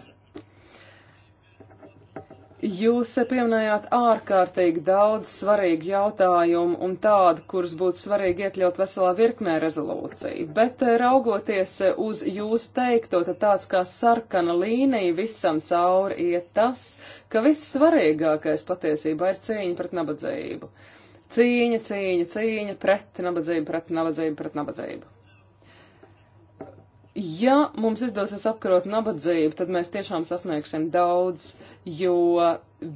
Jūs pieminējāt ārkārtīgi daudz svarīgu jautājumu un tādu, kurus būtu svarīgi iekļaut veselā virknē rezolūciju, bet eh, raugoties eh, uz jūsu teikto, tad tāds kā sarkana līnija visam cauri iet tas, ka viss svarīgākais patiesībā ir cīņa pret nabadzību. Cīņa, cīņa, cīņa pret nabadzību, pret nabadzību, pret nabadzību. Ja mums izdosies apkarot nabadzību, tad mēs tiešām sasniegsim daudz, jo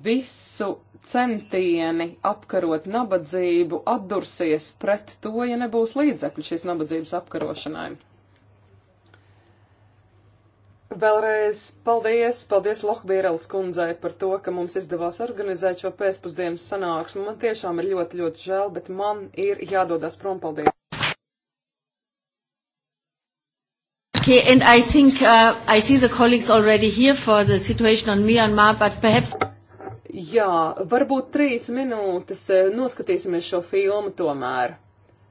visu centieni apkarot nabadzību atdursies pret to, ja nebūs līdzekļu šīs nabadzības apkarošanai. Vēlreiz paldies, paldies Lohbīrelas kundzei par to, ka mums izdevās organizēt šo pēcpusdienas sanāksmu. Man tiešām ir ļoti, ļoti žēl, bet man ir jādodas prom. Paldies! Okay, and I think uh, I see the colleagues already here for the situation on Myanmar, but perhaps. Jā, varbūt trīs minūtes eh, noskatīsimies šo filmu tomēr.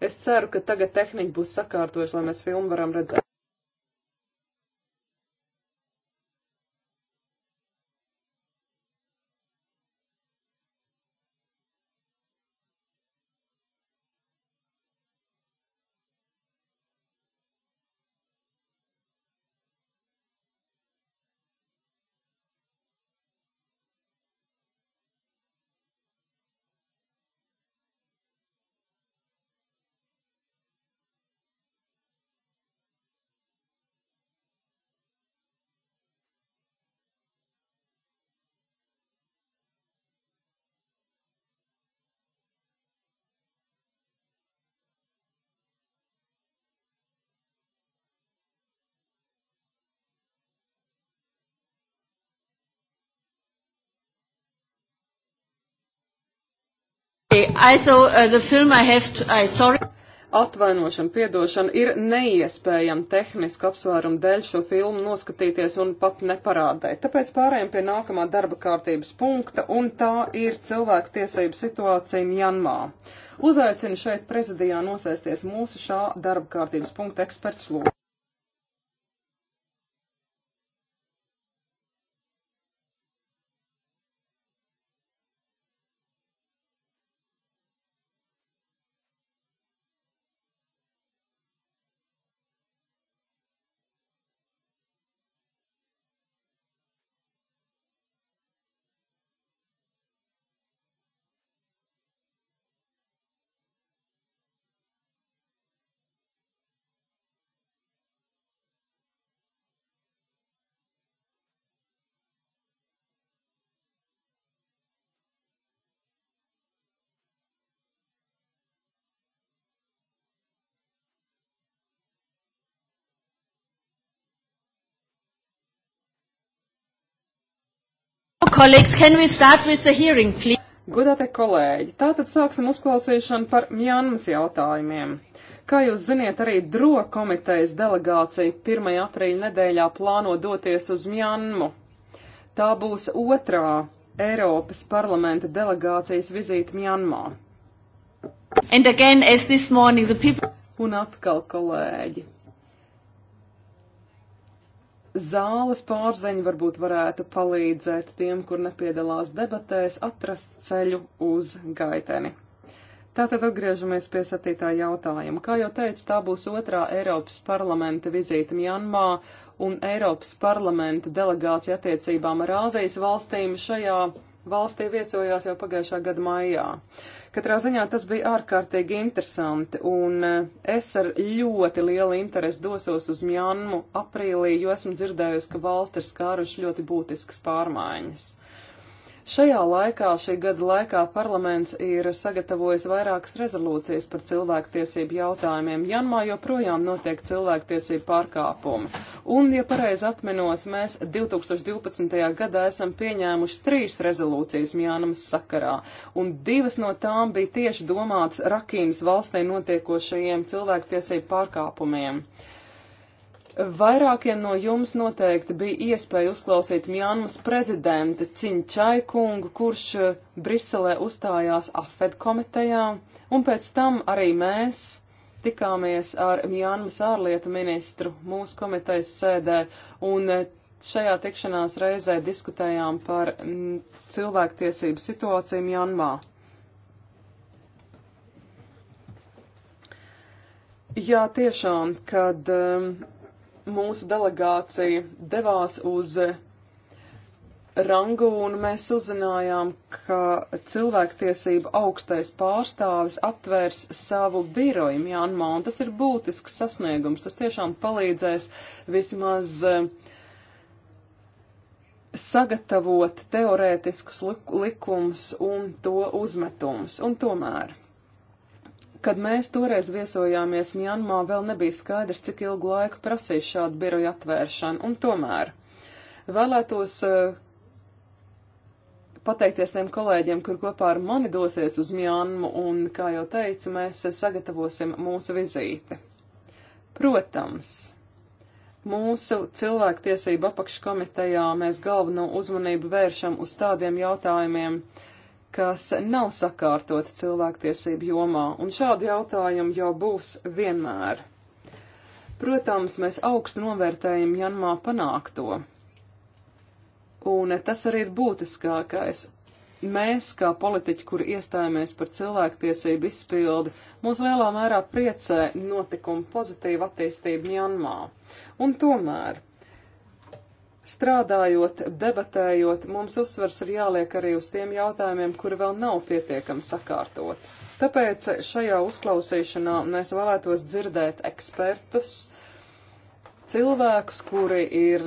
Es ceru, ka tagad tehnika būs sakārtojuši, lai mēs filmu varam redzēt. Also, uh, the film I have to, I sorry. Atvainošana, piedošana ir neiespējama tehnisku apsvērumu dēļ šo filmu noskatīties un pat neparādēt. Tāpēc pārējām pie nākamā darba kārtības punkta, un tā ir cilvēku tiesību situācija Mjanmā. Uzaicinu šeit prezidijā nosēsties mūsu šā darba kārtības punkta eksperts lūdzu. colleagues, can we start with the hearing, please? Godātie kolēģi, tātad sāksim uzklausīšanu par Mjanmas jautājumiem. Kā jūs ziniet, arī DRO komitejas delegācija 1. aprīļa nedēļā plāno doties uz Mjanmu. Tā būs otrā Eiropas parlamenta delegācijas vizīte Mjanmā. Again, morning, people... Un atkal, kolēģi, Zāles pārziņa varbūt varētu palīdzēt tiem, kur nepiedalās debatēs, atrast ceļu uz gaiteni. Tātad atgriežamies pie satītā jautājuma. Kā jau teicu, tā būs otrā Eiropas parlamenta vizīte Mjanmā un Eiropas parlamenta delegācija attiecībām ar Āzijas valstīm šajā valstī viesojās jau pagājušā gada maijā. Katrā ziņā tas bija ārkārtīgi interesanti, un eh, es ar ļoti lielu interesi dosos uz Mjanmu aprīlī, jo esmu dzirdējusi, ka valsts ir skāruši ļoti būtiskas pārmaiņas. Šajā laikā, šī gada laikā, parlaments ir sagatavojis vairākas rezolūcijas par cilvēktiesību jautājumiem. Janmā joprojām notiek cilvēktiesību pārkāpumi. Un, ja pareizi atminos, mēs 2012. gadā esam pieņēmuši trīs rezolūcijas Mjānamas sakarā, un divas no tām bija tieši domāts Rakīnas valstī notiekošajiem cilvēktiesību pārkāpumiem. Thank you. Vairākiem no jums noteikti bija iespēja uzklausīt Mjānmas prezidenta Ciņčai kungu, kurš eh, Briselē uzstājās AFED komitejā, un pēc tam arī mēs tikāmies ar Mjānmas ārlietu ministru mūsu komitejas sēdē, un eh, šajā tikšanās reizē diskutējām par m, mm, cilvēktiesību situāciju Mjānmā. Jā, tiešām, kad um, mūsu delegācija devās uz Rangūnu, mēs uzzinājām, ka cilvēktiesība augstais pārstāvis atvērs savu biroju Mjanmā, un tas ir būtisks sasniegums. Tas tiešām palīdzēs vismaz eh, sagatavot teorētiskus likumus un to uzmetumus. Un tomēr Kad mēs toreiz viesojāmies Mjanmā, vēl nebija skaidrs, cik ilgu laiku prasīs šādu biroju atvēršanu, un tomēr vēlētos uh, pateikties tiem kolēģiem, kur kopā ar mani dosies uz Mjanmu, un, kā jau teicu, mēs sagatavosim mūsu vizīti. Protams, mūsu cilvēktiesību apakškomitejā mēs galveno uzmanību vēršam uz tādiem jautājumiem, uh, kas nav sakārtoti cilvēktiesību jomā, un šādi jautājumi jau būs vienmēr. Protams, mēs augstu novērtējam Janmā panākto, un tas arī ir būtiskākais. Mēs, kā politiķi, kuri iestājāmies par cilvēktiesību izpildi, mūs lielā mērā priecē notikumu pozitīvu attīstību Janmā. Un tomēr Strādājot, debatējot, mums uzsvars ir jāliek arī uz tiem jautājumiem, kuri vēl nav pietiekami sakārtot. Tāpēc šajā uzklausīšanā mēs vēlētos dzirdēt ekspertus, cilvēkus, kuri ir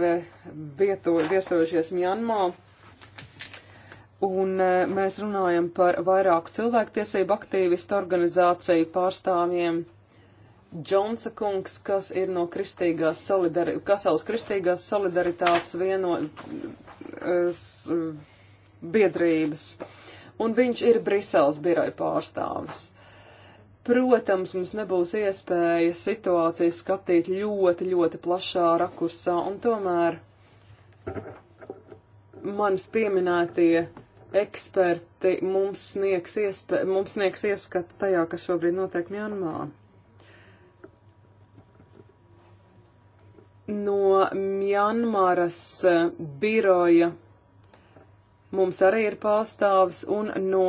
vieto, viesojušies Mjanmā, un e, mēs runājam par vairāku cilvēktiesību aktīvistu organizāciju pārstāvjiem Džonsa kungs, kas ir no kristīgās solidari Kasels kristīgās solidaritātes vieno es, biedrības, un viņš ir Briseles biroja pārstāvis. Protams, mums nebūs iespēja situāciju skatīt ļoti, ļoti plašā rakursā, un tomēr manis pieminētie eksperti mums sniegs, iespē, mums sniegs ieskatu tajā, kas šobrīd notiek Mjanmā. no Mjanmaras eh, biroja mums arī ir pārstāvis un no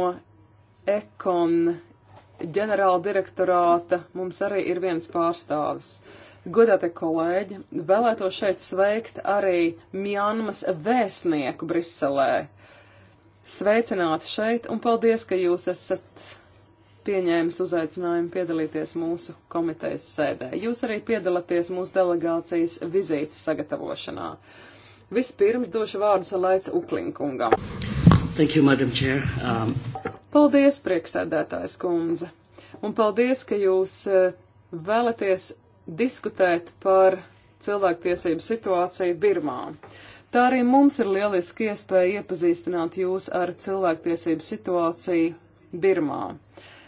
Ekon ģenerāla direktorāta mums arī ir viens pārstāvis. Godātie kolēģi, vēlētos šeit sveikt arī Mjanmas vēstnieku Briselē. Sveicināti šeit un paldies, ka jūs esat pieņēmis uzaicinājumu piedalīties mūsu komitejas sēdē. Jūs arī piedalāties mūsu delegācijas vizītes sagatavošanā. Vispirms došu vārdu salaica Uklinkungam. Thank you, Madam Chair. Um... Paldies, prieksēdētājs kundze. Un paldies, ka jūs eh, vēlaties diskutēt par cilvēktiesību situāciju Birmā. Tā arī mums ir lieliski iespēja iepazīstināt jūs ar cilvēktiesību situāciju Birmā.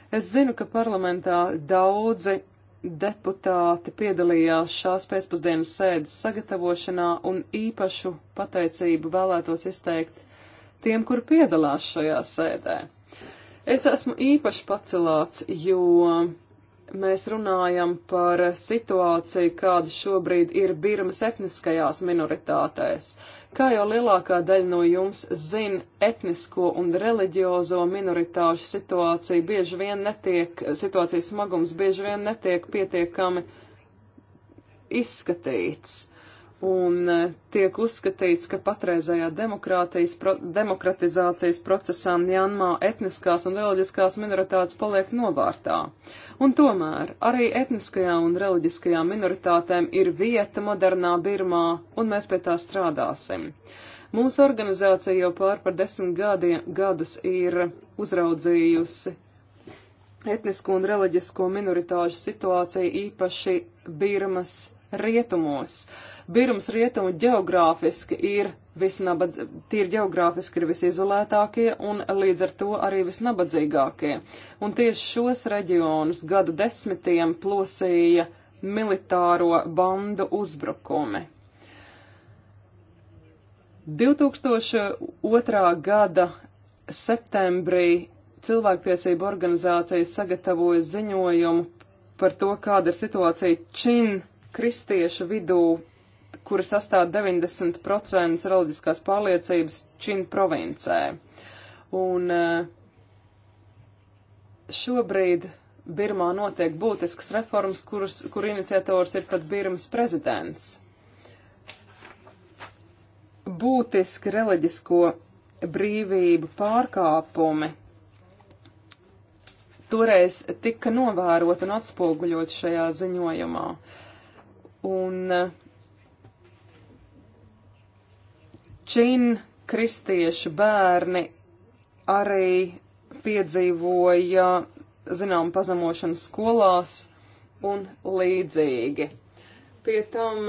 Es zinu, ka parlamentā daudzi deputāti piedalījās šās pēcpusdienas sēdes sagatavošanā un īpašu pateicību vēlētos izteikt tiem, kur piedalās šajā sēdē. Es esmu īpaši pacelāts, jo mēs runājam par situāciju, kāda šobrīd ir Birmas etniskajās minoritātēs. Kā jau lielākā daļa no jums zina, etnisko un reliģiozo minoritāšu situācija bieži vien netiek, situācijas smagums bieži vien netiek pietiekami izskatīts un eh, tiek uzskatīts, ka patreizējā pro, demokratizācijas procesā Mjanmā etniskās un reliģiskās minoritātes paliek novārtā. Un tomēr arī etniskajā un reliģiskajā minoritātēm ir vieta modernā Birmā, un mēs pie tā strādāsim. Mūsu organizācija jau pār par desmit gadiem, gadus ir uzraudzījusi etnisko un reliģisko minoritāšu situāciju īpaši Birmas rietumos. Uh, Birmas rietumi geogrāfiski ir visnabadz, tīri geogrāfiski ir visizolētākie un līdz ar to arī visnabadzīgākie. Un tieši šos reģionus gadu desmitiem plosīja militāro bandu uzbrukumi. 2002. gada septembrī cilvēktiesību organizācijas sagatavoja ziņojumu par to, kāda ir situācija Čin kristiešu vidū kura sastāv 90% reliģiskās pārliecības Čin provincē. Un eh, šobrīd Birmā notiek būtiskas reformas, kuras, kur iniciators ir pat Birmas prezidents. Būtiski reliģisko brīvību pārkāpumi toreiz tika novērota un atspoguļot šajā ziņojumā. Un uh, Čin kristiešu bērni arī piedzīvoja zinām pazemošanu skolās un līdzīgi. Pie tam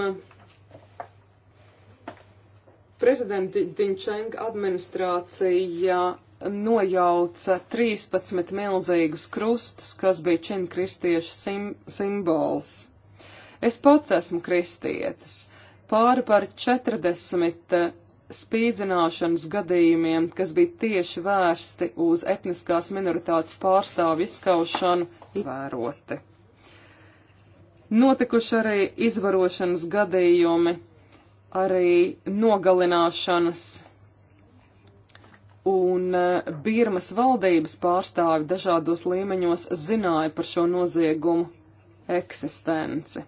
prezidenta Dinčenka administrācija nojauca 13 milzīgus krustus, kas bija čin kristiešu sim simbols. Es pats esmu kristietis. Pāri par 40 spīdzināšanas gadījumiem, kas bija tieši vērsti uz etniskās minoritātes pārstāvu izskaušanu, vēroti. Notikuši arī izvarošanas gadījumi, arī nogalināšanas, un eh, Birmas valdības pārstāvi dažādos līmeņos zināja par šo noziegumu eksistenci.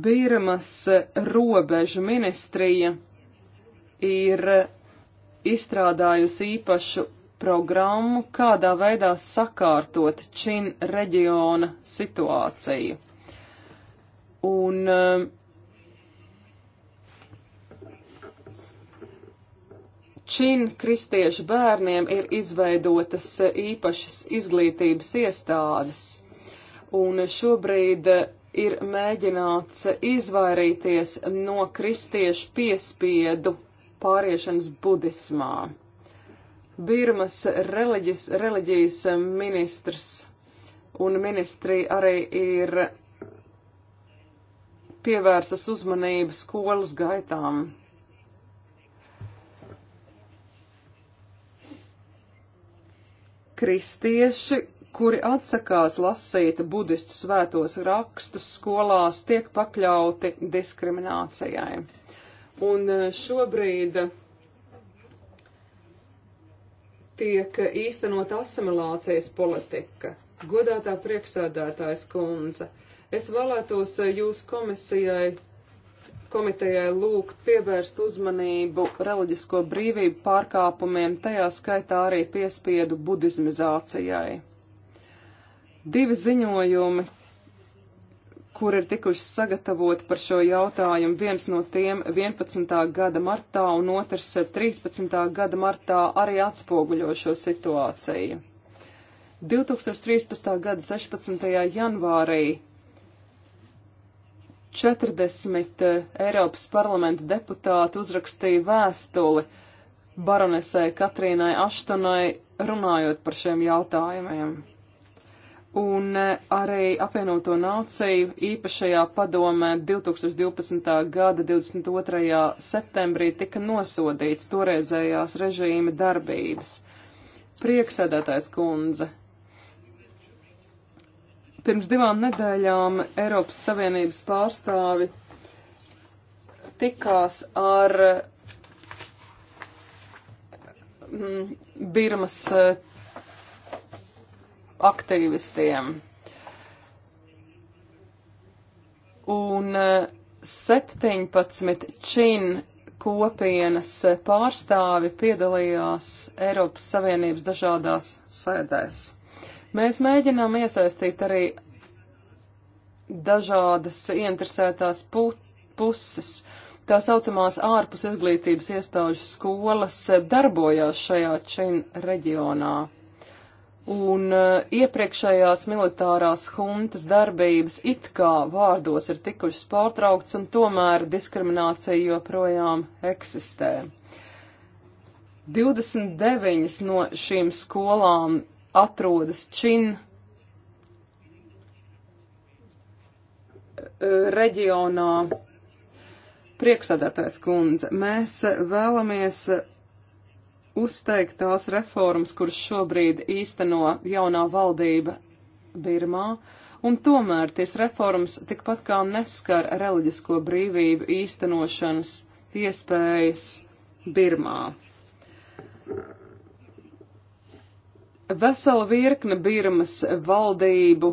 Birmas robežu ministrija ir izstrādājusi īpašu programmu, kādā veidā sakārtot Čin reģiona situāciju. Un eh, Čin kristiešu bērniem ir izveidotas īpašas izglītības iestādes, un šobrīd ir mēģināts izvairīties no kristiešu piespiedu pāriešanas budismā. Birmas reliģis, reliģijas ministrs un ministri arī ir pievērsas uzmanību skolas gaitām. Kristieši kuri atsakās lasīt budistu svētos rakstus skolās, tiek pakļauti diskriminācijai. Un eh, šobrīd tiek īstenot asimilācijas politika. Godātā prieksēdētājs kundze, es vēlētos eh, jūs komisijai komitejai lūgt pievērst uzmanību reliģisko brīvību pārkāpumiem, tajā skaitā arī piespiedu budizmizācijai divi ziņojumi, kur ir tikuši sagatavoti par šo jautājumu. Viens no tiem 11. gada martā un otrs 13. gada martā arī atspoguļo šo situāciju. 2013. gada 16. janvārī 40 eh, Eiropas parlamenta deputāti uzrakstīja vēstuli baronesei Katrīnai Aštonai runājot par šiem jautājumiem un eh, arī apvienoto nāciju īpašajā padomē 2012. gada 22. septembrī tika nosodīts toreizējās režīma darbības. Prieksēdētājs kundze. Pirms divām nedēļām Eiropas Savienības pārstāvi tikās ar mm, Birmas eh, aktīvistiem. Un 17 eh, čin kopienas pārstāvi piedalījās Eiropas Savienības dažādās sēdēs. Mēs mēģinām iesaistīt arī dažādas interesētās pu puses. Tā saucamās ārpus izglītības iestāžu skolas darbojās šajā čin reģionā. Un uh, iepriekšējās militārās huntas darbības it kā vārdos ir tikušas pārtraukts, un tomēr diskriminācija joprojām eksistē. 29 no šīm skolām atrodas Čin eh, reģionā. Priekšsēdētājs kundze, mēs eh, vēlamies uzteikt tās reformas, kuras šobrīd īsteno jaunā valdība Birmā, un tomēr ties reformas tikpat kā neskar reliģisko brīvību īstenošanas iespējas Birmā. Vesela virkne Birmas valdību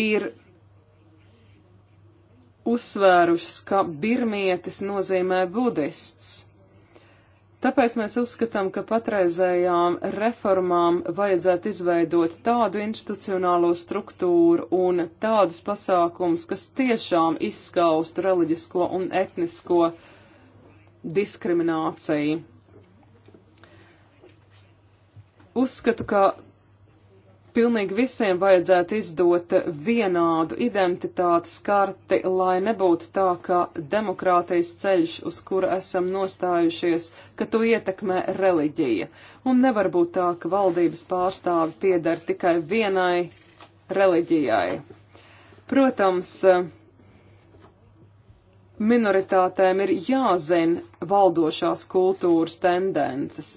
ir uzsvērušas, ka birmietis nozīmē budists. Tāpēc mēs uzskatām, ka patreizējām reformām vajadzētu izveidot tādu institucionālo struktūru un tādus pasākums, kas tiešām izskaustu reliģisko un etnisko diskrimināciju. Uzskatu, ka pilnīgi visiem vajadzētu izdot vienādu identitātes karti, lai nebūtu tā, ka demokrātijas ceļš, uz kura esam nostājušies, ka to ietekmē reliģija. Un nevar būt tā, ka valdības pārstāvi piedara tikai vienai reliģijai. Protams, minoritātēm ir jāzina valdošās kultūras tendences.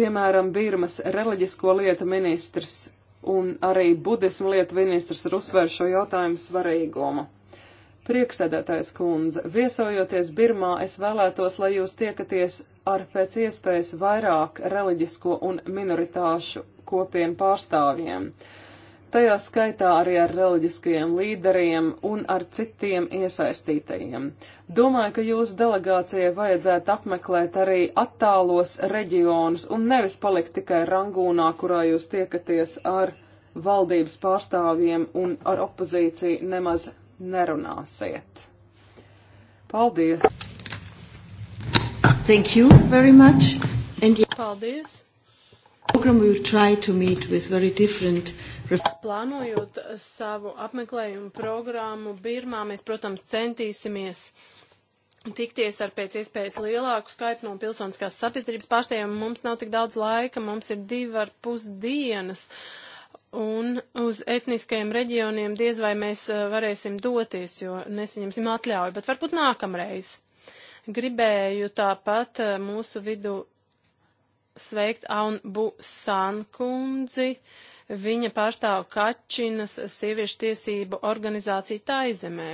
Piemēram, Birmas reliģisko lietu ministrs un arī budismu lietu ministrs ir uzsvērs šo jautājumu svarīgumu. Prieksēdētājs kundze, viesojoties Birmā, es vēlētos, lai jūs tiekaties ar pēc iespējas vairāk reliģisko un minoritāšu kopienu pārstāvjiem. Uh, tajā skaitā arī ar reliģiskajiem līderiem un ar citiem iesaistītajiem. Domāju, ka jūsu delegācijai vajadzētu apmeklēt arī attālos reģionus un nevis palikt tikai rangūnā, kurā jūs tiekaties ar valdības pārstāvjiem un ar opozīciju nemaz nerunāsiet. Paldies! Thank you very much. And yeah, Paldies! Program we will try to meet with very different uh, Plānojot savu apmeklējumu programmu Birmā, mēs, protams, centīsimies tikties ar pēc iespējas lielāku skaitu no pilsoniskās sabiedrības pārstāvjiem. Mums nav tik daudz laika, mums ir divi ar pus dienas, un uz etniskajiem reģioniem diez vai mēs eh, varēsim doties, jo nesaņemsim atļauju, bet varbūt nākamreiz. Gribēju tāpat eh, mūsu vidu sveikt Aun Bu San kundzi. Uh, Viņa pārstāv Kačinas sieviešu tiesību organizāciju Taizemē.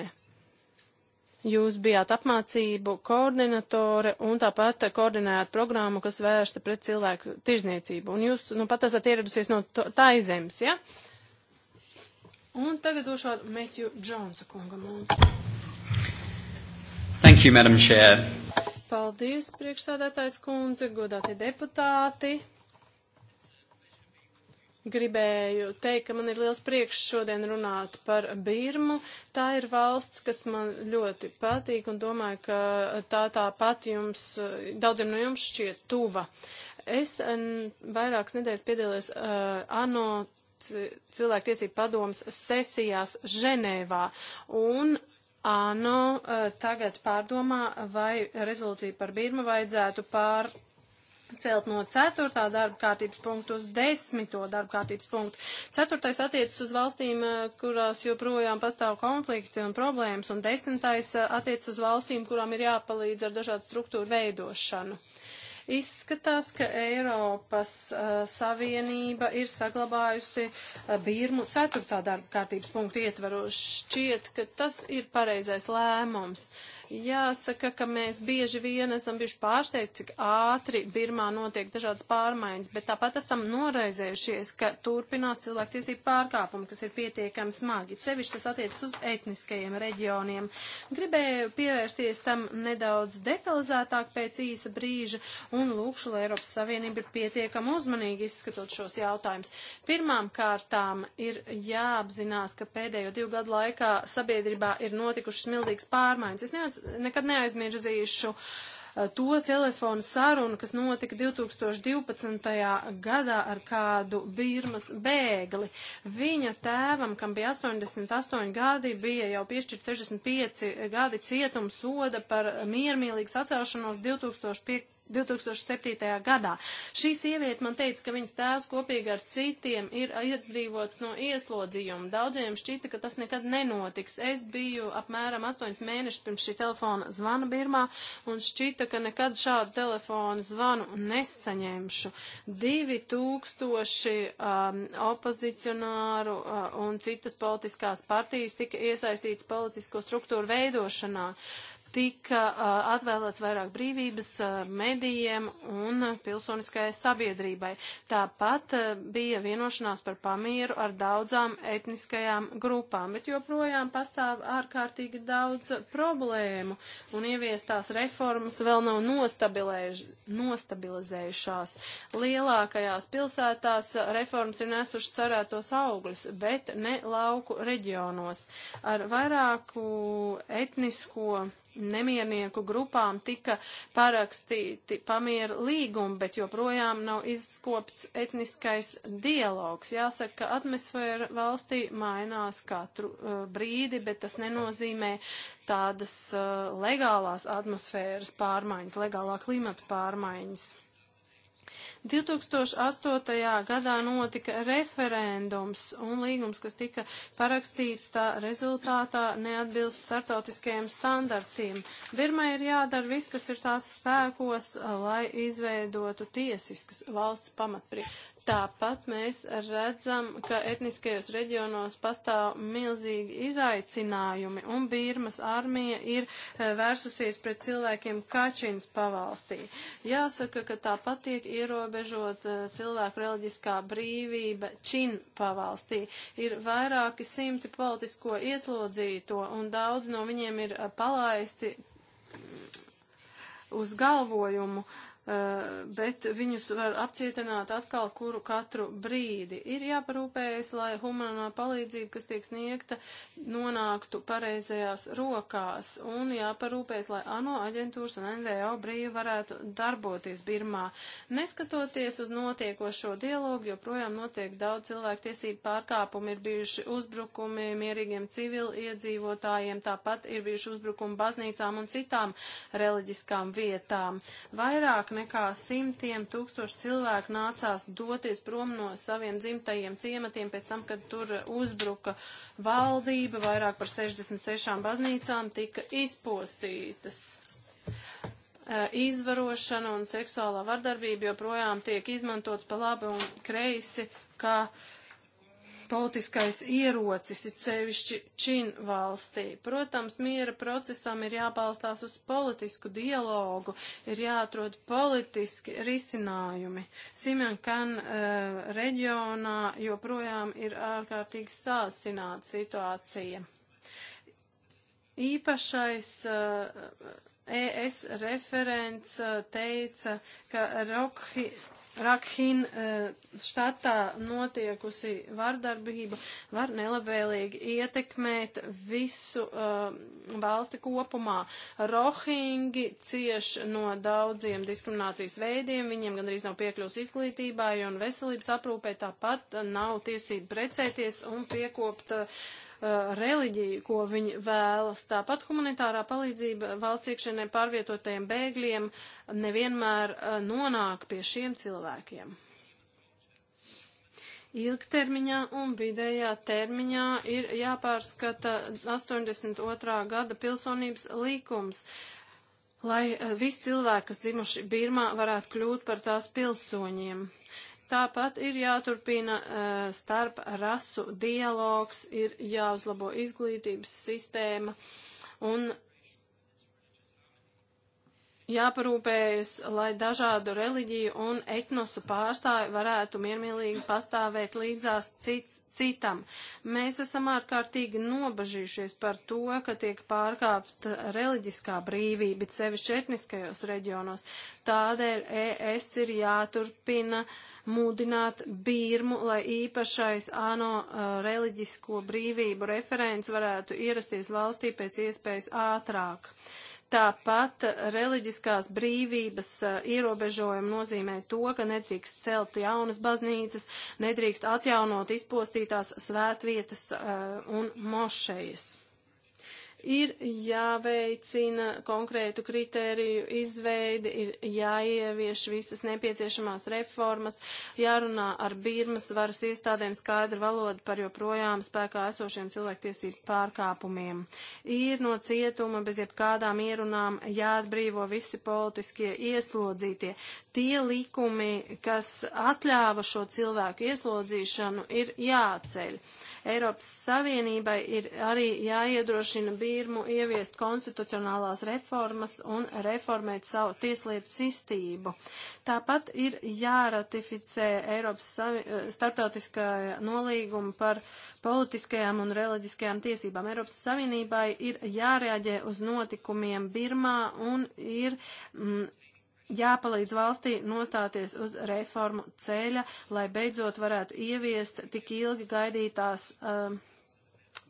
Jūs bijāt apmācību koordinatore un tāpat koordinējāt programmu, kas vērsta pret cilvēku tirzniecību. Un jūs, nu, pat esat ieradusies no Taizemes, ja? Un tagad došu vārdu Metju Džonsa kungam. Thank you, Madam Chair. Paldies, priekšsādātājs kundze, godātie deputāti gribēju teikt, ka man ir liels prieks šodien runāt par Birmu. Tā ir valsts, kas man ļoti patīk un domāju, ka tā tāpat jums, daudziem no jums šķiet tuva. Es vairākas nedēļas piedalījos uh, ANO cilvēktiesību padomas sesijās Ženēvā un ANO uh, tagad pārdomā, vai rezolūciju par Birmu vajadzētu pār pārcelt no 4. darba kārtības punktu uz 10. darba kārtības punktu. 4. attiecas uz valstīm, eh, kurās joprojām pastāv konflikti un problēmas, un 10. Eh, attiecas uz valstīm, kurām ir jāpalīdz ar dažādu struktūru veidošanu. Izskatās, ka Eiropas uh, Savienība ir saglabājusi uh, Birmu ceturtā darba kārtības punktu ietvaros. Šķiet, ka tas ir pareizais lēmums. Jāsaka, ka mēs bieži vien esam bijuši pārsteigti, cik ātri Birmā notiek dažādas pārmaiņas, bet tāpat esam noraizējušies, ka turpinās cilvēktiesību pārkāpumi, kas ir pietiekami smagi. Sevišķi tas attiecas uz etniskajiem reģioniem. Gribēju pievērsties tam nedaudz detalizētāk pēc īsa brīža un lūkšu, lai Eiropas Savienība ir pietiekama uzmanīgi izskatot šos jautājumus. Pirmām kārtām ir jāapzinās, ka pēdējo divu gadu laikā sabiedrībā ir notikušas milzīgas pārmaiņas. Es neaz, nekad neaizmirsīšu eh, to telefonu sarunu, kas notika 2012. gadā ar kādu Birmas bēgli. Viņa tēvam, kam bija 88 gadi, bija jau piešķirt 65 gadi cietuma soda par miermīlīgas atcelšanos 2005. 2007. gadā. Šī sieviete man teica, ka viņas tēvs kopīgi ar citiem ir atbrīvots no ieslodzījuma. Daudziem šķita, ka tas nekad nenotiks. Es biju apmēram 8 mēnešus pirms šī telefona zvana Birmā un šķita, ka nekad šādu telefonu zvanu nesaņemšu. 2000 um, opozicionāru uh, un citas politiskās partijas tika iesaistīts politisko struktūru veidošanā. Uh, tika atvēlēts vairāk brīvības medijiem un pilsoniskajai sabiedrībai. Tāpat bija vienošanās par pamieru ar daudzām etniskajām grupām, bet joprojām pastāv ārkārtīgi daudz problēmu un ieviestās reformas vēl nav nostabilizējušās. Lielākajās pilsētās reformas ir nesušas cerētos augļus, bet ne lauku reģionos. Ar vairāku etnisko nemiernieku grupām tika parakstīti pamieru līgumi, bet joprojām nav izskopts etniskais dialogs. Jāsaka, ka atmosfēra valstī mainās katru uh, brīdi, bet tas nenozīmē tādas uh, legālās atmosfēras pārmaiņas, legālā klimata pārmaiņas. 2008. gadā notika referendums un līgums, kas tika parakstīts tā rezultātā neatbilst startautiskajiem standartiem. Birmai ir jādara viss, kas ir tās spēkos, lai izveidotu tiesiskas valsts pamatprī. Tāpat mēs redzam, ka etniskajos reģionos pastāv milzīgi izaicinājumi, un Birmas armija ir eh, vērsusies pret cilvēkiem Kačins pavalstī. Jāsaka, ka tāpat tiek ierobežot eh, cilvēku reliģiskā brīvība Čin pavalstī. Ir vairāki simti politisko ieslodzīto, un daudz no viņiem ir eh, palaisti mm, uz galvojumu. Uh, Eh, bet viņus var apcietināt atkal kuru katru brīdi. Ir jāparūpējas, lai humanā palīdzība, kas tiek sniegta, nonāktu pareizajās rokās un jāparūpējas, lai ANO aģentūras un NVO brīvi varētu darboties Birmā. Neskatoties uz notiekošo dialogu, joprojām notiek daudz cilvēktiesību pārkāpumi, ir bijuši uzbrukumi mierīgiem civiliedzīvotājiem, tāpat ir bijuši uzbrukumi baznīcām un citām reliģiskām vietām. Vairāk nekā simtiem tūkstoši cilvēku nācās doties prom no saviem dzimtajiem ciematiem pēc tam, kad tur uzbruka valdība, vairāk par 66 baznīcām tika izpostītas. E, izvarošana un seksuālā vardarbība joprojām tiek izmantots pa labi un kreisi, kā uh, politiskais ierocis, it sevišķi Čin valstī. Protams, miera procesam ir jābalstās uz politisku dialogu, ir jāatrod politiski risinājumi. Simjankan uh, eh, reģionā joprojām ir ārkārtīgi sāsināta situācija. Īpašais ES eh, e referents eh, teica, ka Rokhi, Rakhin eh, štatā notiekusi vardarbība var nelabvēlīgi ietekmēt visu uh, valsti kopumā. Rohingi cieš no daudziem diskriminācijas veidiem, viņiem gandrīz nav piekļūs izglītībai un veselības aprūpē tāpat nav tiesība precēties un piekopt uh, uh, reliģiju, ko viņi vēlas. Tāpat humanitārā palīdzība valsts iekšienē pārvietotajiem bēgļiem nevienmēr uh, nonāk pie šiem cilvēkiem. Ilgtermiņā un vidējā termiņā ir jāpārskata 82. gada pilsonības likums, lai uh, visi cilvēki, kas dzimuši Birmā, varētu kļūt par tās pilsoņiem. Tāpat ir jāturpina eh, starp rasu dialogs, ir jāuzlabo izglītības sistēma un jāparūpējas, lai dažādu reliģiju un etnosu pārstāvi varētu miermīlīgi pastāvēt līdzās cits, citam. Mēs esam ārkārtīgi nobažījušies par to, ka tiek pārkāpta reliģiskā brīvība, bet sevišķi etniskajos reģionos. Tādēļ ES ir jāturpina mudināt Birmu, lai īpašais ANO uh, reliģisko brīvību referents varētu ierasties valstī pēc iespējas ātrāk. Uh, Tāpat reliģiskās brīvības ierobežojumi nozīmē to, ka nedrīkst celt jaunas baznīcas, nedrīkst atjaunot izpostītās svētvietas un mošejas. Ir jāveicina konkrētu kritēriju izveidi, ir jāievieš visas nepieciešamās reformas, jārunā ar Birmas varas iestādēm skaidru valodu par joprojām spēkā esošiem cilvēktiesību pārkāpumiem. Ir no cietuma bez jebkādām ierunām jāatbrīvo visi politiskie ieslodzītie. Tie likumi, kas atļāva šo cilvēku ieslodzīšanu, ir jāatceļ. Eiropas Savienībai ir arī jāiedrošina Birmu ieviest konstitucionālās reformas un reformēt savu tieslietu sistību. Tāpat ir jāratificē Eiropas Savi... Eh, starptautiskā nolīguma par politiskajām un reliģiskajām tiesībām. Eiropas Savienībai ir jārēģē uz notikumiem Birmā un ir mm, jāpalīdz valstī nostāties uz reformu ceļa, lai beidzot varētu ieviest tik ilgi gaidītās um,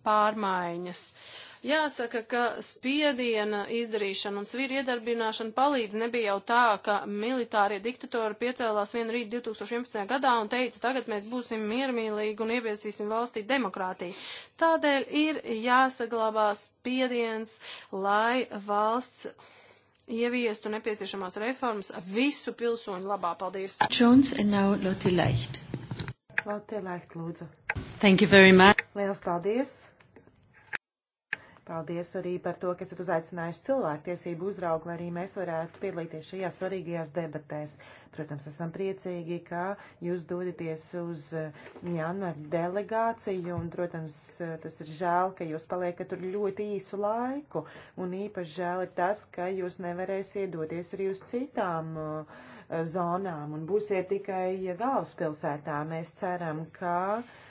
pārmaiņas. Jāsaka, ka spiediena izdarīšana un svīra iedarbināšana palīdz nebija jau tā, ka militārie diktatori piecēlās vienu rītu 2011. gadā un teica, tagad mēs būsim miermīlīgi un ieviesīsim valstī demokrātiju. Tādēļ ir jāsaglabā spiediens, lai valsts ieviestu nepieciešamās reformas visu pilsoņu labā. Paldies! Jones and now Lotte Leicht. Lotte Leicht, lūdzu. Thank you very much. Liels paldies! Paldies arī par to, ka esat uzaicinājuši cilvēktiesību uzraugu, lai arī mēs varētu piedalīties šajās svarīgajās debatēs. Protams, esam priecīgi, ka jūs dodaties uz uh, janvāru delegāciju, un, protams, uh, tas ir žēl, ka jūs paliekat tur ļoti īsu laiku, un īpaši žēl ir tas, ka jūs nevarēsiet doties arī uz citām uh, zonām, un būsiet tikai galvaspilsētā. Mēs ceram, ka. Uh,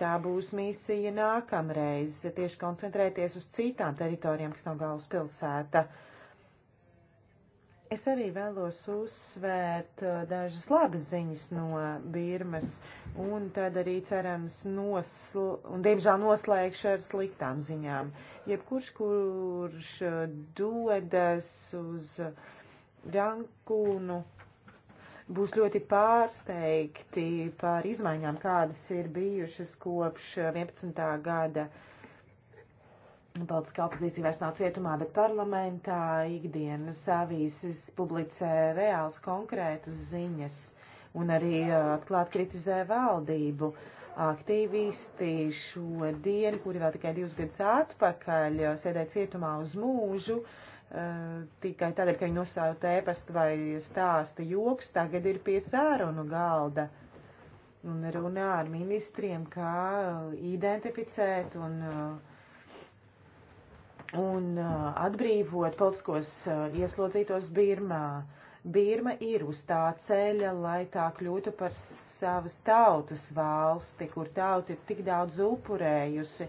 Tā būs misija nākamreiz, tieši koncentrēties uz citām teritorijām, kas nav galvaspilsēta. Es arī vēlos uzsvērt uh, dažas labas ziņas no Birmas, un tad arī cerams, nosl un diemžēl noslēgšu ar sliktām ziņām. Jebkurš, kurš uh, dodas uz Rankūnu, būs ļoti pārsteigti par izmaiņām, kādas ir bijušas kopš 11. gada. Baltiskā opozīcija vairs nav cietumā, bet parlamentā ikdienas avīzes publicē reāls konkrētas ziņas un arī atklāt kritizē valdību. Aktīvisti šodien, kuri vēl tikai divus gadus atpakaļ sēdēja cietumā uz mūžu, uh, Eh, tikai tādēļ, ka viņi nosauca tēpastu vai stāsta joks, tagad ir pie sārunu galda un runā ar ministriem, kā eh, identificēt un, eh, un atbrīvot politiskos ieslodzītos Birmā. Birma ir uz tā ceļa, lai tā kļūtu par savas tautas valsti, kur tauta ir tik daudz upurējusi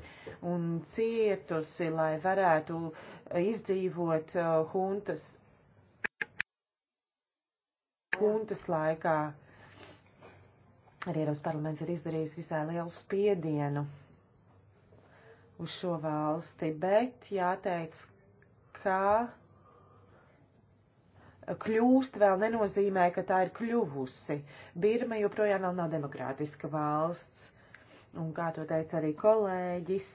un cietusi, lai varētu uh, izdzīvot uh, huntas, huntas laikā. Arī Eiropas parlaments ir izdarījis visai lielu spiedienu uz šo valsti, bet jāteic, ka kļūst vēl nenozīmē, ka tā ir kļuvusi. Birma joprojām vēl nav demokrātiska valsts, un kā to teica arī kolēģis,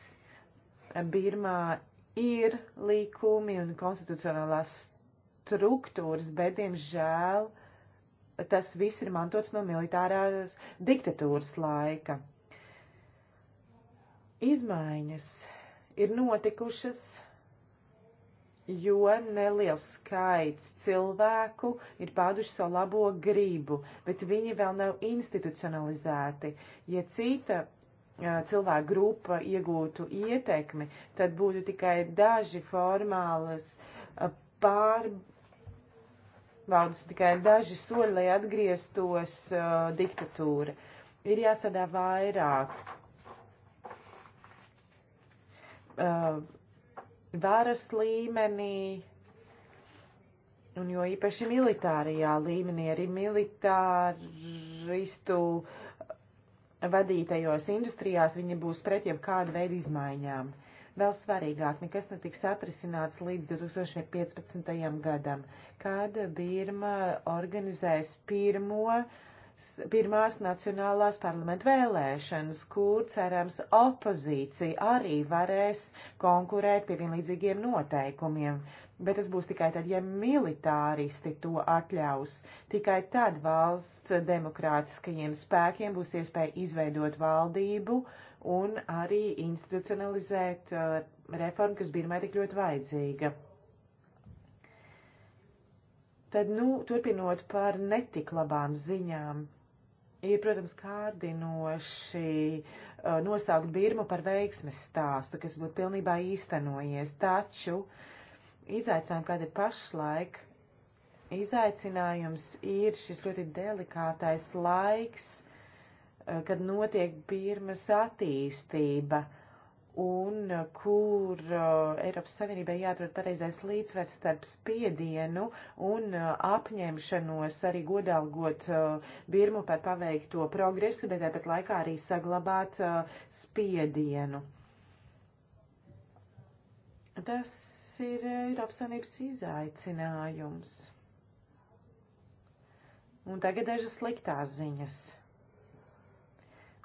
Birmā ir likumi un konstitucionālās struktūras, bet, diemžēl, tas viss ir mantots no militārās diktatūras laika. Izmaiņas ir notikušas, jo neliels skaits cilvēku ir pāduši savu labo gribu, bet viņi vēl nav institucionalizēti. Ja cita cilvēku grupa iegūtu ietekmi, tad būtu tikai daži formālas pārbaudas, tikai daži soļi, lai atgrieztos uh, diktatūra. Ir jāsadā vairāk. Uh, varas līmenī, un jo īpaši militārajā līmenī arī militāristu uh, vadītajos industrijās viņi būs pret jebkādu veidu izmaiņām. Vēl svarīgāk, nekas netiks atrisināts līdz 2015. gadam, kad Birma organizēs pirmo, pirmās nacionālās parlamentu vēlēšanas, kur, cerams, opozīcija arī varēs konkurēt pie vienlīdzīgiem noteikumiem. Bet tas būs tikai tad, ja militāristi to atļaus. Tikai tad valsts demokrātiskajiem spēkiem būs iespēja izveidot valdību un arī institucionalizēt uh, reformu, kas Birmai tik ļoti vajadzīga. Tad, nu, turpinot par netik labām ziņām, ir, protams, kārdinoši uh, nosaukt Birmu par veiksmes stāstu, kas būtu pilnībā īstenojies, taču uh, izaicinājumi, kāda ir pašlaik. Izaicinājums ir šis ļoti delikātais laiks, eh, kad notiek Birmas attīstība un eh, kur uh, Eiropas Savienībai jāatrod pareizais līdzsvers starp spiedienu un uh, apņemšanos arī godalgot uh, Birmu par paveikto progresu, bet tāpat laikā arī saglabāt spiedienu. Tas ir Eiropas eh, Savienības izaicinājums. Un tagad dažas sliktās ziņas.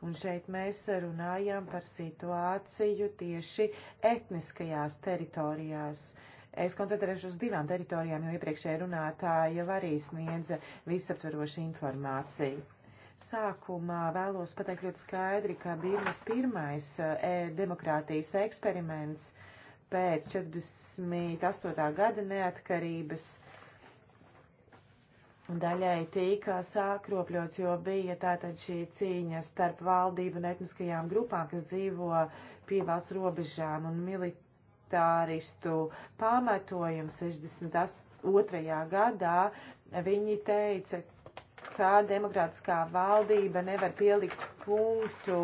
Un šeit mēs runājam par situāciju tieši etniskajās teritorijās. Es koncentrēšu uz divām teritorijām, jo iepriekšējā runātāja jau arī sniedza visaptvarošu informāciju. Sākumā vēlos pateikt ļoti skaidri, ka Birmas pirmais e, demokrātijas eksperiments e, pēc 48. gada neatkarības daļai tika sākropļots, jo bija tātad šī cīņa starp valdību un etniskajām grupām, kas dzīvo pie valsts robežām un militāristu pamatojumu 62. gadā. Viņi teica, ka demokrātiskā valdība nevar pielikt punktu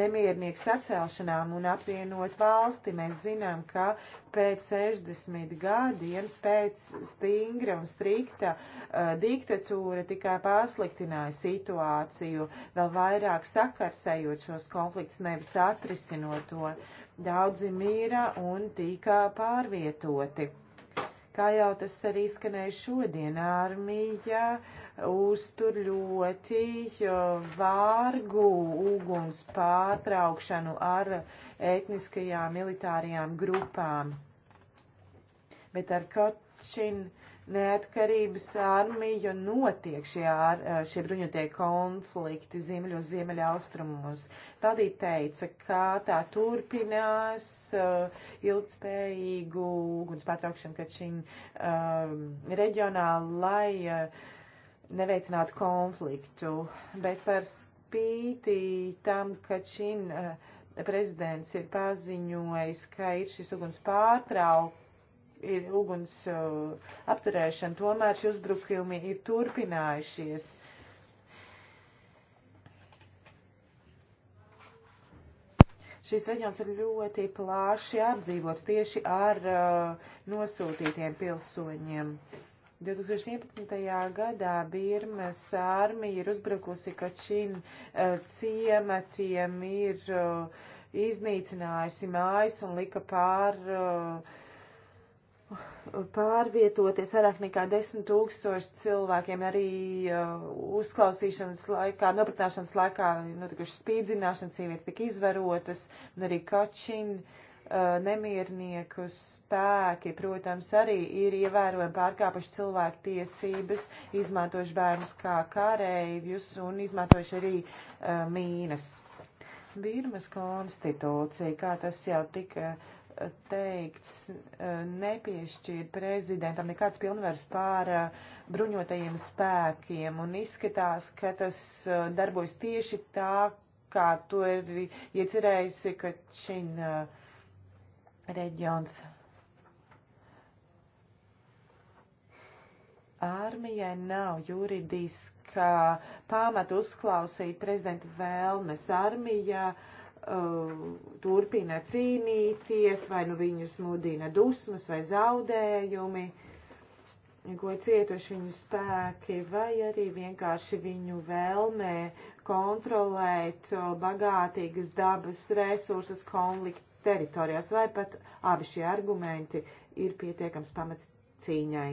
nemiernieku sacelšanām un apvienot valsti. Mēs zinām, ka pēc 60 gadiem pēc stingra un strikta uh, diktatūra tikai pasliktināja situāciju, vēl vairāk sakarsējot šos konflikts, nevis atrisinot to. Daudzi mīra un tika pārvietoti kā jau tas arī skanēja šodien, armija uztur ļoti vārgu uguns pārtraukšanu ar etniskajām militārajām grupām. Bet ar Kočinu neatkarības armiju notiek šie, ar, šie bruņotie konflikti ziemeļos, ziemeļa austrumos. Tādī teica, ka tā turpinās uh, ilgspējīgu uguns pārtraukšanu, ka šī uh, reģionā, lai uh, neveicinātu konfliktu, bet par spīti tam, ka šim eh, prezidents ir paziņojis, ka ir šis uguns pārtrauk, ir uguns uh, apturēšana, tomēr šie uzbrukumi ir turpinājušies. Šis reģions ir ļoti plaši apdzīvots tieši ar uh, nosūtītiem pilsoņiem. Uh, 2011. gadā Birmas armija ir uzbrukusi Kačin eh, ciematiem, ir eh, iznīcinājusi mājas un lika pār, eh, pārvietoties vairāk nekā 10 tūkstoši cilvēkiem. Arī uzklausīšanas laikā, nopratināšanas laikā notikušas spīdzināšanas, sievietes tika izvarotas, un arī Kačin. Uh, nemiernieku spēki, protams, arī ir ievērojami pārkāpuši cilvēku tiesības, izmantojuši bērnus kā kārējus un izmantojuši arī uh, mīnas. Birmas konstitūcija, kā tas jau tika teikts, nepiešķīra prezidentam nekāds pilnvars pār bruņotajiem spēkiem, un izskatās, ka tas darbojas tieši tā, kā to ir iecerējusi Kačina. Uh, reģions. Armijai nav juridiskā pamata uzklausīt prezidenta vēlmes. Armijā uh, turpina cīnīties, vai nu viņus mudina dusmas vai zaudējumi, ko cietuši viņu spēki, vai arī vienkārši viņu vēlmē kontrolēt uh, bagātīgas dabas resursus, konfliktu teritorijās, vai pat abi šie argumenti ir pietiekams pamats cīņai.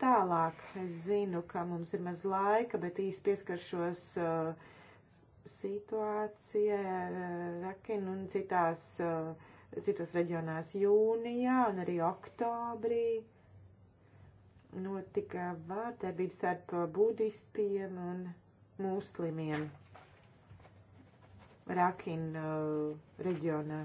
Tālāk es zinu, ka mums ir maz laika, bet īsti pieskaršos uh, situācijai ar uh, Rakinu un citās, uh, citos reģionās jūnijā un arī oktobrī notika vārdarbība starp uh, budistiem un muslimiem Rakina uh, reģionā.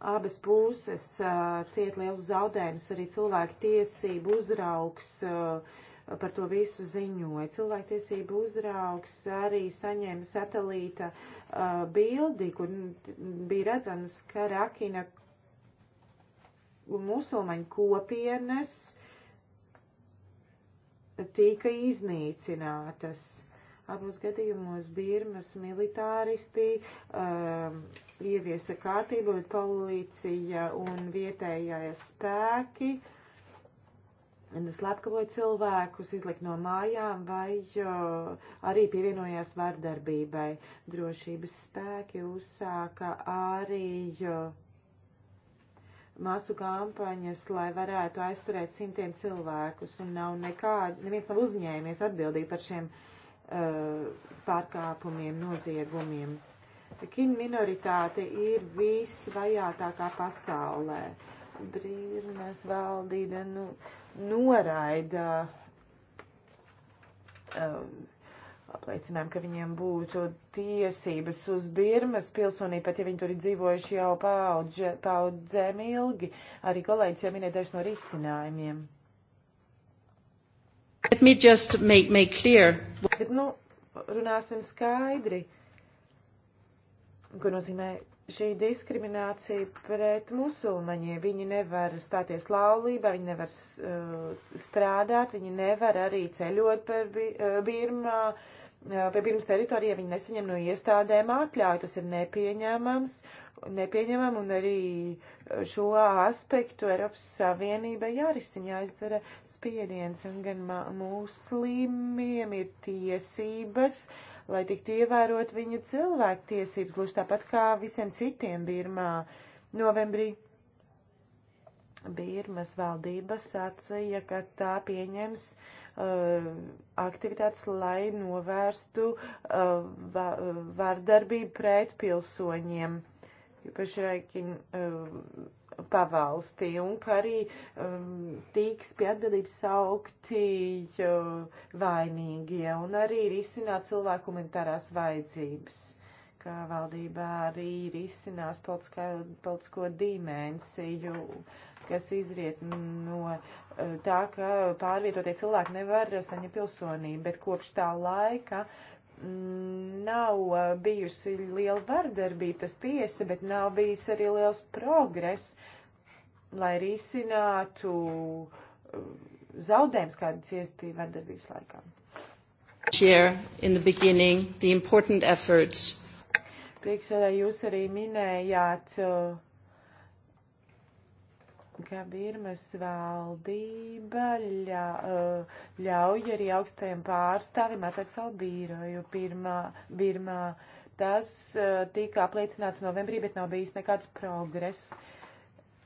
abas puses uh, ciet liels zaudējums, arī cilvēku tiesību uzraugs uh, par to visu ziņoja. Cilvēku tiesību uzraugs arī saņēma satelīta uh, bildi, kur bija redzams, ka Rakina musulmaņu kopienas tika iznīcinātas. Abos gadījumos Birmas militāristi um, ieviesa kārtību, bet policija un vietējie spēki slepkavoja cilvēkus, izlika no mājām vai jo, arī pievienojās vardarbībai. Drošības spēki uzsāka arī jo, masu kampaņas, lai varētu aizturēt simtiem cilvēkus, un nav nekā, neviens nav uzņēmies atbildību par šiem cilvēkiem Eh, pārkāpumiem, noziegumiem. Kin minoritāte ir visvajātākā pasaulē. Brīvnēs valdība nu, noraida um, apliecinājumu, ka viņiem būtu tiesības uz Birmas pilsonību, pat ja viņi tur ir dzīvojuši jau paudze, paudzēm ilgi. Arī kolēģis jau minēja dažs no risinājumiem. Let me just make, make clear. Bet, nu, runāsim skaidri, ko nozīmē šī diskriminācija pret musulmaņiem. Viņi nevar stāties laulībā, viņi nevar uh, strādāt, viņi nevar arī ceļot par bi uh, Birmā. Uh, vai pirms teritorija viņi nesaņem no iestādēm atļauju. Tas ir nepieņēmams, nepieņemam un arī šo aspektu Eiropas Savienībai jārisina, jāizdara spiediens. Un gan muslimiem ir tiesības, lai tiktu ievērot viņu cilvēktiesības, gluži tāpat kā visiem citiem Birmā. Novembrī Birmas valdības sacīja, ka tā pieņems uh, Uh, aktivitātes, lai novērstu uh, uh, vardarbību pret pilsoņiem, īpaši Reikiņa pavalstī, un ka arī um, tiks pie atbildības saukti vainīgie, un arī risināt cilvēku humanitārās vajadzības ka valdībā arī ir izcinās politiskā, politisko dimensiju, kas izriet no tā, ka pārvietotie cilvēki nevar saņemt pilsonību, bet kopš tā laika mm, nav uh, bijusi liela vardarbība, tas tiesa, bet nav bijis arī liels progress, lai risinātu uh, zaudējums, kāda ciesti vardarbības laikā. Share in the beginning the important efforts. Priekšsēdā jūs arī minējāt uh, ka Birmas valdība ļa, uh, ļauj arī augstajiem pārstāvim atvērt savu bīroju pirmā, Birmā. Tas uh, tika apliecināts novembrī, bet nav bijis nekāds progress.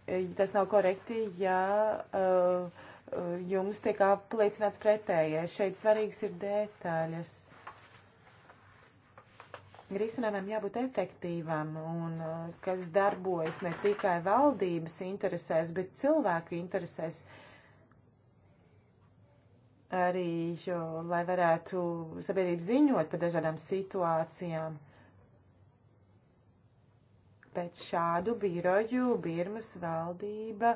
E, tas nav korekti, ja uh, jums tiek apliecināts pretējais. Šeit svarīgs ir detaļas risinājumam jābūt efektīvam un uh, kas darbojas ne tikai valdības interesēs, bet cilvēku interesēs arī, jo, lai varētu sabiedrība ziņot par dažādām situācijām. Uh, Bet šādu biroju Birmas valdība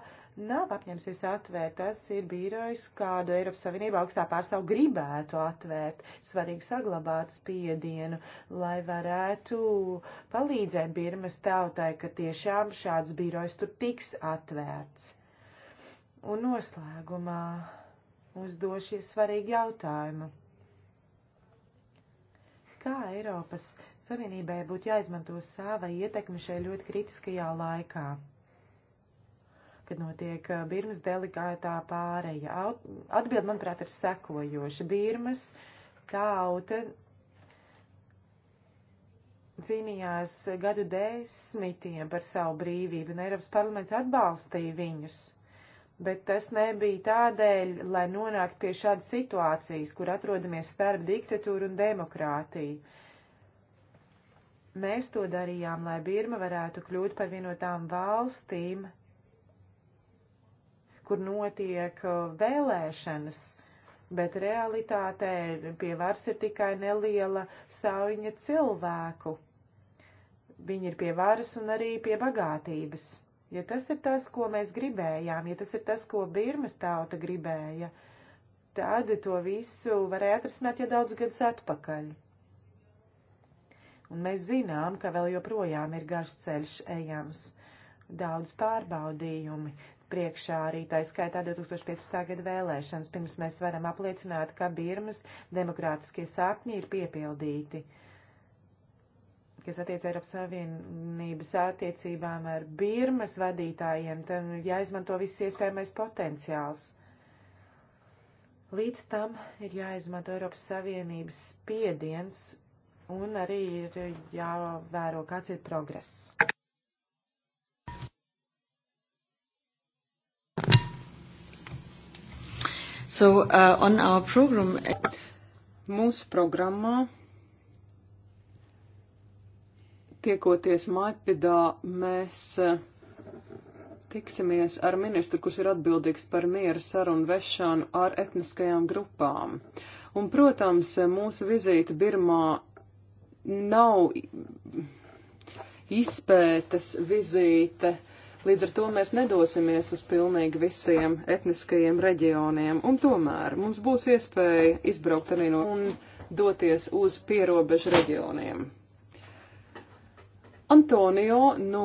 nav apņemsies atvērt. Tas ir birojs, kādu Eiropas Savienība augstā pārstāv gribētu atvērt. Svarīgi saglabāt spiedienu, lai varētu palīdzēt Birmas tautai, ka tiešām šāds birojs tur tiks atvērts. Un noslēgumā uzdošie svarīgi jautājumi. Kā Eiropas Savienībai būtu jāizmanto sava ietekme šajā ļoti kritiskajā laikā, kad notiek Birmas delikātā pāreja. Atbild, manuprāt, ir sekojoša. Birmas kauta cīnījās gadu desmitiem par savu brīvību, un Eiropas parlaments atbalstīja viņus. Bet tas nebija tādēļ, lai nonāktu pie šādas situācijas, kur atrodamies starp diktatūru un demokrātiju. Mēs to darījām, lai Birma varētu kļūt par vienotām valstīm, kur notiek uh, vēlēšanas, bet realitātē pie varas ir tikai neliela sauņa cilvēku. Viņi ir pie varas un arī pie bagātības. Ja tas ir tas, ko mēs gribējām, ja tas ir tas, ko Birmas tauta gribēja, tad to visu varēja atrisināt jau daudz gadus atpakaļ. Un mēs zinām, ka vēl joprojām ir garš ceļš ejams, daudz pārbaudījumi priekšā arī tā skaitā 2015. gada vēlēšanas, pirms mēs varam apliecināt, ka Birmas demokrātiskie sapņi ir piepildīti kas attiec Eiropas Savienības attiecībām ar Birmas vadītājiem, tad jāizmanto viss iespējamais potenciāls. Līdz tam ir jāizmanto Eiropas Savienības spiediens un arī ir jāvēro, kāds ir progress. So, uh, on our program... Mūsu programmā tiekoties Maipidā, mēs uh, tiksimies ar ministru, kurš ir atbildīgs par miera sarunu vešanu ar etniskajām grupām. Un, protams, mūsu vizīte Birmā nav izpētes vizīte. Līdz ar to mēs nedosimies uz pilnīgi visiem etniskajiem reģioniem, un tomēr mums būs iespēja izbraukt arī no un doties uz pierobežu reģioniem. Antonio no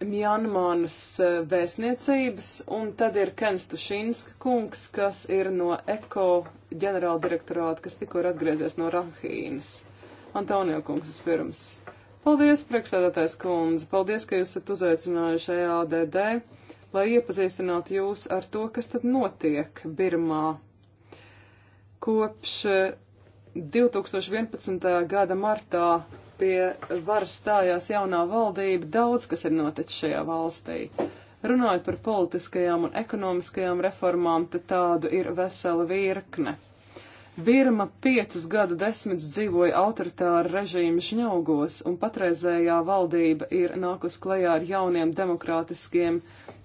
Mjanmanas eh, vēstniecības, un tad ir Kens Tušinska kungs, kas ir no ECO ģenerāldirektorāta, kas tikko ir atgriezies no Rahīnas. Antonio kungs vispirms. Paldies, priekšsēdētājs kundze, paldies, ka jūs esat uzaicinājuši EADD, lai iepazīstinātu jūs ar to, kas tad notiek Birmā. Kopš 2011. Eh, gada martā pie varas stājās jaunā valdība, daudz kas ir noticis šajā valstī. Runājot par politiskajām un ekonomiskajām reformām, tad tādu ir vesela virkne. Birma piecus gadu desmitus dzīvoja autoritāra režīma žņaugos, un patreizējā valdība ir nākus klajā ar jauniem demokrātiskiem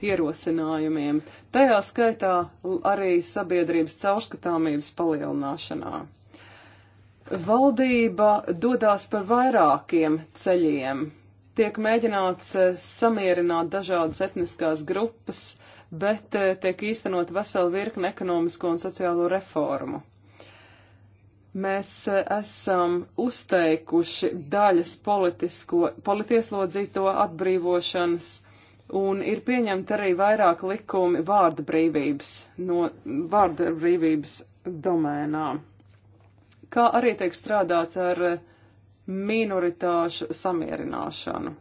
ierosinājumiem, tajā skaitā arī sabiedrības caurskatāmības palielināšanā. Valdība dodās par vairākiem ceļiem. Tiek mēģināts eh, samierināt dažādas etniskās grupas, bet eh, tiek īstenot vesela virkne ekonomisko un sociālo reformu. Mēs eh, esam uzteikuši daļas politieslodzīto atbrīvošanas un ir pieņemti arī vairāk likumi vārda brīvības, no vārda brīvības domēnā. Kā arī tiek strādāts ar eh, minoritāšu samierināšanu.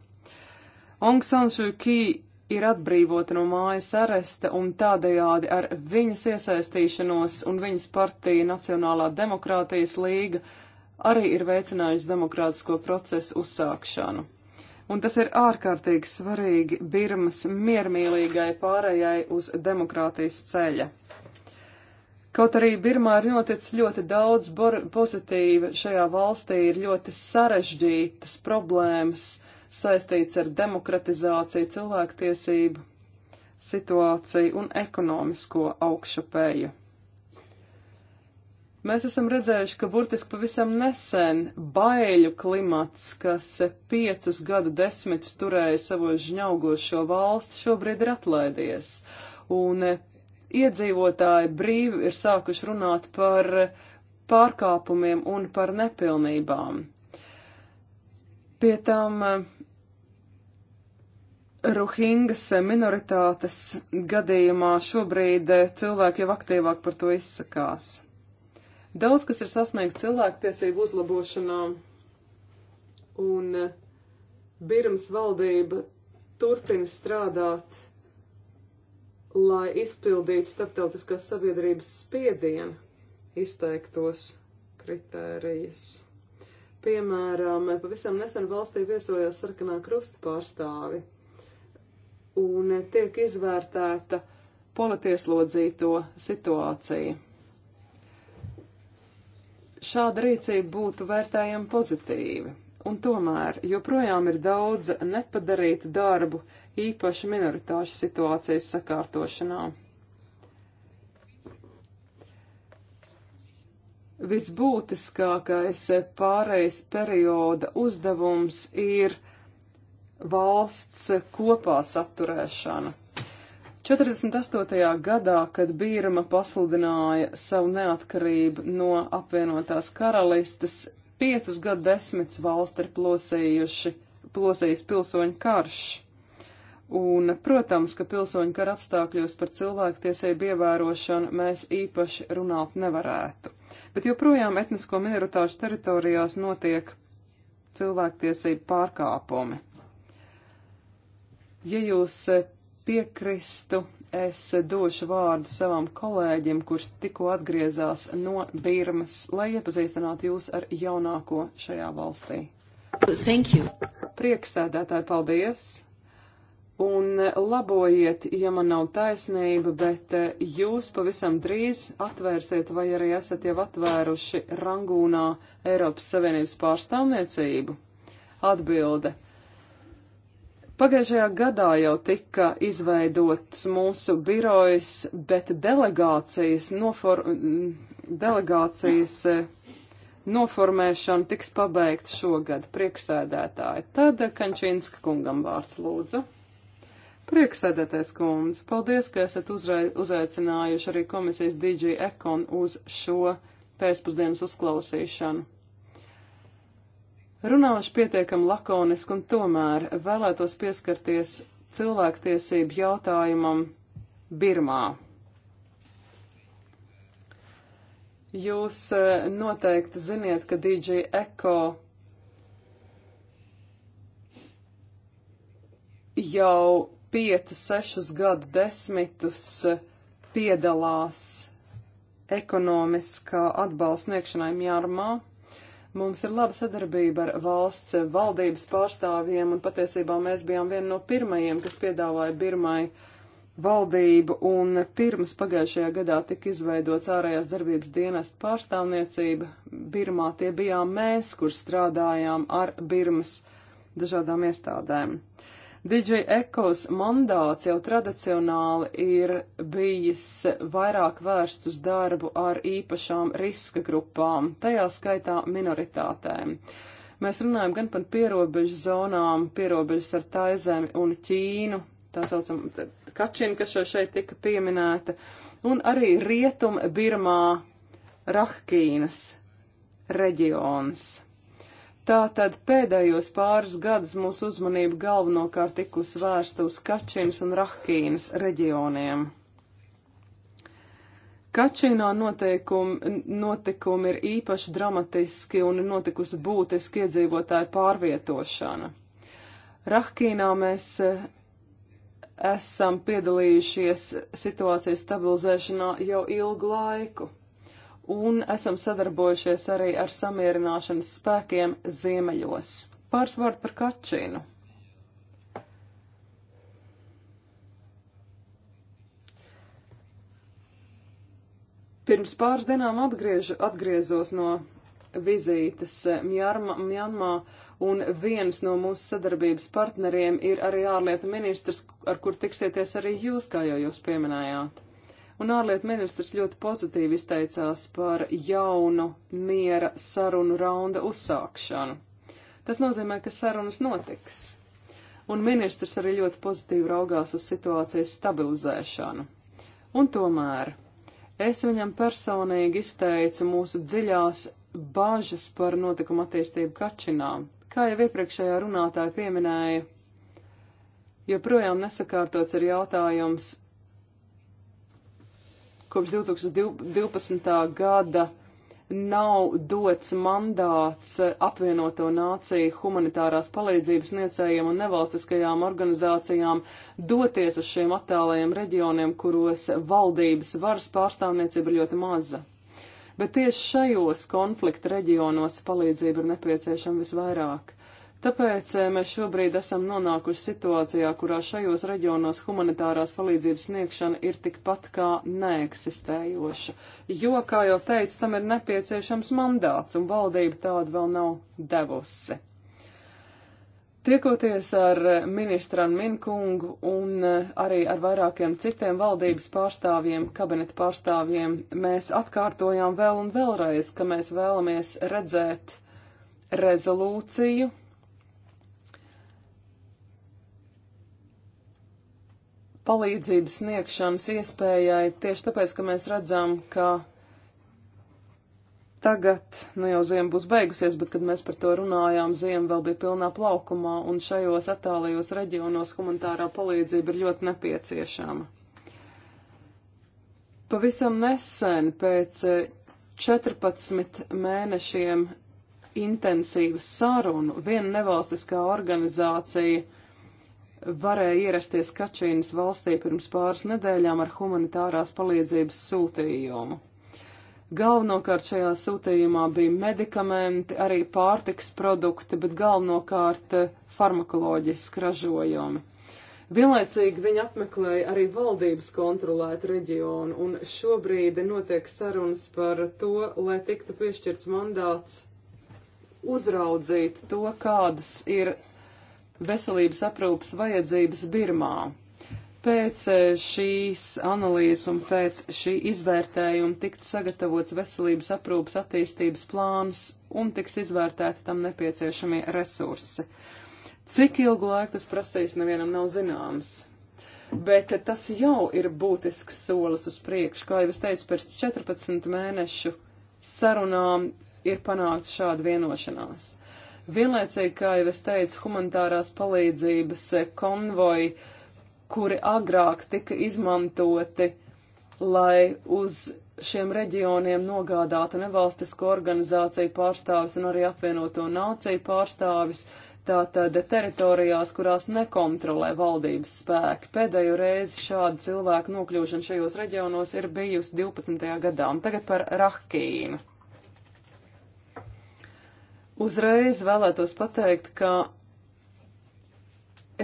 Aung San Suu Kyi ir atbrīvota no mājas aresta un tādējādi ar viņas iesaistīšanos un viņas partija Nacionālā demokrātijas līga arī ir veicinājusi demokrātisko procesu uzsākšanu. Un tas ir ārkārtīgi svarīgi Birmas miermīlīgai pārējai uz demokrātijas ceļa. Kaut arī Birmā ir noticis ļoti daudz pozitīva, šajā valstī ir ļoti sarežģītas problēmas, saistīts ar demokratizāciju, cilvēktiesību situāciju un ekonomisko augšupēju. Mēs esam redzējuši, ka burtiski pavisam nesen baiļu klimats, kas piecus gadu desmitus turēja savos žņaugošo valsti, šobrīd ir atlaidies. Un eh, iedzīvotāji brīvi ir sākuši runāt par pārkāpumiem un par nepilnībām. Pie tam eh, Rohingas minoritātes gadījumā šobrīd eh, cilvēki jau aktīvāk par to izsakās. Daudz kas ir sasniegts cilvēktiesību uzlabošanā, un eh, Birmas valdība turpina strādāt, lai izpildītu starptautiskās sabiedrības spiedienu izteiktos kritērijas. Piemēram, pavisam nesen valstī viesojās sarkanā krusta pārstāvi un tiek izvērtēta politieslodzīto situācija. Šāda rīcība būtu vērtējama pozitīvi, un tomēr joprojām ir daudz nepadarīta darbu, īpaši minoritāšu situācijas sakārtošanā. Visbūtiskākais pārejas perioda uzdevums ir – valsts kopā saturēšana. 48. gadā, kad Bīrama pasludināja savu neatkarību no apvienotās karalistes, piecus gadu desmitus valsti ir plosējuši, plosējis pilsoņu karš. Un, protams, ka pilsoņu kara apstākļos par cilvēktiesību ievērošanu mēs īpaši runāt nevarētu. Bet joprojām etnisko minoritāšu teritorijās notiek cilvēktiesību pārkāpumi. Ja jūs eh, piekristu, es došu vārdu savam kolēģim, kurš tikko atgriezās no Birmas, lai iepazīstinātu jūs ar jaunāko šajā valstī. Thank you. Prieksēdētāji, paldies! Un eh, labojiet, ja man nav taisnība, bet eh, jūs pavisam drīz atvērsiet vai arī esat jau atvēruši Rangūnā Eiropas Savienības pārstāvniecību? Atbilde. Pagājušajā gadā jau tika izveidots mūsu birojs, bet delegācijas, nofor delegācijas eh, noformēšana tiks pabeigta šogad priekšsēdētāji. Tad Kančīnska kungam vārds lūdzu. Prieksēdētais kundze, paldies, ka esat uzaicinājuši arī komisijas DJ Ekon uz šo pēcpusdienas uzklausīšanu. Runāšu pietiekam lakoniski un tomēr vēlētos pieskarties cilvēktiesību jautājumam Birmā. Jūs e, noteikti ziniet, ka DJ Eko jau piecu, sešus gadu desmitus piedalās ekonomiskā atbalsta sniegšanai Mjārmā. Mums ir laba sadarbība ar valsts valdības pārstāvjiem, un patiesībā mēs bijām vieni no pirmajiem, kas piedāvāja Birmai valdību, un pirms pagājušajā gadā tika izveidots ārējās darbības dienesta pārstāvniecība Birmā. Tie bijām mēs, kur strādājām ar Birmas dažādām iestādēm. Uh, DJ Ekos mandāts jau tradicionāli ir bijis vairāk vērst uz darbu ar īpašām riska grupām, tajā skaitā minoritātēm. Mēs runājam gan par pierobežu zonām, pierobežas ar Taizemi un Ķīnu, tā saucam, Kačina, kas šeit tika pieminēta, un arī Rietum Birmā Rahkīnas reģions. Tātad pēdējos pāris gadus mūsu uzmanība galvenokārt tikus vērsta uz Kačīnas un Rahkīnas reģioniem. Kačīnā notikumi ir īpaši dramatiski un notikusi būtiski iedzīvotāju pārvietošana. Rahkīnā mēs eh, esam piedalījušies situācijas stabilizēšanā jau ilgu laiku un esam sadarbojušies arī ar samierināšanas spēkiem ziemeļos. Pāris vārdu par Kačinu. Pirms pāris dienām atgriežu, atgriezos no vizītes Mjanmā, un viens no mūsu sadarbības partneriem ir arī ārlietu ministrs, ar kur tiksieties arī jūs, kā jau jūs pieminējāt un ārlietu ministrs ļoti pozitīvi izteicās par jaunu miera sarunu raunda uzsākšanu. Tas nozīmē, ka sarunas notiks. Un ministrs arī ļoti pozitīvi raugās uz situācijas stabilizēšanu. Un tomēr es viņam personīgi izteicu mūsu dziļās bažas par notikumu attīstību Kačinā. Kā jau iepriekšējā runātāja pieminēja, joprojām nesakārtots ir jautājums kopš 2012. gada nav dots mandāts apvienoto nāciju humanitārās palīdzības niecējiem un nevalstiskajām organizācijām doties uz šiem attālajiem reģioniem, kuros valdības varas pārstāvniecība ir ļoti maza. Bet tieši šajos konflikta reģionos palīdzība ir nepieciešama visvairāk. Tāpēc eh, mēs šobrīd esam nonākuši situācijā, kurā šajos reģionos humanitārās palīdzības sniegšana ir tikpat kā neeksistējoša. Jo, kā jau teicu, tam ir nepieciešams mandāts, un valdība tādu vēl nav devusi. Tiekoties ar eh, ministru Minkungu un eh, arī ar vairākiem citiem valdības pārstāvjiem, kabineta pārstāvjiem, mēs atkārtojām vēl un vēlreiz, ka mēs vēlamies redzēt rezolūciju, palīdzības sniegšanas iespējai, tieši tāpēc, ka mēs redzam, ka tagad, nu jau ziema būs beigusies, bet kad mēs par to runājām, ziema vēl bija pilnā plaukumā, un šajos attālajos reģionos humanitārā palīdzība ir ļoti nepieciešama. Pavisam nesen pēc 14 eh, mēnešiem intensīvu sarunu viena nevalstiskā organizācija varēja ierasties Kačīnas valstī pirms pāris nedēļām ar humanitārās palīdzības sūtījumu. Galvenokārt šajā sūtījumā bija medikamenti, arī pārtiks produkti, bet galvenokārt eh, farmakoloģiski ražojumi. Vienlaicīgi viņi apmeklēja arī valdības kontrolētu reģionu, un šobrīd notiek sarunas par to, lai tiktu piešķirts mandāts uzraudzīt to, kādas ir veselības aprūpas vajadzības Birmā. Pēc e, šīs analīzes un pēc šī izvērtējuma tiktu sagatavots veselības aprūpas attīstības plāns un tiks izvērtēti tam nepieciešamie resursi. Cik ilgu laiku tas prasīs, nevienam nav zināms. Bet tas jau ir būtisks solis uz priekšu. Kā jau es teicu, pēc 14 mēnešu sarunām ir panākta šāda vienošanās. Vienlaicīgi, kā jau es teicu, humanitārās palīdzības eh, konvoji, kuri agrāk tika izmantoti, lai uz šiem reģioniem nogādātu nevalstisko organizāciju pārstāvis un arī apvienoto nāciju pārstāvis, tātad teritorijās, kurās nekontrolē valdības spēki. Pēdējo reizi šāda cilvēka nokļūšana šajos reģionos ir bijusi 12. gadā, un tagad par Rahkīnu. Uzreiz vēlētos pateikt, ka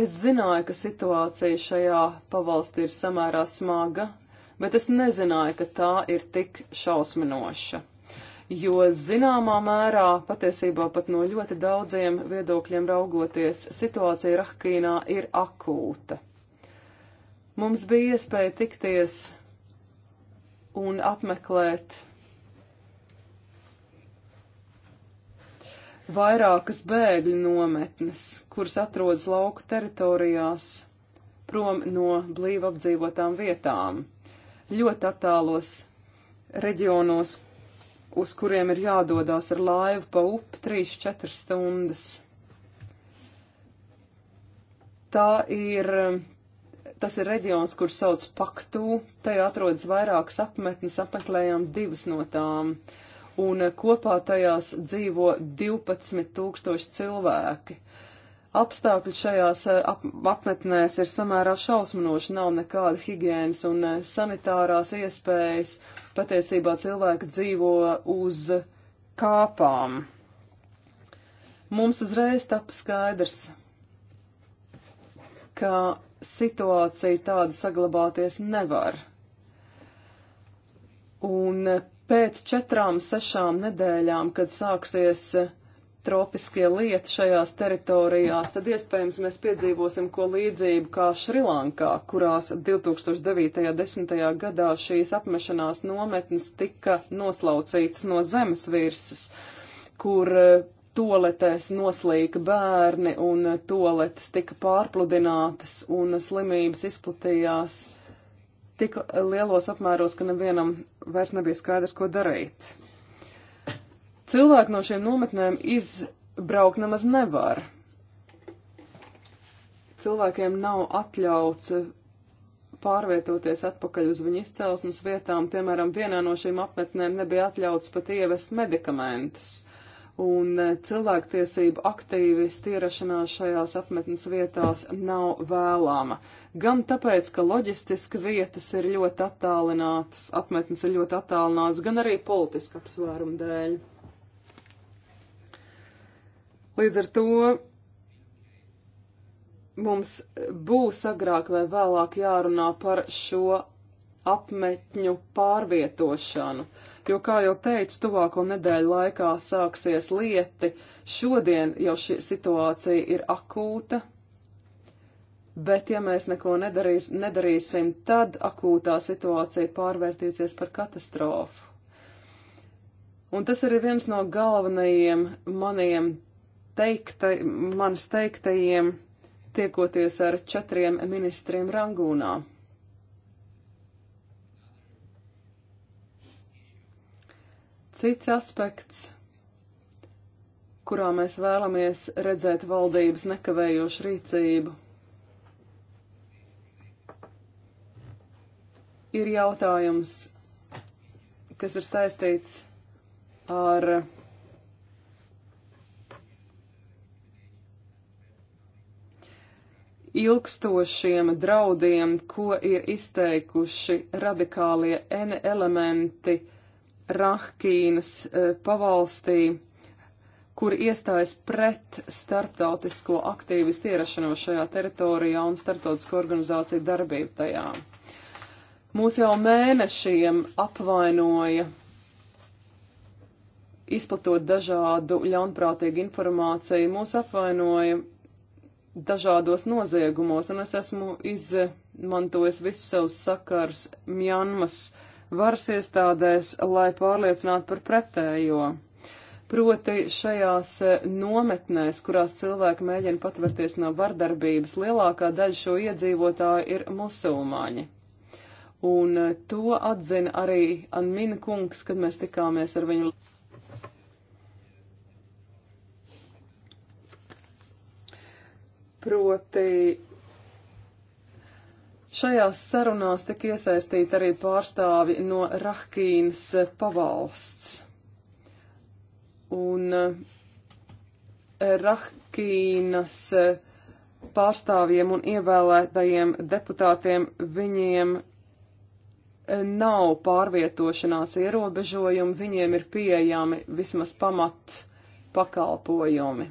es zināju, ka situācija šajā pavalstī ir samērā smaga, bet es nezināju, ka tā ir tik šausminoša. Jo zināmā mērā, patiesībā pat no ļoti daudziem viedokļiem raugoties, situācija Rahkīnā ir akūta. Mums bija iespēja tikties un apmeklēt vairākas bēgļu nometnes, kuras atrodas lauku teritorijās prom no blīvi apdzīvotām vietām, ļoti attālos reģionos, uz kuriem ir jādodās ar laivu pa upi 3-4 stundas. Tā ir, tas ir reģions, kur sauc Paktū, tajā atrodas vairākas apmetnes, apmeklējām divas no tām. Uh, un kopā tajās dzīvo 12 tūkstoši cilvēki. Apstākļi šajās eh, ap apmetnēs ir samērā šausminoši, nav nekāda higiēnas un eh, sanitārās iespējas. Patiesībā cilvēki dzīvo uz kāpām. Mums uzreiz tapa skaidrs, ka situācija tāda saglabāties nevar. Un Pēc četrām, sešām nedēļām, kad sāksies eh, tropiskie lieti šajās teritorijās, tad iespējams mēs piedzīvosim ko līdzīgu kā Šrilankā, kurās 2009. un 10. gadā šīs apmešanās nometnes tika noslaucītas no zemes virsmas, kur eh, toletēs noslīka bērni un eh, toletes tika pārpludinātas un slimības izplatījās tik lielos apmēros, ka nevienam vairs nebija skaidrs, ko darīt. Cilvēki no šiem nometnēm izbraukt nemaz nevar. Cilvēkiem nav atļauts pārvietoties atpakaļ uz viņu izcelsmes vietām. Piemēram, vienā no šīm apmetnēm nebija atļauts pat ievest medikamentus un e, cilvēktiesību aktīvistu ierašanās šajās apmetnes vietās nav vēlama. Gan tāpēc, ka loģistiski vietas ir ļoti attālinātas, apmetnes ir ļoti attālinātas, gan arī politiska apsvērumu dēļ. Līdz ar to mums būs agrāk vai vēlāk jārunā par šo apmetņu pārvietošanu jo, kā jau teicu, tuvāko nedēļu laikā sāksies lieti. Šodien jau šī situācija ir akūta, bet ja mēs neko nedarīs, nedarīsim, tad akūtā situācija pārvērtīsies par katastrofu. Un tas arī viens no galvenajiem maniem teikta, manas teiktajiem tiekoties ar četriem ministriem Rangūnā. Cits aspekts, kurā mēs vēlamies redzēt valdības nekavējošu rīcību, ir jautājums, kas ir saistīts ar ilgstošiem draudiem, ko ir izteikuši radikālie N elementi Rahkīnas eh, pavalstī, kur iestājas pret starptautisko aktīvistu ierašanos šajā teritorijā un starptautisko organizāciju darbību tajā. Mūs jau mēnešiem apvainoja izplatot dažādu ļaunprātīgu informāciju, mūs apvainoja dažādos noziegumos, un es esmu izmantojis visus savus sakars Mjanmas varas iestādēs, lai pārliecinātu par pretējo. Proti šajās eh, nometnēs, kurās cilvēki mēģina patverties no vardarbības, lielākā daļa šo iedzīvotāju ir musulmaņi. Un eh, to atzina arī Anmina kungs, kad mēs tikāmies ar viņu. Proti Šajās sarunās tika iesaistīti arī pārstāvi no Rahkīnas pavalsts. Un eh, Rahkīnas eh, pārstāvjiem un ievēlētajiem deputātiem viņiem eh, nav pārvietošanās ierobežojumi, viņiem ir pieejami vismaz pamat pakalpojumi.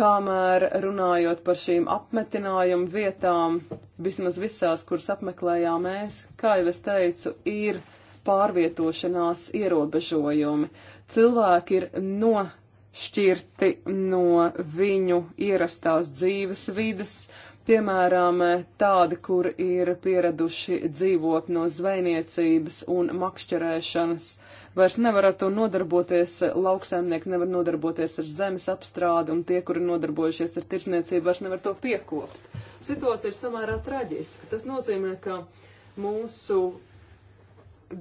Kamēr runājot par šīm apmetinājumu vietām, vismaz visās, kuras apmeklējām mēs, kā jau es teicu, ir pārvietošanās ierobežojumi. Cilvēki ir nošķirti no viņu ierastās dzīves vidas, uh, Piemēram, tādi, kur ir pieraduši dzīvot no zvejniecības un makšķerēšanas, vairs nevar ar to nodarboties, lauksaimnieki nevar nodarboties ar zemes apstrādi, un tie, kuri nodarbojušies ar tirsniecību, vairs nevar to piekopt. Situācija ir samērā traģiska. Tas nozīmē, ka mūsu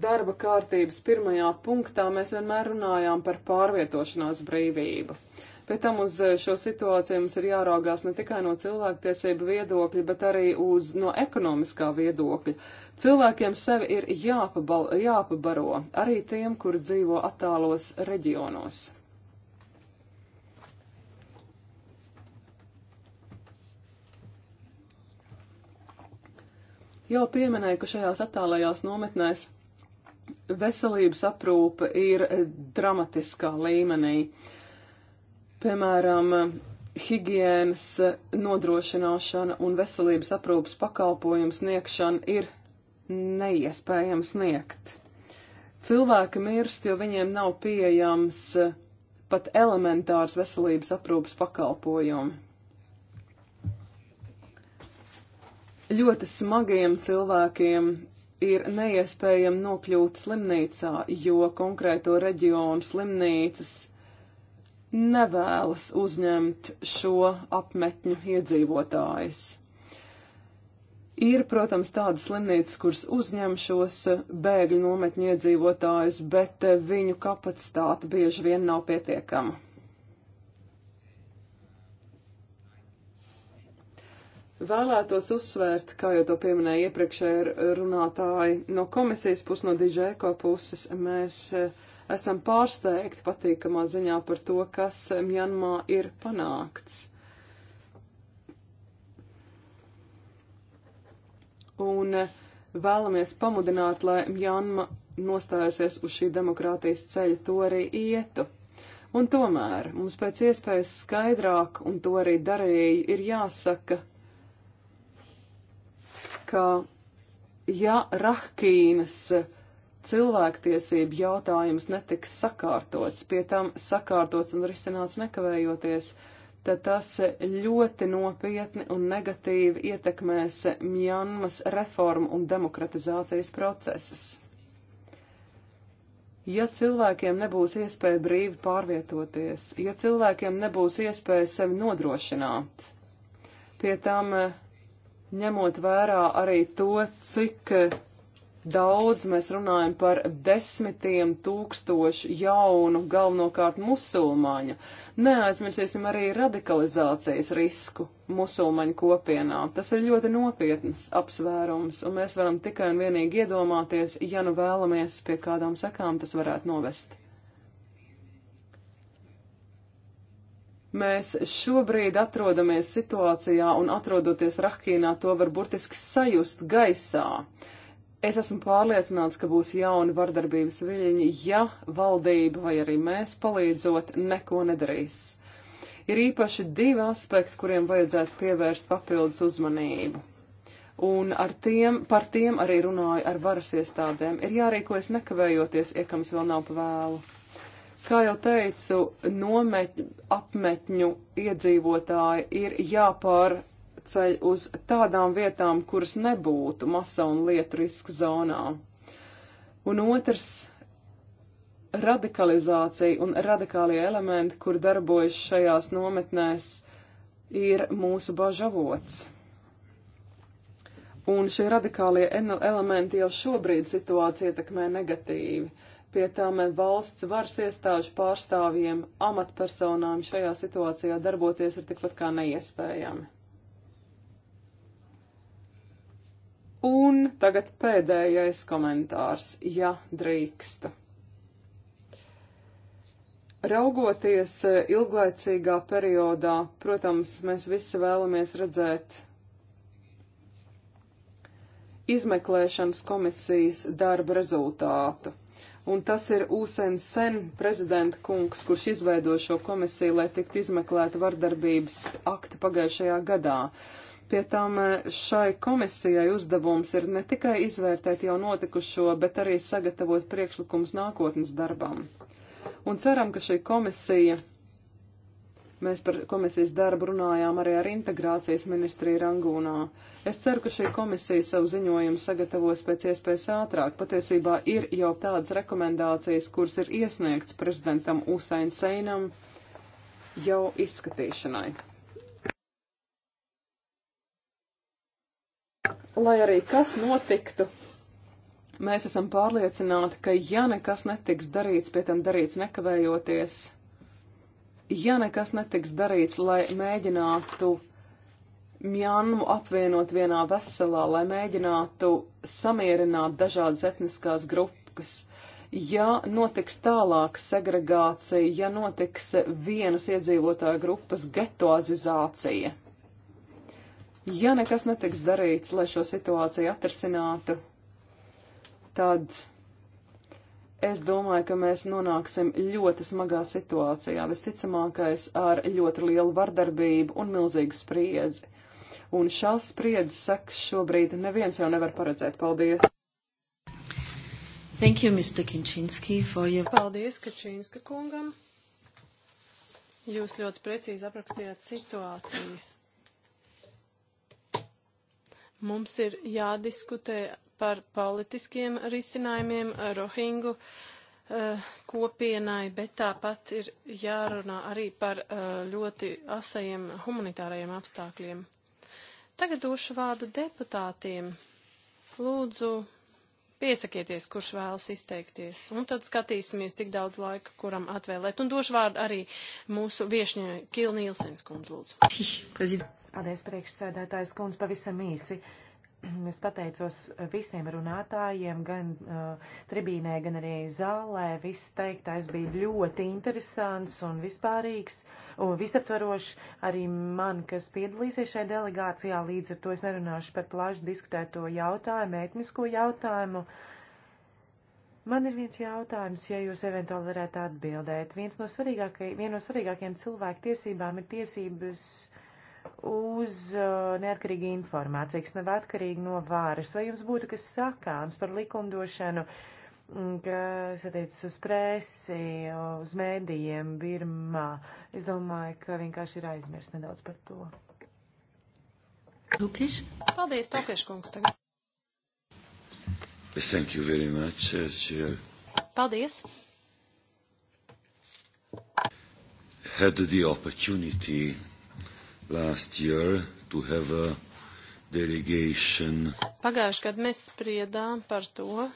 darba kārtības pirmajā punktā mēs vienmēr runājām par pārvietošanās brīvību. Pēc tam uz eh, šo situāciju mums ir jāraugās ne tikai no cilvēktiesību viedokļa, bet arī uz, no ekonomiskā viedokļa. Cilvēkiem sevi ir jāpabal, jāpabaro, arī tiem, kuri dzīvo attālos reģionos. Jau pieminēju, ka šajās attālajās nometnēs veselības aprūpe ir eh, dramatiskā līmenī. Uh, Piemēram, higienas nodrošināšana un veselības aprūpas pakalpojums sniegšana ir neiespējams sniegt. Cilvēki mirst, jo viņiem nav pieejams pat elementārs veselības aprūpas pakalpojumi. Ļoti smagiem cilvēkiem ir neiespējami nokļūt slimnīcā, jo konkrēto reģionu slimnīcas nevēlas uzņemt šo apmetņu iedzīvotājus. Ir, protams, tādas slimnīcas, kuras uzņem šos eh, bēgļu nometņu iedzīvotājus, bet eh, viņu kapacitāte bieži vien nav pietiekama. Vēlētos uzsvērt, kā jau to pieminēja iepriekšēji runātāji, no komisijas puses, no DJK puses mēs uh, esam pārsteigti patīkamā ziņā par to, kas Mjanmā ir panākts. Un vēlamies pamudināt, lai Mjanma nostājusies uz šī demokrātijas ceļa, to arī ietu. Un tomēr mums pēc iespējas skaidrāk, un to arī darīja, ir jāsaka, ka ja Rahkīnas uh, cilvēktiesību jautājums netiks sakārtots, pie tam sakārtots un risināts nekavējoties, tad tas ļoti nopietni un negatīvi ietekmēs Mjanmas reformu un demokratizācijas procesus. Ja cilvēkiem nebūs iespēja brīvi pārvietoties, ja cilvēkiem nebūs iespēja sevi nodrošināt, pie tam eh, ņemot vērā arī to, cik eh, daudz mēs runājam par desmitiem tūkstošu jaunu, galvenokārt musulmaņu. Neaizmirsīsim arī radikalizācijas risku musulmaņu kopienā. Tas ir ļoti nopietns apsvērums, un mēs varam tikai un vienīgi iedomāties, ja nu vēlamies, pie kādām sekām tas varētu novest. Mēs šobrīd atrodamies situācijā un atrodoties Rahkīnā to var burtiski sajust gaisā. Uh, Es esmu pārliecināts, ka būs jauni vardarbības viļņi, ja valdība vai arī mēs palīdzot neko nedarīs. Ir īpaši divi aspekti, kuriem vajadzētu pievērst papildus uzmanību. Un ar tiem, par tiem arī runāju ar varas iestādēm. Ir jārīkojas nekavējoties, iekams vēl nav pavēlu. Kā jau teicu, nometņu apmetņu iedzīvotāji ir jāpār jāceļ uz tādām vietām, kuras nebūtu masa un lietu riska zonā. Un otrs - radikalizācija un radikālie elementi, kur darbojas šajās nometnēs, ir mūsu bažavots. Un šie radikālie elementi jau šobrīd situāciju ietekmē negatīvi pie tām valsts varas iestāžu pārstāvjiem, amatpersonām šajā situācijā darboties ir tikpat kā neiespējami. Un tagad pēdējais komentārs, ja drīkstu. Raugoties eh, ilglaicīgā periodā, protams, mēs visi vēlamies redzēt izmeklēšanas komisijas darba rezultātu. Un tas ir Ūsen Sen prezidenta kungs, kurš izveido šo komisiju, lai tiktu izmeklēta vardarbības akti pagājušajā gadā. Uh, Pie tam e, šai komisijai uzdevums ir ne tikai izvērtēt jau notikušo, bet arī sagatavot priekšlikums nākotnes darbam. Un ceram, ka šī komisija, mēs par komisijas darbu runājām arī ar integrācijas ministriju Rangūnā. Es ceru, ka šī komisija savu ziņojumu sagatavos pēc iespējas ātrāk. Patiesībā ir jau tādas rekomendācijas, kuras ir iesniegts prezidentam Usain Seinam jau izskatīšanai. lai arī kas notiktu, mēs esam pārliecināti, ka ja nekas netiks darīts, pie tam darīts nekavējoties, ja nekas netiks darīts, lai mēģinātu Mjanmu apvienot vienā veselā, lai mēģinātu samierināt dažādas etniskās grupas, ja notiks tālāk segregācija, ja notiks vienas iedzīvotāja grupas getoazizācija. Ja nekas netiks darīts, lai šo situāciju atrasinātu, tad es domāju, ka mēs nonāksim ļoti smagā situācijā, visticamākais ar ļoti lielu vardarbību un milzīgu spriedzi. Un šās spriedzes sekas šobrīd neviens jau nevar paredzēt. Paldies! Thank you, Mr. Kinčinski, for your... Paldies, Kačinska kungam! Jūs ļoti precīzi aprakstījāt situāciju. Mums ir jādiskutē par politiskiem risinājumiem Rohingu uh, kopienai, bet tāpat ir jārunā arī par uh, ļoti asajiem humanitārajiem apstākļiem. Tagad došu vārdu deputātiem. Lūdzu, piesakieties, kurš vēlas izteikties, un tad skatīsimies, cik daudz laika kuram atvēlēt. Un došu vārdu arī mūsu viešņai Kilnīlsens kundz, lūdzu. Paldies, priekšsēdētājs kundz, pavisam īsi. [CLEARS THROAT] Es pateicos visiem runātājiem, gan uh, tribīnē, gan arī zālē. Viss teiktais bija ļoti interesants un vispārīgs un visaptvarošs arī man, kas piedalīsies šajā delegācijā. Līdz ar to es nerunāšu par plaši diskutēto jautājumu, etnisko jautājumu. Man ir viens jautājums, ja jūs eventuāli varētu atbildēt. Viens no svarīgākajiem, viena no svarīgākajiem cilvēku tiesībām ir tiesības. Uh, uz uh, neatkarīgu informāciju, kas nav atkarīga no vāras. Vai jums būtu kas sakāms par likumdošanu, mm, kas attiecas uz presi, uz mēdījiem Birmā? Es domāju, ka vienkārši ir aizmirst nedaudz par to. Lukiš? Paldies, Tokieš kungs, tagad. Thank you very much, uh, Chair. Paldies. Had the opportunity last year to have a delegation. Pagājuši, kad mēs spriedām par to,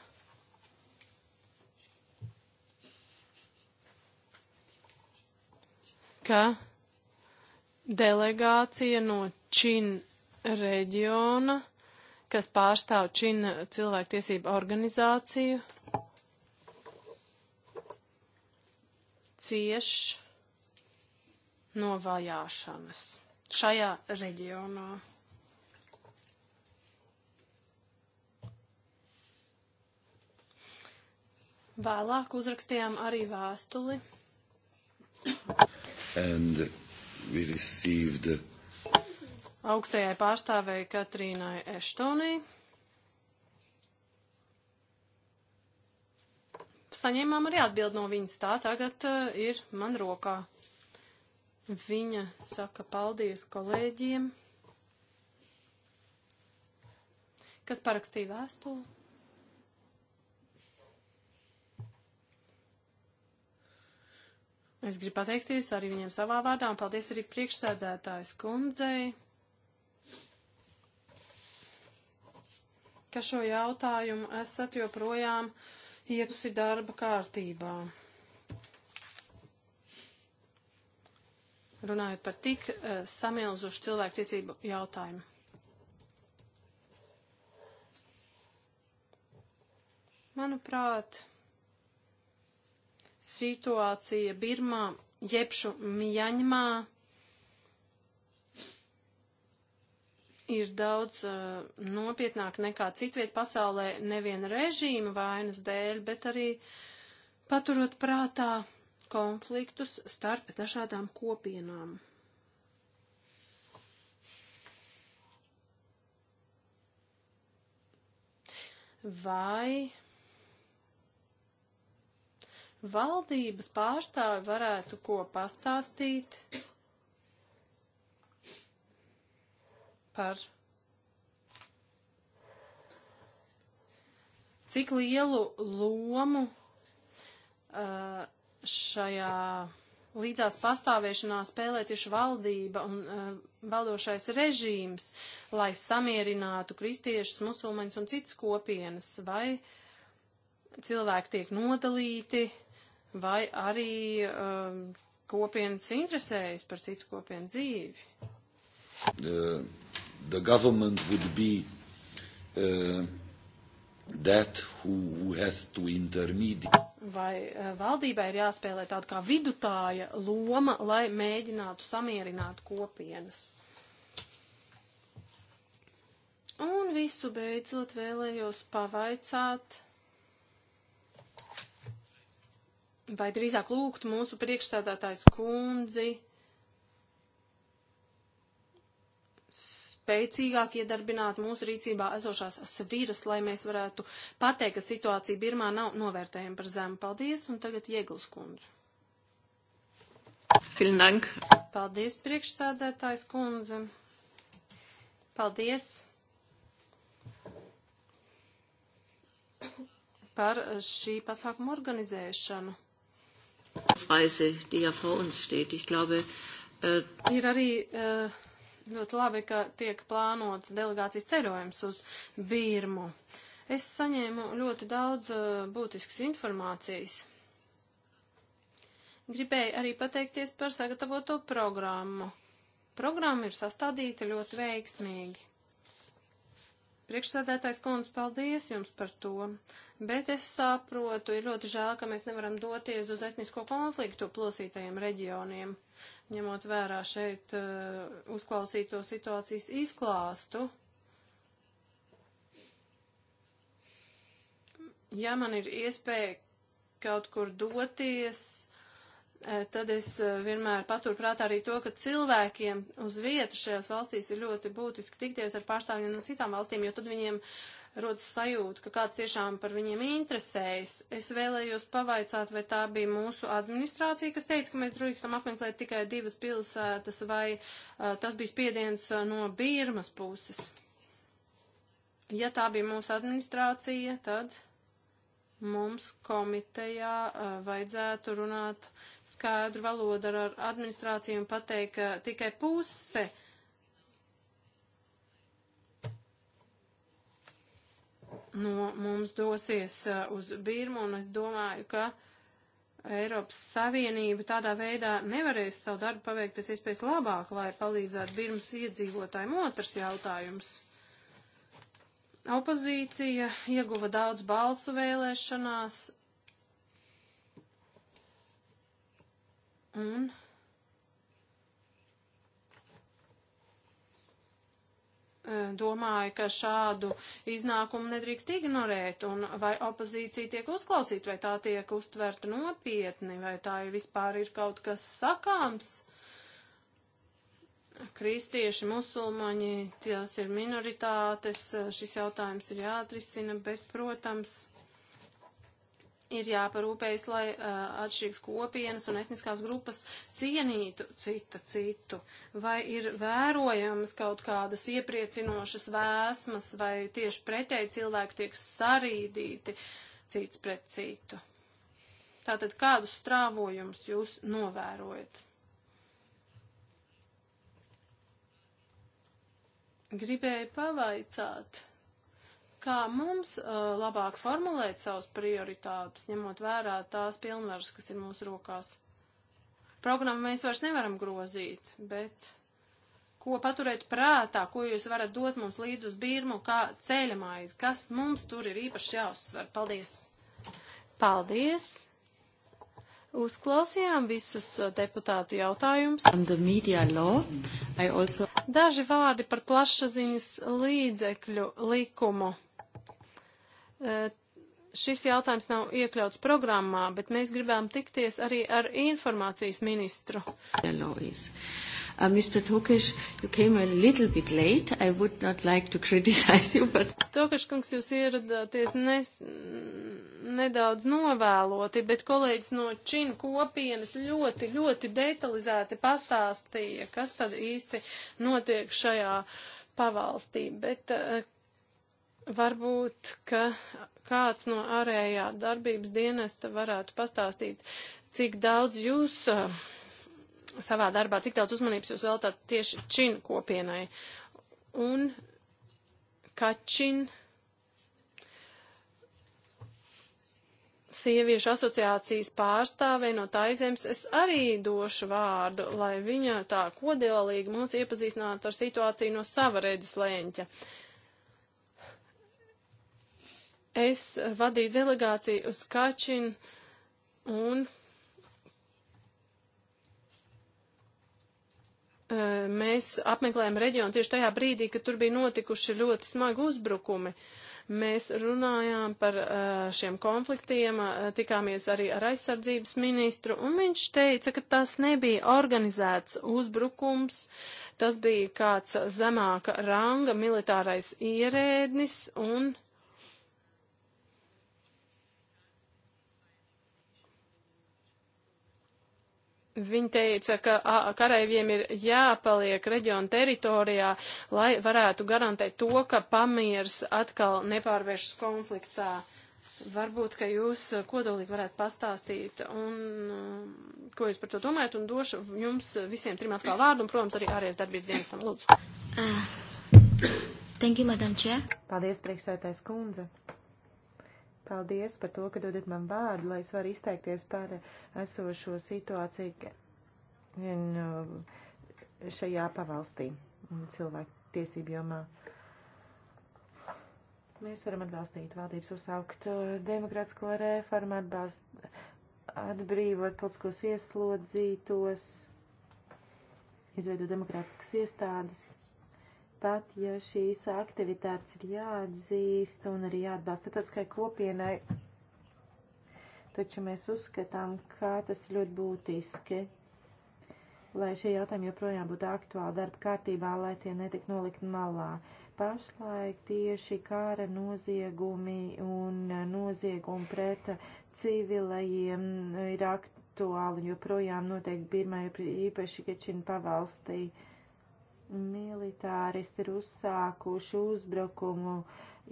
ka delegācija no Čin reģiona, kas pārstāv Čin cilvēktiesību organizāciju, cieš no vajāšanas šajā reģionā. Vēlāk uzrakstījām arī vēstuli. And we received augstajai pārstāvēji Katrīnai Eštonī. Saņēmām arī atbildi no viņas. Tā tagad uh, ir man rokā. Viņa saka paldies kolēģiem, kas parakstīja vēstuli. Es gribu pateikties arī viņiem savā vārdā un paldies arī priekšsēdētājas kundzei, ka šo jautājumu esat joprojām ietusi darba kārtībā. runājot par tik eh, samilzušu cilvēktiesību jautājumu. Manuprāt, situācija Birmā, jebšu Mjaņmā ir daudz uh, nopietnāk nekā citviet pasaulē nevien režīma vainas dēļ, bet arī paturot prātā konfliktus starp dažādām kopienām. Vai valdības pārstāvi varētu ko pastāstīt par cik lielu lomu uh, šajā līdzās pastāvēšanā spēlē tieši valdība un uh, valdošais režīms, lai samierinātu kristiešus, musulmaņus un citas kopienas, vai cilvēki tiek nodalīti, vai arī uh, kopienas interesējas par citu kopienu dzīvi. The, the government would be uh, that who, who has to intermediate vai eh, valdībai ir jāspēlē tāda kā vidutāja loma, lai mēģinātu samierināt kopienas. Un visu beidzot vēlējos pavaicāt, vai drīzāk lūgt mūsu priekšsēdētājs kundzi spēcīgāk iedarbināt mūsu rīcībā esošās sviras, lai mēs varētu pateikt, ka situācija Birmā nav novērtējama par zemu. Paldies, un tagad Ieglis kundze. Filnank. Paldies, priekšsādētājs kundze. Paldies par šī pasākuma organizēšanu. Weise, die ja vor uns steht. Ich glaube, äh, ir arī uh, Ļoti labi, ka tiek plānots delegācijas ceļojums uz Birmu. Es saņēmu ļoti daudz uh, būtiskas informācijas. Gribēju arī pateikties par sagatavoto programmu. Programma ir sastādīta ļoti veiksmīgi. Priekšsēdētājs kundze, paldies jums par to, bet es saprotu, ir ļoti žēl, ka mēs nevaram doties uz etnisko konfliktu plosītajiem reģioniem, ņemot vērā šeit uh, uzklausīto situācijas izklāstu. Ja man ir iespēja kaut kur doties, Eh, tad es eh, vienmēr paturu prātā arī to, ka cilvēkiem uz vietas šajās valstīs ir ļoti būtiski tikties ar pārstāvjiem no citām valstīm, jo tad viņiem rodas sajūta, ka kāds tiešām par viņiem interesējas. Es vēlējos pavaicāt, vai tā bija mūsu administrācija, kas teica, ka mēs drīkstam apmeklēt tikai divas pilsētas, vai uh, tas bija spiediens no Birmas puses. Ja tā bija mūsu administrācija, tad mums komitejā eh, vajadzētu runāt skaidru valodu ar administrāciju un pateikt, ka tikai puse no mums dosies eh, uz Birmu, un es domāju, ka Eiropas Savienība tādā veidā nevarēs savu darbu paveikt pēc iespējas labāk, lai palīdzētu Birmas iedzīvotājiem. Otrs jautājums. Opozīcija ieguva daudz balsu vēlēšanās un e, domāju, ka šādu iznākumu nedrīkst ignorēt, un vai opozīcija tiek uzklausīta, vai tā tiek uztverta nopietni, vai tā ir vispār ir kaut kas sakāms kristieši, musulmaņi, tās ir minoritātes, šis jautājums ir jāatrisina, bet, protams, ir jāparūpējas, lai uh, atšķirīgas kopienas un etniskās grupas cienītu cita citu, vai ir vērojamas kaut kādas iepriecinošas vēsmas, vai tieši pretēji cilvēki tiek sarīdīti cits pret citu. Tātad kādus strāvojumus jūs novērojat? gribēju pavaicāt, kā mums uh, labāk formulēt savus prioritātes, ņemot vērā tās pilnvaras, kas ir mūsu rokās. Programmu mēs vairs nevaram grozīt, bet ko paturēt prātā, ko jūs varat dot mums līdz uz birmu, kā ceļamājas, kas mums tur ir īpaši jāuzsver. Paldies! Paldies! Uzklausījām visus eh, deputātu jautājumus. Also... Daži vārdi par plašsaziņas līdzekļu likumu. Uh, šis jautājums nav iekļauts programmā, bet mēs gribējām tikties arī ar informācijas ministru. Hello, is. Uh, Mr. Tokish, you came a little bit late. I would not like to [LAUGHS] criticize you, but... Tokish, kungs, jūs ieradāties nes, nedaudz novēloti, bet kolēģis no Čina kopienas ļoti, ļoti detalizēti pastāstīja, kas tad īsti notiek šajā pavalstī. Bet uh, varbūt, ka kāds no ārējā darbības dienesta varētu pastāstīt, cik daudz jūs. Uh, savā darbā, cik daudz uzmanības jūs veltāt tieši čin kopienai. Un Kačin sieviešu asociācijas pārstāvei no Taizemes es arī došu vārdu, lai viņa tā kodēlīgi mūs iepazīstinātu ar situāciju no sava redzes lēņķa. Es vadīju delegāciju uz Kačinu un mēs apmeklējām reģionu tieši tajā brīdī, kad tur bija notikuši ļoti smagi uzbrukumi. Mēs runājām par šiem konfliktiem, tikāmies arī ar aizsardzības ministru, un viņš teica, ka tas nebija organizēts uzbrukums, tas bija kāds zemāka ranga militārais ierēdnis, un Viņa teica, ka karavīriem ir jāpaliek reģiona teritorijā, lai varētu garantēt to, ka pamieris atkal nepārvēršas konfliktā. Varbūt, ka jūs kodolīgi varētu pastāstīt, un, ko jūs par to domājat, un došu jums visiem trim atkal vārdu, un, protams, arī ārējais darbības dienestam. Lūdzu. Uh, thank you, Madam Chair. Paldies, priekšsētais kundze. Uh, Paldies par to, ka dodat man vārdu, lai es varu izteikties par esošo situāciju uh, šajā pavalstī cilvēku tiesību jomā. Mēs varam atbalstīt valdības uzsaukt uh, demokrātisko reformu, atbalst, atbrīvot politiskos ieslodzītos, izveidot demokrātiskas iestādes pat, ja šīs aktivitātes ir jāatzīst un arī jāatbalsta starptautiskai kopienai, taču mēs uzskatām, kā tas ļoti būtiski, lai šie jautājumi joprojām būtu aktuāli darba kārtībā, lai tie netik nolikt malā. Pašlaik tieši kāra noziegumi un noziegumi pret civilajiem ir aktuāli, joprojām notiek Birmai īpaši Kečina pavalstī. Uh, militāristi ir uzsākuši uzbrukumu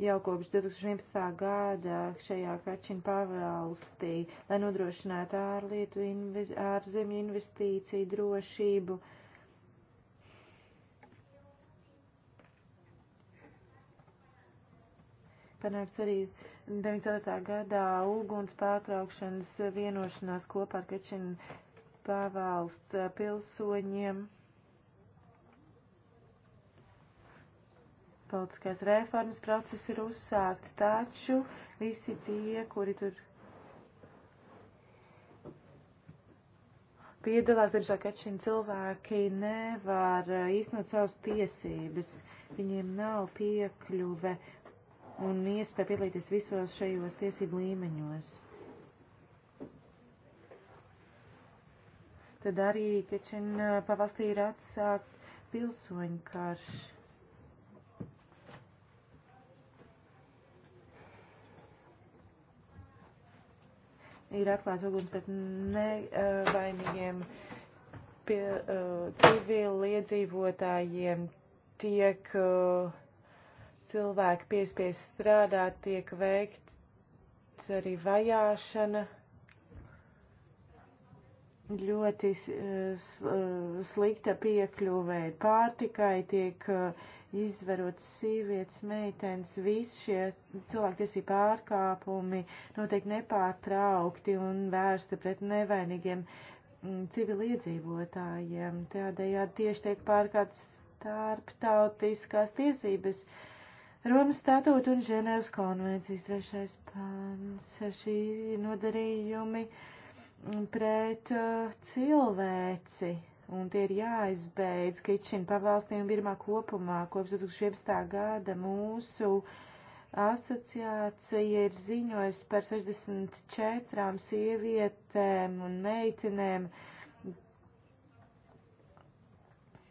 jau kopš 2011. gada šajā Kačina pavalstī, lai nodrošinātu ārlietu invis, ārzemju investīciju drošību. Panāks arī 94. gadā uguns pārtraukšanas vienošanās kopā ar Kačina pavalsts pilsoņiem. politiskās reformas process ir uzsākts, taču visi tie, kuri tur piedalās, diemžēl, ka šiem cilvēki nevar eh, īstenot savas tiesības, viņiem nav piekļuve un iespēja piedalīties visos šajos tiesību līmeņos. Tad arī Kečina pavastī ir atsākt pilsoņu karš. ir atklāts uguns pret nevainīgiem pie, uh, civiliedzīvotājiem, tiek uh, cilvēki piespies strādāt, tiek veikts arī vajāšana. Ļoti uh, slikta piekļuvē pārtikai tiek uh, izvarot sievietes, meitenes, visi šie cilvēktiesība pārkāpumi notiek nepārtraukti un vērsti pret nevainīgiem mm, civiliedzīvotājiem. Tādējādi tieši tiek pārkāptas starptautiskās tiesības. Romas statūta un Ženēvas konvencijas trešais pants. Šī nodarījumi mm, pret uh, cilvēci un tie ir jāizbeidz Kičina pavalstī un Birmā kopumā. Kopš 2011. gada mūsu asociācija ir ziņojusi par 64 sievietēm un meitenēm,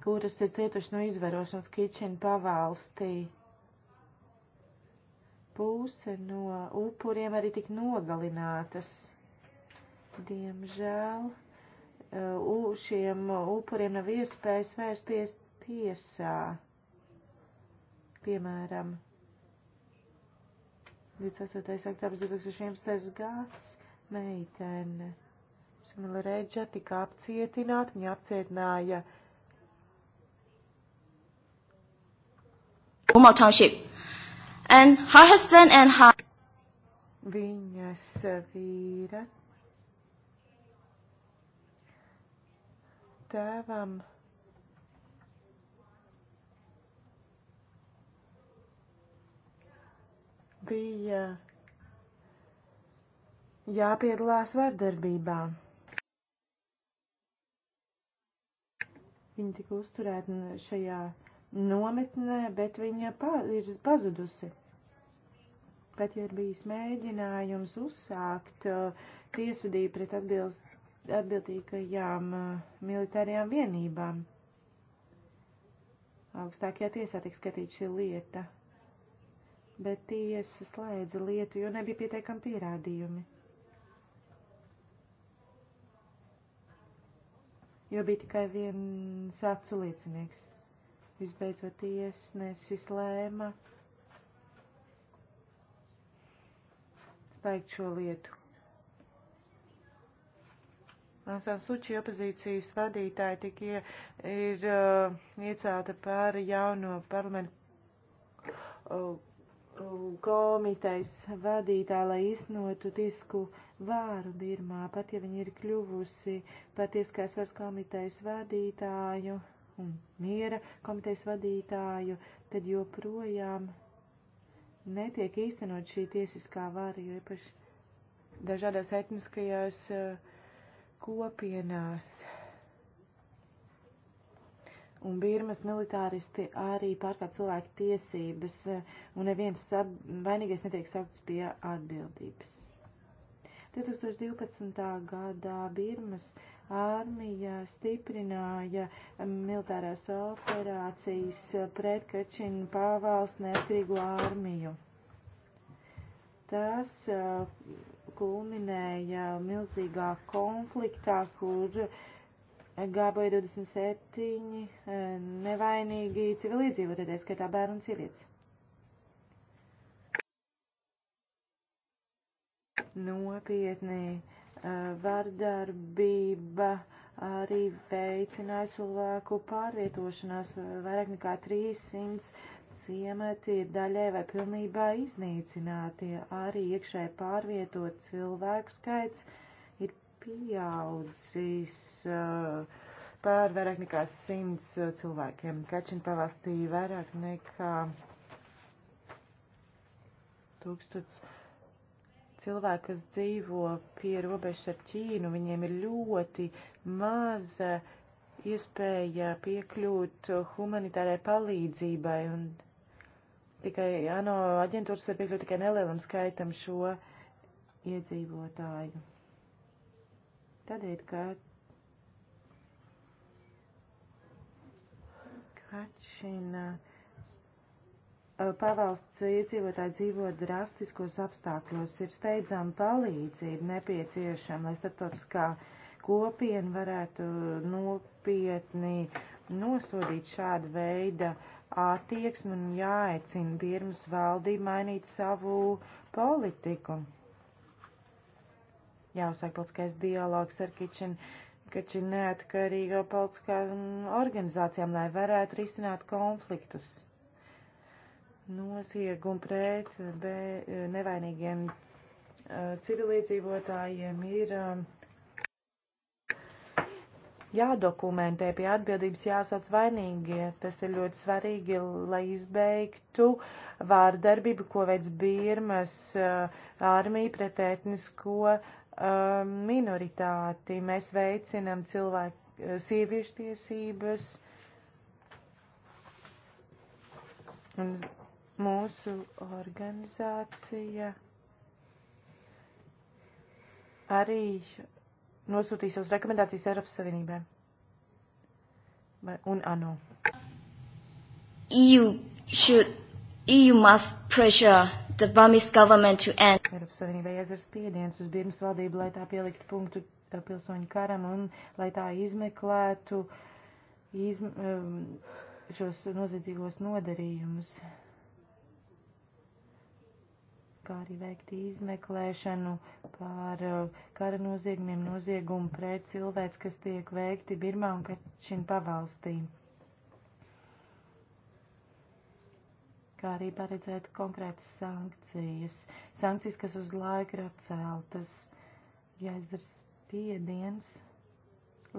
kuras ir cietuši no izvarošanas Kičina pavalstī. Puse no upuriem arī tik nogalinātas. Diemžēl uh, šiem upuriem nav iespējas vērsties tiesā. Piemēram, 28. oktobris 2011. gads meitene. Simila Reģa tika apcietināta, viņa apcietināja. Uma Township. And her husband and her. Viņas vīrat tēvam bija jāpiedalās vardarbībā. Viņa tika uzturēta šajā nometnē, bet viņa pa, ir pazudusi. Pat ja ir bijis mēģinājums uzsākt uh, tiesvedību pret atbilst atbildīgajām eh, militārajām vienībām. Augstākajā tiesā tiek skatīta šī lieta, bet tiesa slēdza lietu, jo nebija pietiekami pierādījumi. Jo bija tikai viens acu liecinieks. Visbeidzot, tiesnesis lēma slēgt šo lietu. Sansuči opozīcijas vadītāja tik ie, ir uh, iecelta par jauno parlamentu uh, komitejas vadītāju, lai iznotu tisku vāru Birmā, pat ja viņa ir kļuvusi patieskās varas komitejas vadītāju un miera komitejas vadītāju, tad joprojām netiek īstenot šī tiesiskā vāra, jo īpaši dažādās etniskajās uh, kopienās. Un Birmas militāristi arī pārkāp cilvēku tiesības, un neviens vainīgais netiek saukts pie atbildības. 2012. gadā Birmas armija stiprināja militārās operācijas pret Kačinu pavalsts neatkarīgo armiju. Tas uh, kulminēja milzīgā konfliktā, kur gāboja 27 eh, nevainīgi civilizētāji, skaitā bērnu un sievietes. Nopietni eh, vardarbība arī veicināja cilvēku pārvietošanās eh, vairāk nekā 300 ciemati ir daļai vai pilnībā iznīcināti. Arī iekšē pārvietot cilvēku skaits ir pieaudzis uh, pār vairāk nekā simts uh, cilvēkiem. Kačina pavastī vairāk nekā tūkstots cilvēki, kas dzīvo pie robežas ar Ķīnu, viņiem ir ļoti maza iespēja piekļūt humanitārai palīdzībai un Tikai ANO aģentūras var piekļūt tikai nelielam skaitam šo iedzīvotāju. Tādēļ, ka Kačina pavalsts iedzīvotāji dzīvo drastiskos apstākļos, ir steidzama palīdzība nepieciešama, lai starptautiskā kopiena varētu nopietni nosodīt šādu veidu uh, attieksmi un jāaicina Birmas valdību mainīt savu politiku. Jāuzsāk politiskais dialogs ar Kitchen, Kitchen neatkarīgo politiskām organizācijām, lai varētu risināt konfliktus. Noziegumu pret be, nevainīgiem uh, eh, civilīdzīvotājiem ir uh, jādokumentē, pie atbildības jāsauc vainīgie. Tas ir ļoti svarīgi, lai izbeigtu vārdarbību, ko veids Birmas uh, armija pret etnisko uh, minoritāti. Mēs veicinam cilvēku uh, sieviešu tiesības. Un mūsu organizācija arī nosūtīja savas rekomendācijas Eiropas Savienībai un ANO. EU should, EU must pressure the Burmese government to end. Eiropas Savienībai jāizdara spiediens uz Birmas valdību, lai tā pieliktu punktu pilsoņu karam un lai tā izmeklētu izm, um, šos noziedzīgos nodarījumus, kā arī veikt izmeklēšanu par uh, kara noziegumiem, noziegumu pret cilvēks, kas tiek veikti Birmā un Kačina pavalstī. Kā arī paredzēt konkrētas sankcijas. Sankcijas, kas uz laiku ir atceltas, jāizdara spiediens,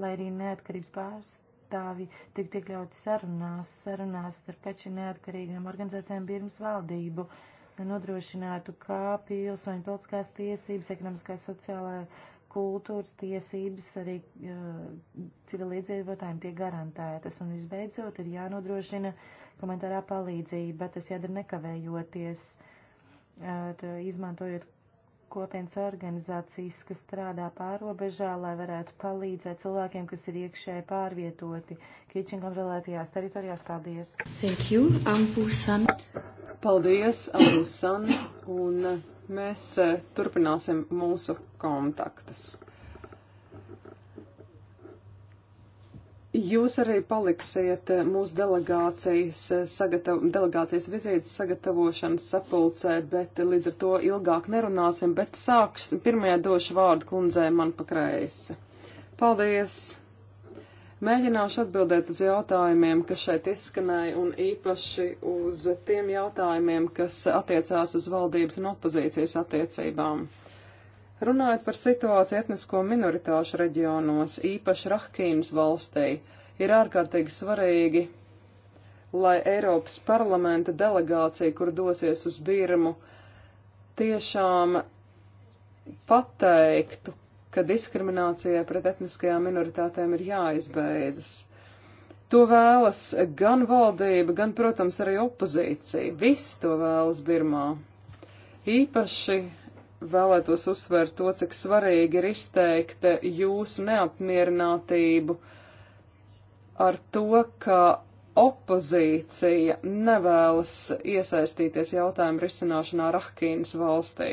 lai arī neatkarības pārstāvi tik iekļauti sarunās, sarunās starp Kačina neatkarīgām organizācijām Birmas valdību. Uh, nodrošinātu, kā pilsoņu politiskās tiesības, ekonomiskā, sociālā, kultūras tiesības arī uh, civilizētājiem tiek garantētas. Un visbeidzot ir jānodrošina komentārā palīdzība, tas jādara nekavējoties, uh, izmantojot kopienas organizācijas, kas strādā pārobežā, lai varētu palīdzēt cilvēkiem, kas ir iekšēji pārvietoti Kitchen kontrolētajās teritorijās. Paldies! Thank you, Ampusan! Paldies, Ampusan! Un mēs eh, turpināsim mūsu kontaktus. Jūs arī paliksiet mūsu delegācijas, sagatav, delegācijas vizītes sagatavošanas sapulcē, bet līdz ar to ilgāk nerunāsim, bet sāks pirmajā došu vārdu kundzē man pa kreisi. Paldies! Mēģināšu atbildēt uz jautājumiem, kas šeit izskanēja, un īpaši uz tiem jautājumiem, kas attiecās uz valdības un opozīcijas attiecībām. Runājot par situāciju etnisko minoritāšu reģionos, īpaši Rahkīnas valstī, ir ārkārtīgi svarīgi, lai Eiropas parlamenta delegācija, kur dosies uz Birmu, tiešām pateiktu, ka diskriminācijai pret etniskajām minoritātēm ir jāizbeidzas. To vēlas gan valdība, gan, protams, arī opozīcija. Visi to vēlas Birmā. Īpaši vēlētos uzsvērt to, cik svarīgi ir izteikt jūsu neapmierinātību ar to, ka opozīcija nevēlas iesaistīties jautājumu risināšanā Rahkīnas valstī.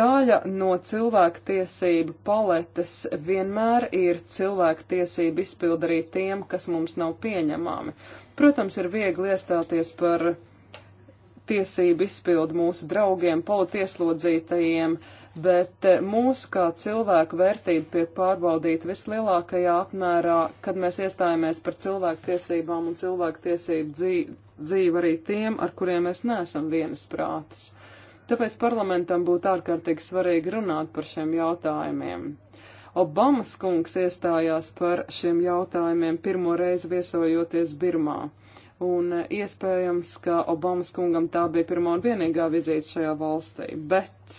Daļa no cilvēktiesību paletes vienmēr ir cilvēktiesība izpildarīt tiem, kas mums nav pieņemami. Protams, ir viegli iestāties par tiesību izpildu mūsu draugiem, politieslodzītajiem, bet eh, mūsu kā cilvēku vērtība tiek pārbaudīta vislielākajā apmērā, kad mēs iestājāmies par cilvēku tiesībām un cilvēku tiesību dzīvi, dzīvi arī tiem, ar kuriem mēs neesam vienas prātas. Tāpēc parlamentam būtu ārkārtīgi svarīgi runāt par šiem jautājumiem. Obamas kungs iestājās par šiem jautājumiem pirmo reizi viesojoties Birmā un e, iespējams, ka Obamas kungam tā bija pirmā un vienīgā vizīte šajā valstī, bet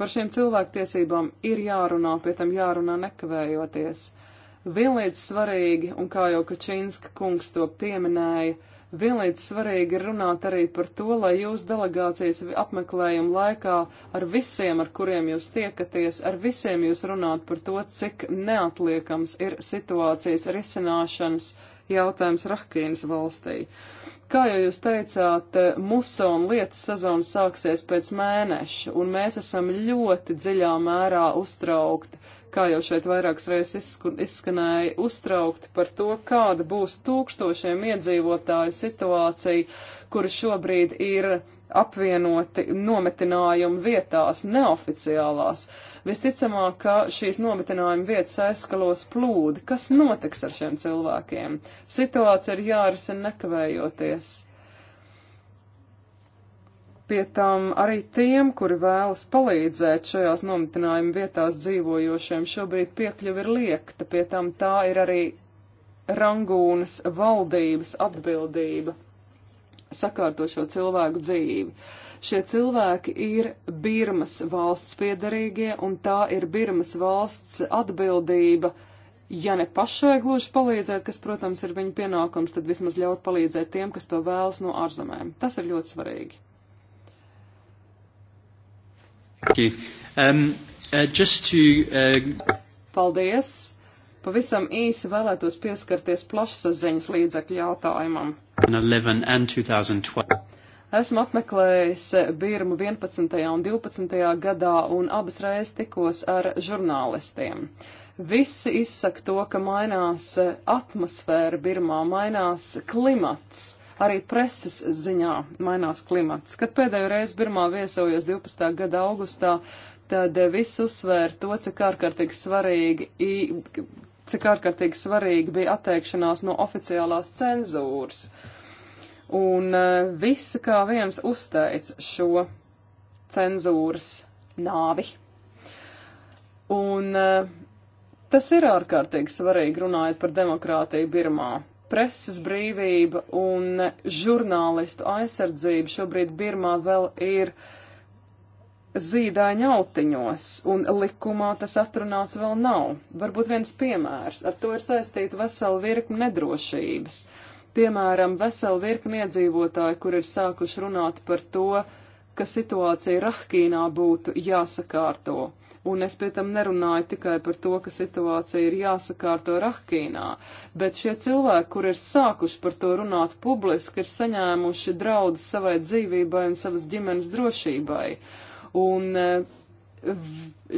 par šiem cilvēktiesībām ir jārunā, pie tam jārunā nekavējoties. Vienlīdz svarīgi, un kā jau Kačinska kungs to pieminēja, vienlīdz svarīgi ir runāt arī par to, lai jūs delegācijas apmeklējuma laikā ar visiem, ar kuriem jūs tiekaties, ar visiem jūs runāt par to, cik neatliekams ir situācijas risināšanas jautājums Rahkīnas valstī. Kā jau jūs teicāt, musona lietas sezona sāksies pēc mēneša, un mēs esam ļoti dziļā mērā uztraukti, kā jau šeit vairākas reizes izskanēja, uztraukti par to, kāda būs tūkstošiem iedzīvotāju situācija, kura šobrīd ir apvienoti nometinājumu vietās, neoficiālās. Uh, Visticamāk, ka šīs nometinājuma vietas aizskalos plūdi. Kas notiks ar šiem cilvēkiem? Situācija ir jārisina nekavējoties. Pie tam arī tiem, kuri vēlas palīdzēt šajās nometinājuma vietās dzīvojošiem, šobrīd piekļuva ir liekta. Pie tam tā ir arī Rangūnas valdības atbildība sakārto šo cilvēku dzīvi. Šie cilvēki ir Birmas valsts piedarīgie, un tā ir Birmas valsts atbildība. Ja ne pašai gluži palīdzēt, kas, protams, ir viņa pienākums, tad vismaz ļaut palīdzēt tiem, kas to vēlas no ārzemēm. Tas ir ļoti svarīgi. Um, uh, to, uh... Paldies! Pavisam īsi vēlētos pieskarties plašsaziņas līdzekļu jautājumam. 2011 and 2012. Esmu apmeklējis eh, Birmu 11. un 12. gadā un abas reizes tikos ar žurnālistiem. Visi izsaka to, ka mainās eh, atmosfēra Birmā, mainās klimats, arī preses ziņā mainās klimats. Kad pēdējo reizi Birmā viesojos 12. gada augustā, tad eh, viss uzsvēra to, cik ārkārtīgi svarīgi, cik ārkārtīgi svarīgi bija atteikšanās no oficiālās cenzūras. Uh, un eh, visi kā viens uzteic šo cenzūras nāvi. Un eh, tas ir ārkārtīgi svarīgi runājot par demokrātiju Birmā. Preses brīvība un žurnālistu aizsardzība šobrīd Birmā vēl ir zīdaiņa autiņos, un likumā tas atrunāts vēl nav. Varbūt viens piemērs. Ar to ir saistīta vesela virkne nedrošības. Piemēram, veseli virkni iedzīvotāji, kur ir sākuši runāt par to, ka situācija Rahkīnā būtu jāsakārto. Un es pie tam nerunāju tikai par to, ka situācija ir jāsakārto Rahkīnā, bet šie cilvēki, kur ir sākuši par to runāt publiski, ir saņēmuši draudus savai dzīvībai un savas ģimenes drošībai. Un eh,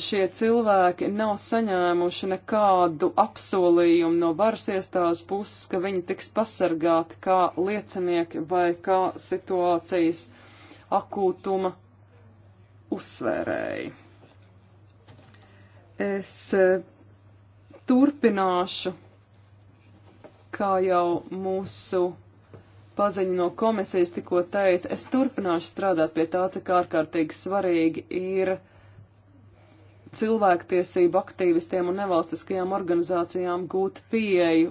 šie cilvēki nav saņēmuši nekādu apsolījumu no varas iestāžu puses, ka viņi tiks pasargāti kā liecinieki vai kā situācijas akūtuma uzsvērēji. Es e, turpināšu, kā jau mūsu paziņu no komisijas tikko teica, es turpināšu strādāt pie tā, cik ārkārtīgi svarīgi ir uh, cilvēktiesību aktīvistiem un nevalstiskajām organizācijām gūt pieeju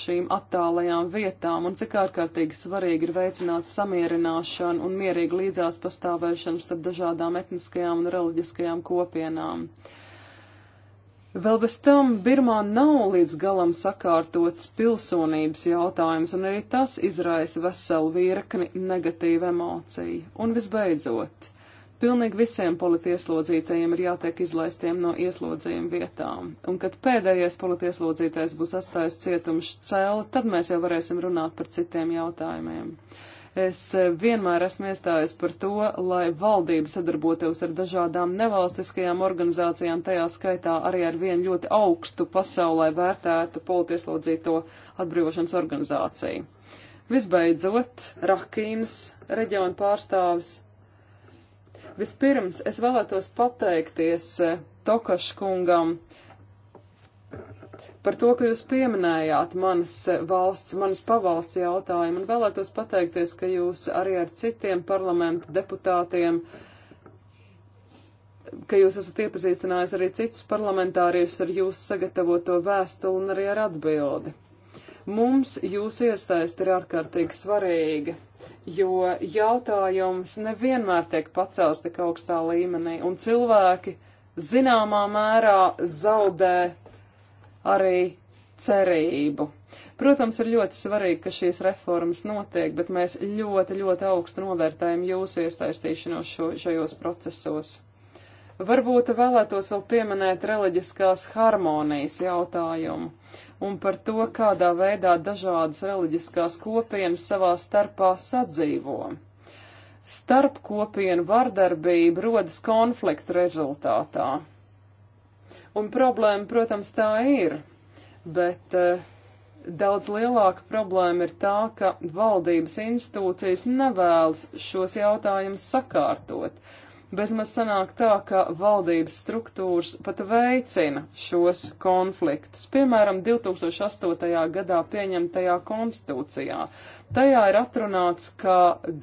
šīm attālajām vietām un cik ārkārtīgi svarīgi ir veicināt samierināšanu un mierīgu līdzās pastāvēšanu starp dažādām etniskajām un reliģiskajām kopienām. Vēl bez tam Birmā nav līdz galam sakārtots pilsonības jautājums, un arī tas izraisa veselu virkni negatīvu emociju. Un visbeidzot, Pilnīgi visiem politieslodzītajiem ir jātiek izlaistiem no ieslodzījuma vietām, un kad pēdējais politieslodzītais būs atstājis cietums cēli, tad mēs jau varēsim runāt par citiem jautājumiem. Es e, vienmēr esmu iestājies par to, lai valdība sadarbotos ar dažādām nevalstiskajām organizācijām, tajā skaitā arī ar vienu ļoti augstu pasaulē vērtētu politieslodzīto atbrīvošanas organizāciju. Visbeidzot, Rakīnas reģiona pārstāvis Vispirms es vēlētos pateikties eh, Tokaškungam par to, ka jūs pieminējāt manas eh, valsts, manas pavalsts jautājumu, un vēlētos pateikties, ka jūs arī ar citiem parlamentu deputātiem, ka jūs esat iepazīstinājis arī citus parlamentāriešus ar jūsu sagatavoto vēstuli un arī ar atbildi. Mums jūsu iesaisti ir ārkārtīgi svarīgi jo jautājums nevienmēr tiek pacēls tik augstā līmenī, un cilvēki zināmā mērā zaudē arī cerību. Protams, ir ļoti svarīgi, ka šīs reformas notiek, bet mēs ļoti, ļoti augstu novērtējam jūsu iesaistīšanos šajos procesos. Varbūt vēlētos vēl pieminēt reliģiskās harmonijas jautājumu un par to, kādā veidā dažādas reliģiskās kopienas savā starpā sadzīvo. Starp kopienu vardarbība rodas konflikta rezultātā. Un problēma, protams, tā ir, bet eh, daudz lielāka problēma ir tā, ka valdības institūcijas nevēlas šos jautājumus sakārtot bezmaz sanāk tā, ka valdības struktūras pat veicina šos konfliktus. Piemēram, 2008. gadā pieņemtajā konstitūcijā. Tajā ir atrunāts, ka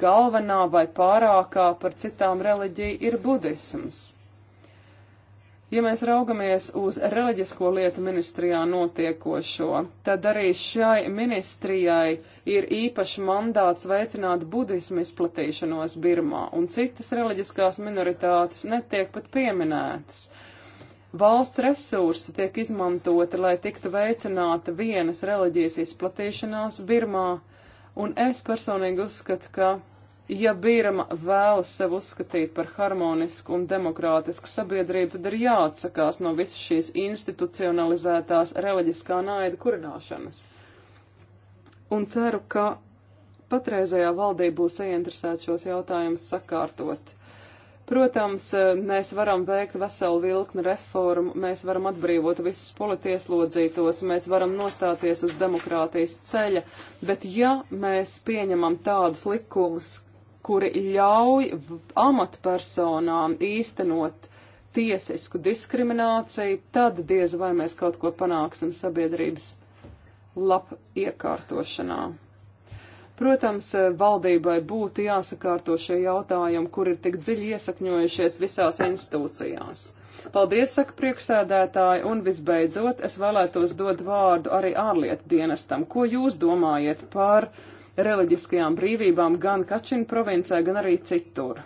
galvenā vai pārākā par citām reliģija ir budisms. Ja mēs raugamies uz reliģisko lietu ministrijā notiekošo, tad arī šai ministrijai ir īpaši mandāts veicināt budismu izplatīšanos Birmā, un citas reliģiskās minoritātes netiek pat pieminētas. Valsts resursi tiek izmantoti, lai tiktu veicināta vienas reliģijas izplatīšanās Birmā, un es personīgi uzskatu, ka ja Birma vēlas sev uzskatīt par harmonisku un demokrātisku sabiedrību, tad ir jāatsakās no visas šīs institucionalizētās reliģiskā naida kurināšanas un ceru, ka patreizējā valdība būs ieinteresēta šos jautājumus sakārtot. Protams, mēs varam veikt veselu vilkni reformu, mēs varam atbrīvot visus politieslodzītos, mēs varam nostāties uz demokrātijas ceļa, bet ja mēs pieņemam tādus likumus, kuri ļauj amatpersonām īstenot tiesisku diskrimināciju, tad diez vai mēs kaut ko panāksim sabiedrības lap iekārtošanā. Protams, valdībai būtu jāsakārto šie jautājumi, kur ir tik dziļi iesakņojušies visās institūcijās. Paldies, saka priekšsēdētāji, un visbeidzot, es vēlētos dot vārdu arī ārlietu dienestam. Ko jūs domājat par reliģiskajām brīvībām gan Kačina provincē, gan arī citur?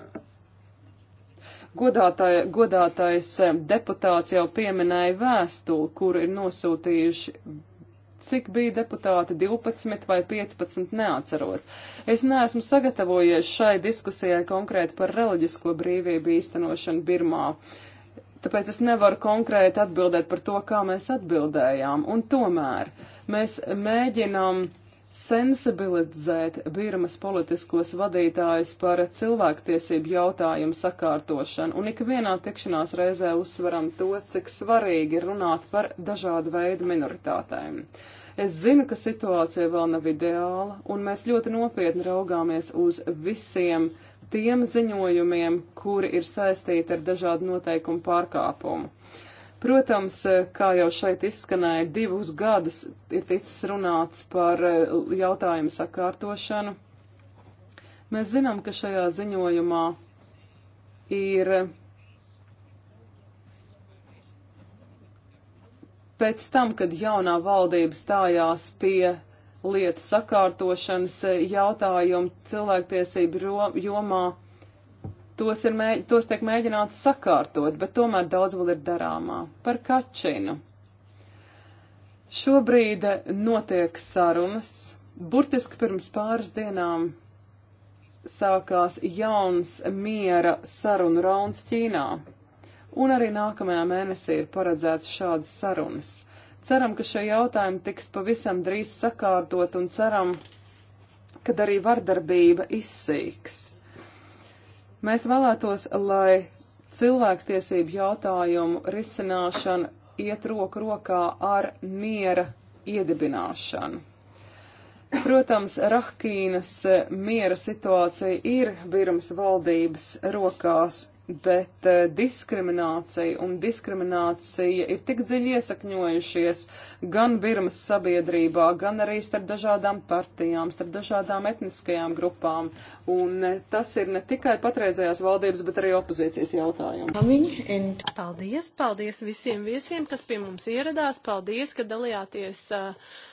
Godātāja, godātais eh, deputāts jau pieminēja vēstuli, kuru ir nosūtījuši cik bija deputāti, 12 vai 15, neatceros. Es neesmu sagatavojies šai diskusijai konkrēti par reliģisko brīvību īstenošanu Birmā. Tāpēc es nevaru konkrēti atbildēt par to, kā mēs atbildējām. Un tomēr mēs mēģinām sensibilizēt Birmas politiskos vadītājus par cilvēktiesību jautājumu sakārtošanu, un ikvienā tikšanās reizē uzsveram to, cik svarīgi ir runāt par dažādu veidu minoritātēm. Es zinu, ka situācija vēl nav ideāla, un mēs ļoti nopietni raugāmies uz visiem tiem ziņojumiem, kuri ir saistīti ar dažādu noteikumu pārkāpumu. Protams, kā jau šeit izskanēja, divus gadus ir ticis runāts par eh, jautājumu sakārtošanu. Mēs zinām, ka šajā ziņojumā ir pēc tam, kad jaunā valdība stājās pie lietu sakārtošanas jautājumu cilvēktiesību jomā, tos, ir, mēģ, tos tiek mēģināts sakārtot, bet tomēr daudz vēl ir darāmā. Par Kačinu. Šobrīd notiek sarunas. Burtiski pirms pāris dienām sākās jauns miera sarunu rauns Ķīnā un arī nākamajā mēnesī ir paredzēts šādas sarunas. Ceram, ka šie jautājumi tiks pavisam drīz sakārtot un ceram, kad arī vardarbība izsīks. Mēs vēlētos, lai cilvēktiesību jautājumu risināšana iet roku rokā ar miera iedibināšanu. Protams, Rahkīnas miera situācija ir Birmas valdības rokās, bet eh, diskriminācija un diskriminācija ir tik dziļi iesakņojušies gan Birmas sabiedrībā, gan arī starp dažādām partijām, starp dažādām etniskajām grupām. Un eh, tas ir ne tikai patreizējās valdības, bet arī opozīcijas jautājums. Paldies, paldies visiem viesiem, kas pie mums ieradās. Paldies, ka dalījāties. Uh,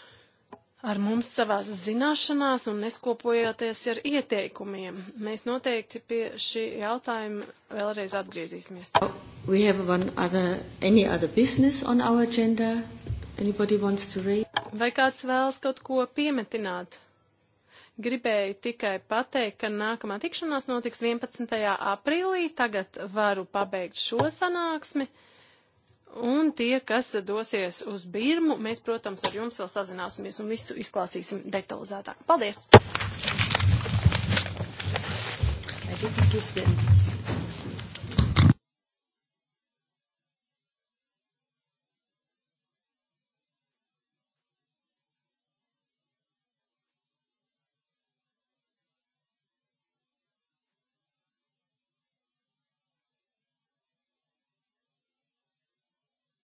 ar mums savās zināšanās un neskopojāties ar ieteikumiem. Mēs noteikti pie šī jautājuma vēlreiz atgriezīsimies. Oh, we have one other, any other business on our agenda? Anybody wants to raise? Vai kāds vēlas kaut ko piemetināt? Gribēju tikai pateikt, ka nākamā tikšanās notiks 11. aprīlī. Tagad varu pabeigt šo sanāksmi. Un tie, kas dosies uz Birmu, mēs, protams, ar jums vēl sazināsimies un visu izklāstīsim detalizētāk. Paldies! I didn't give them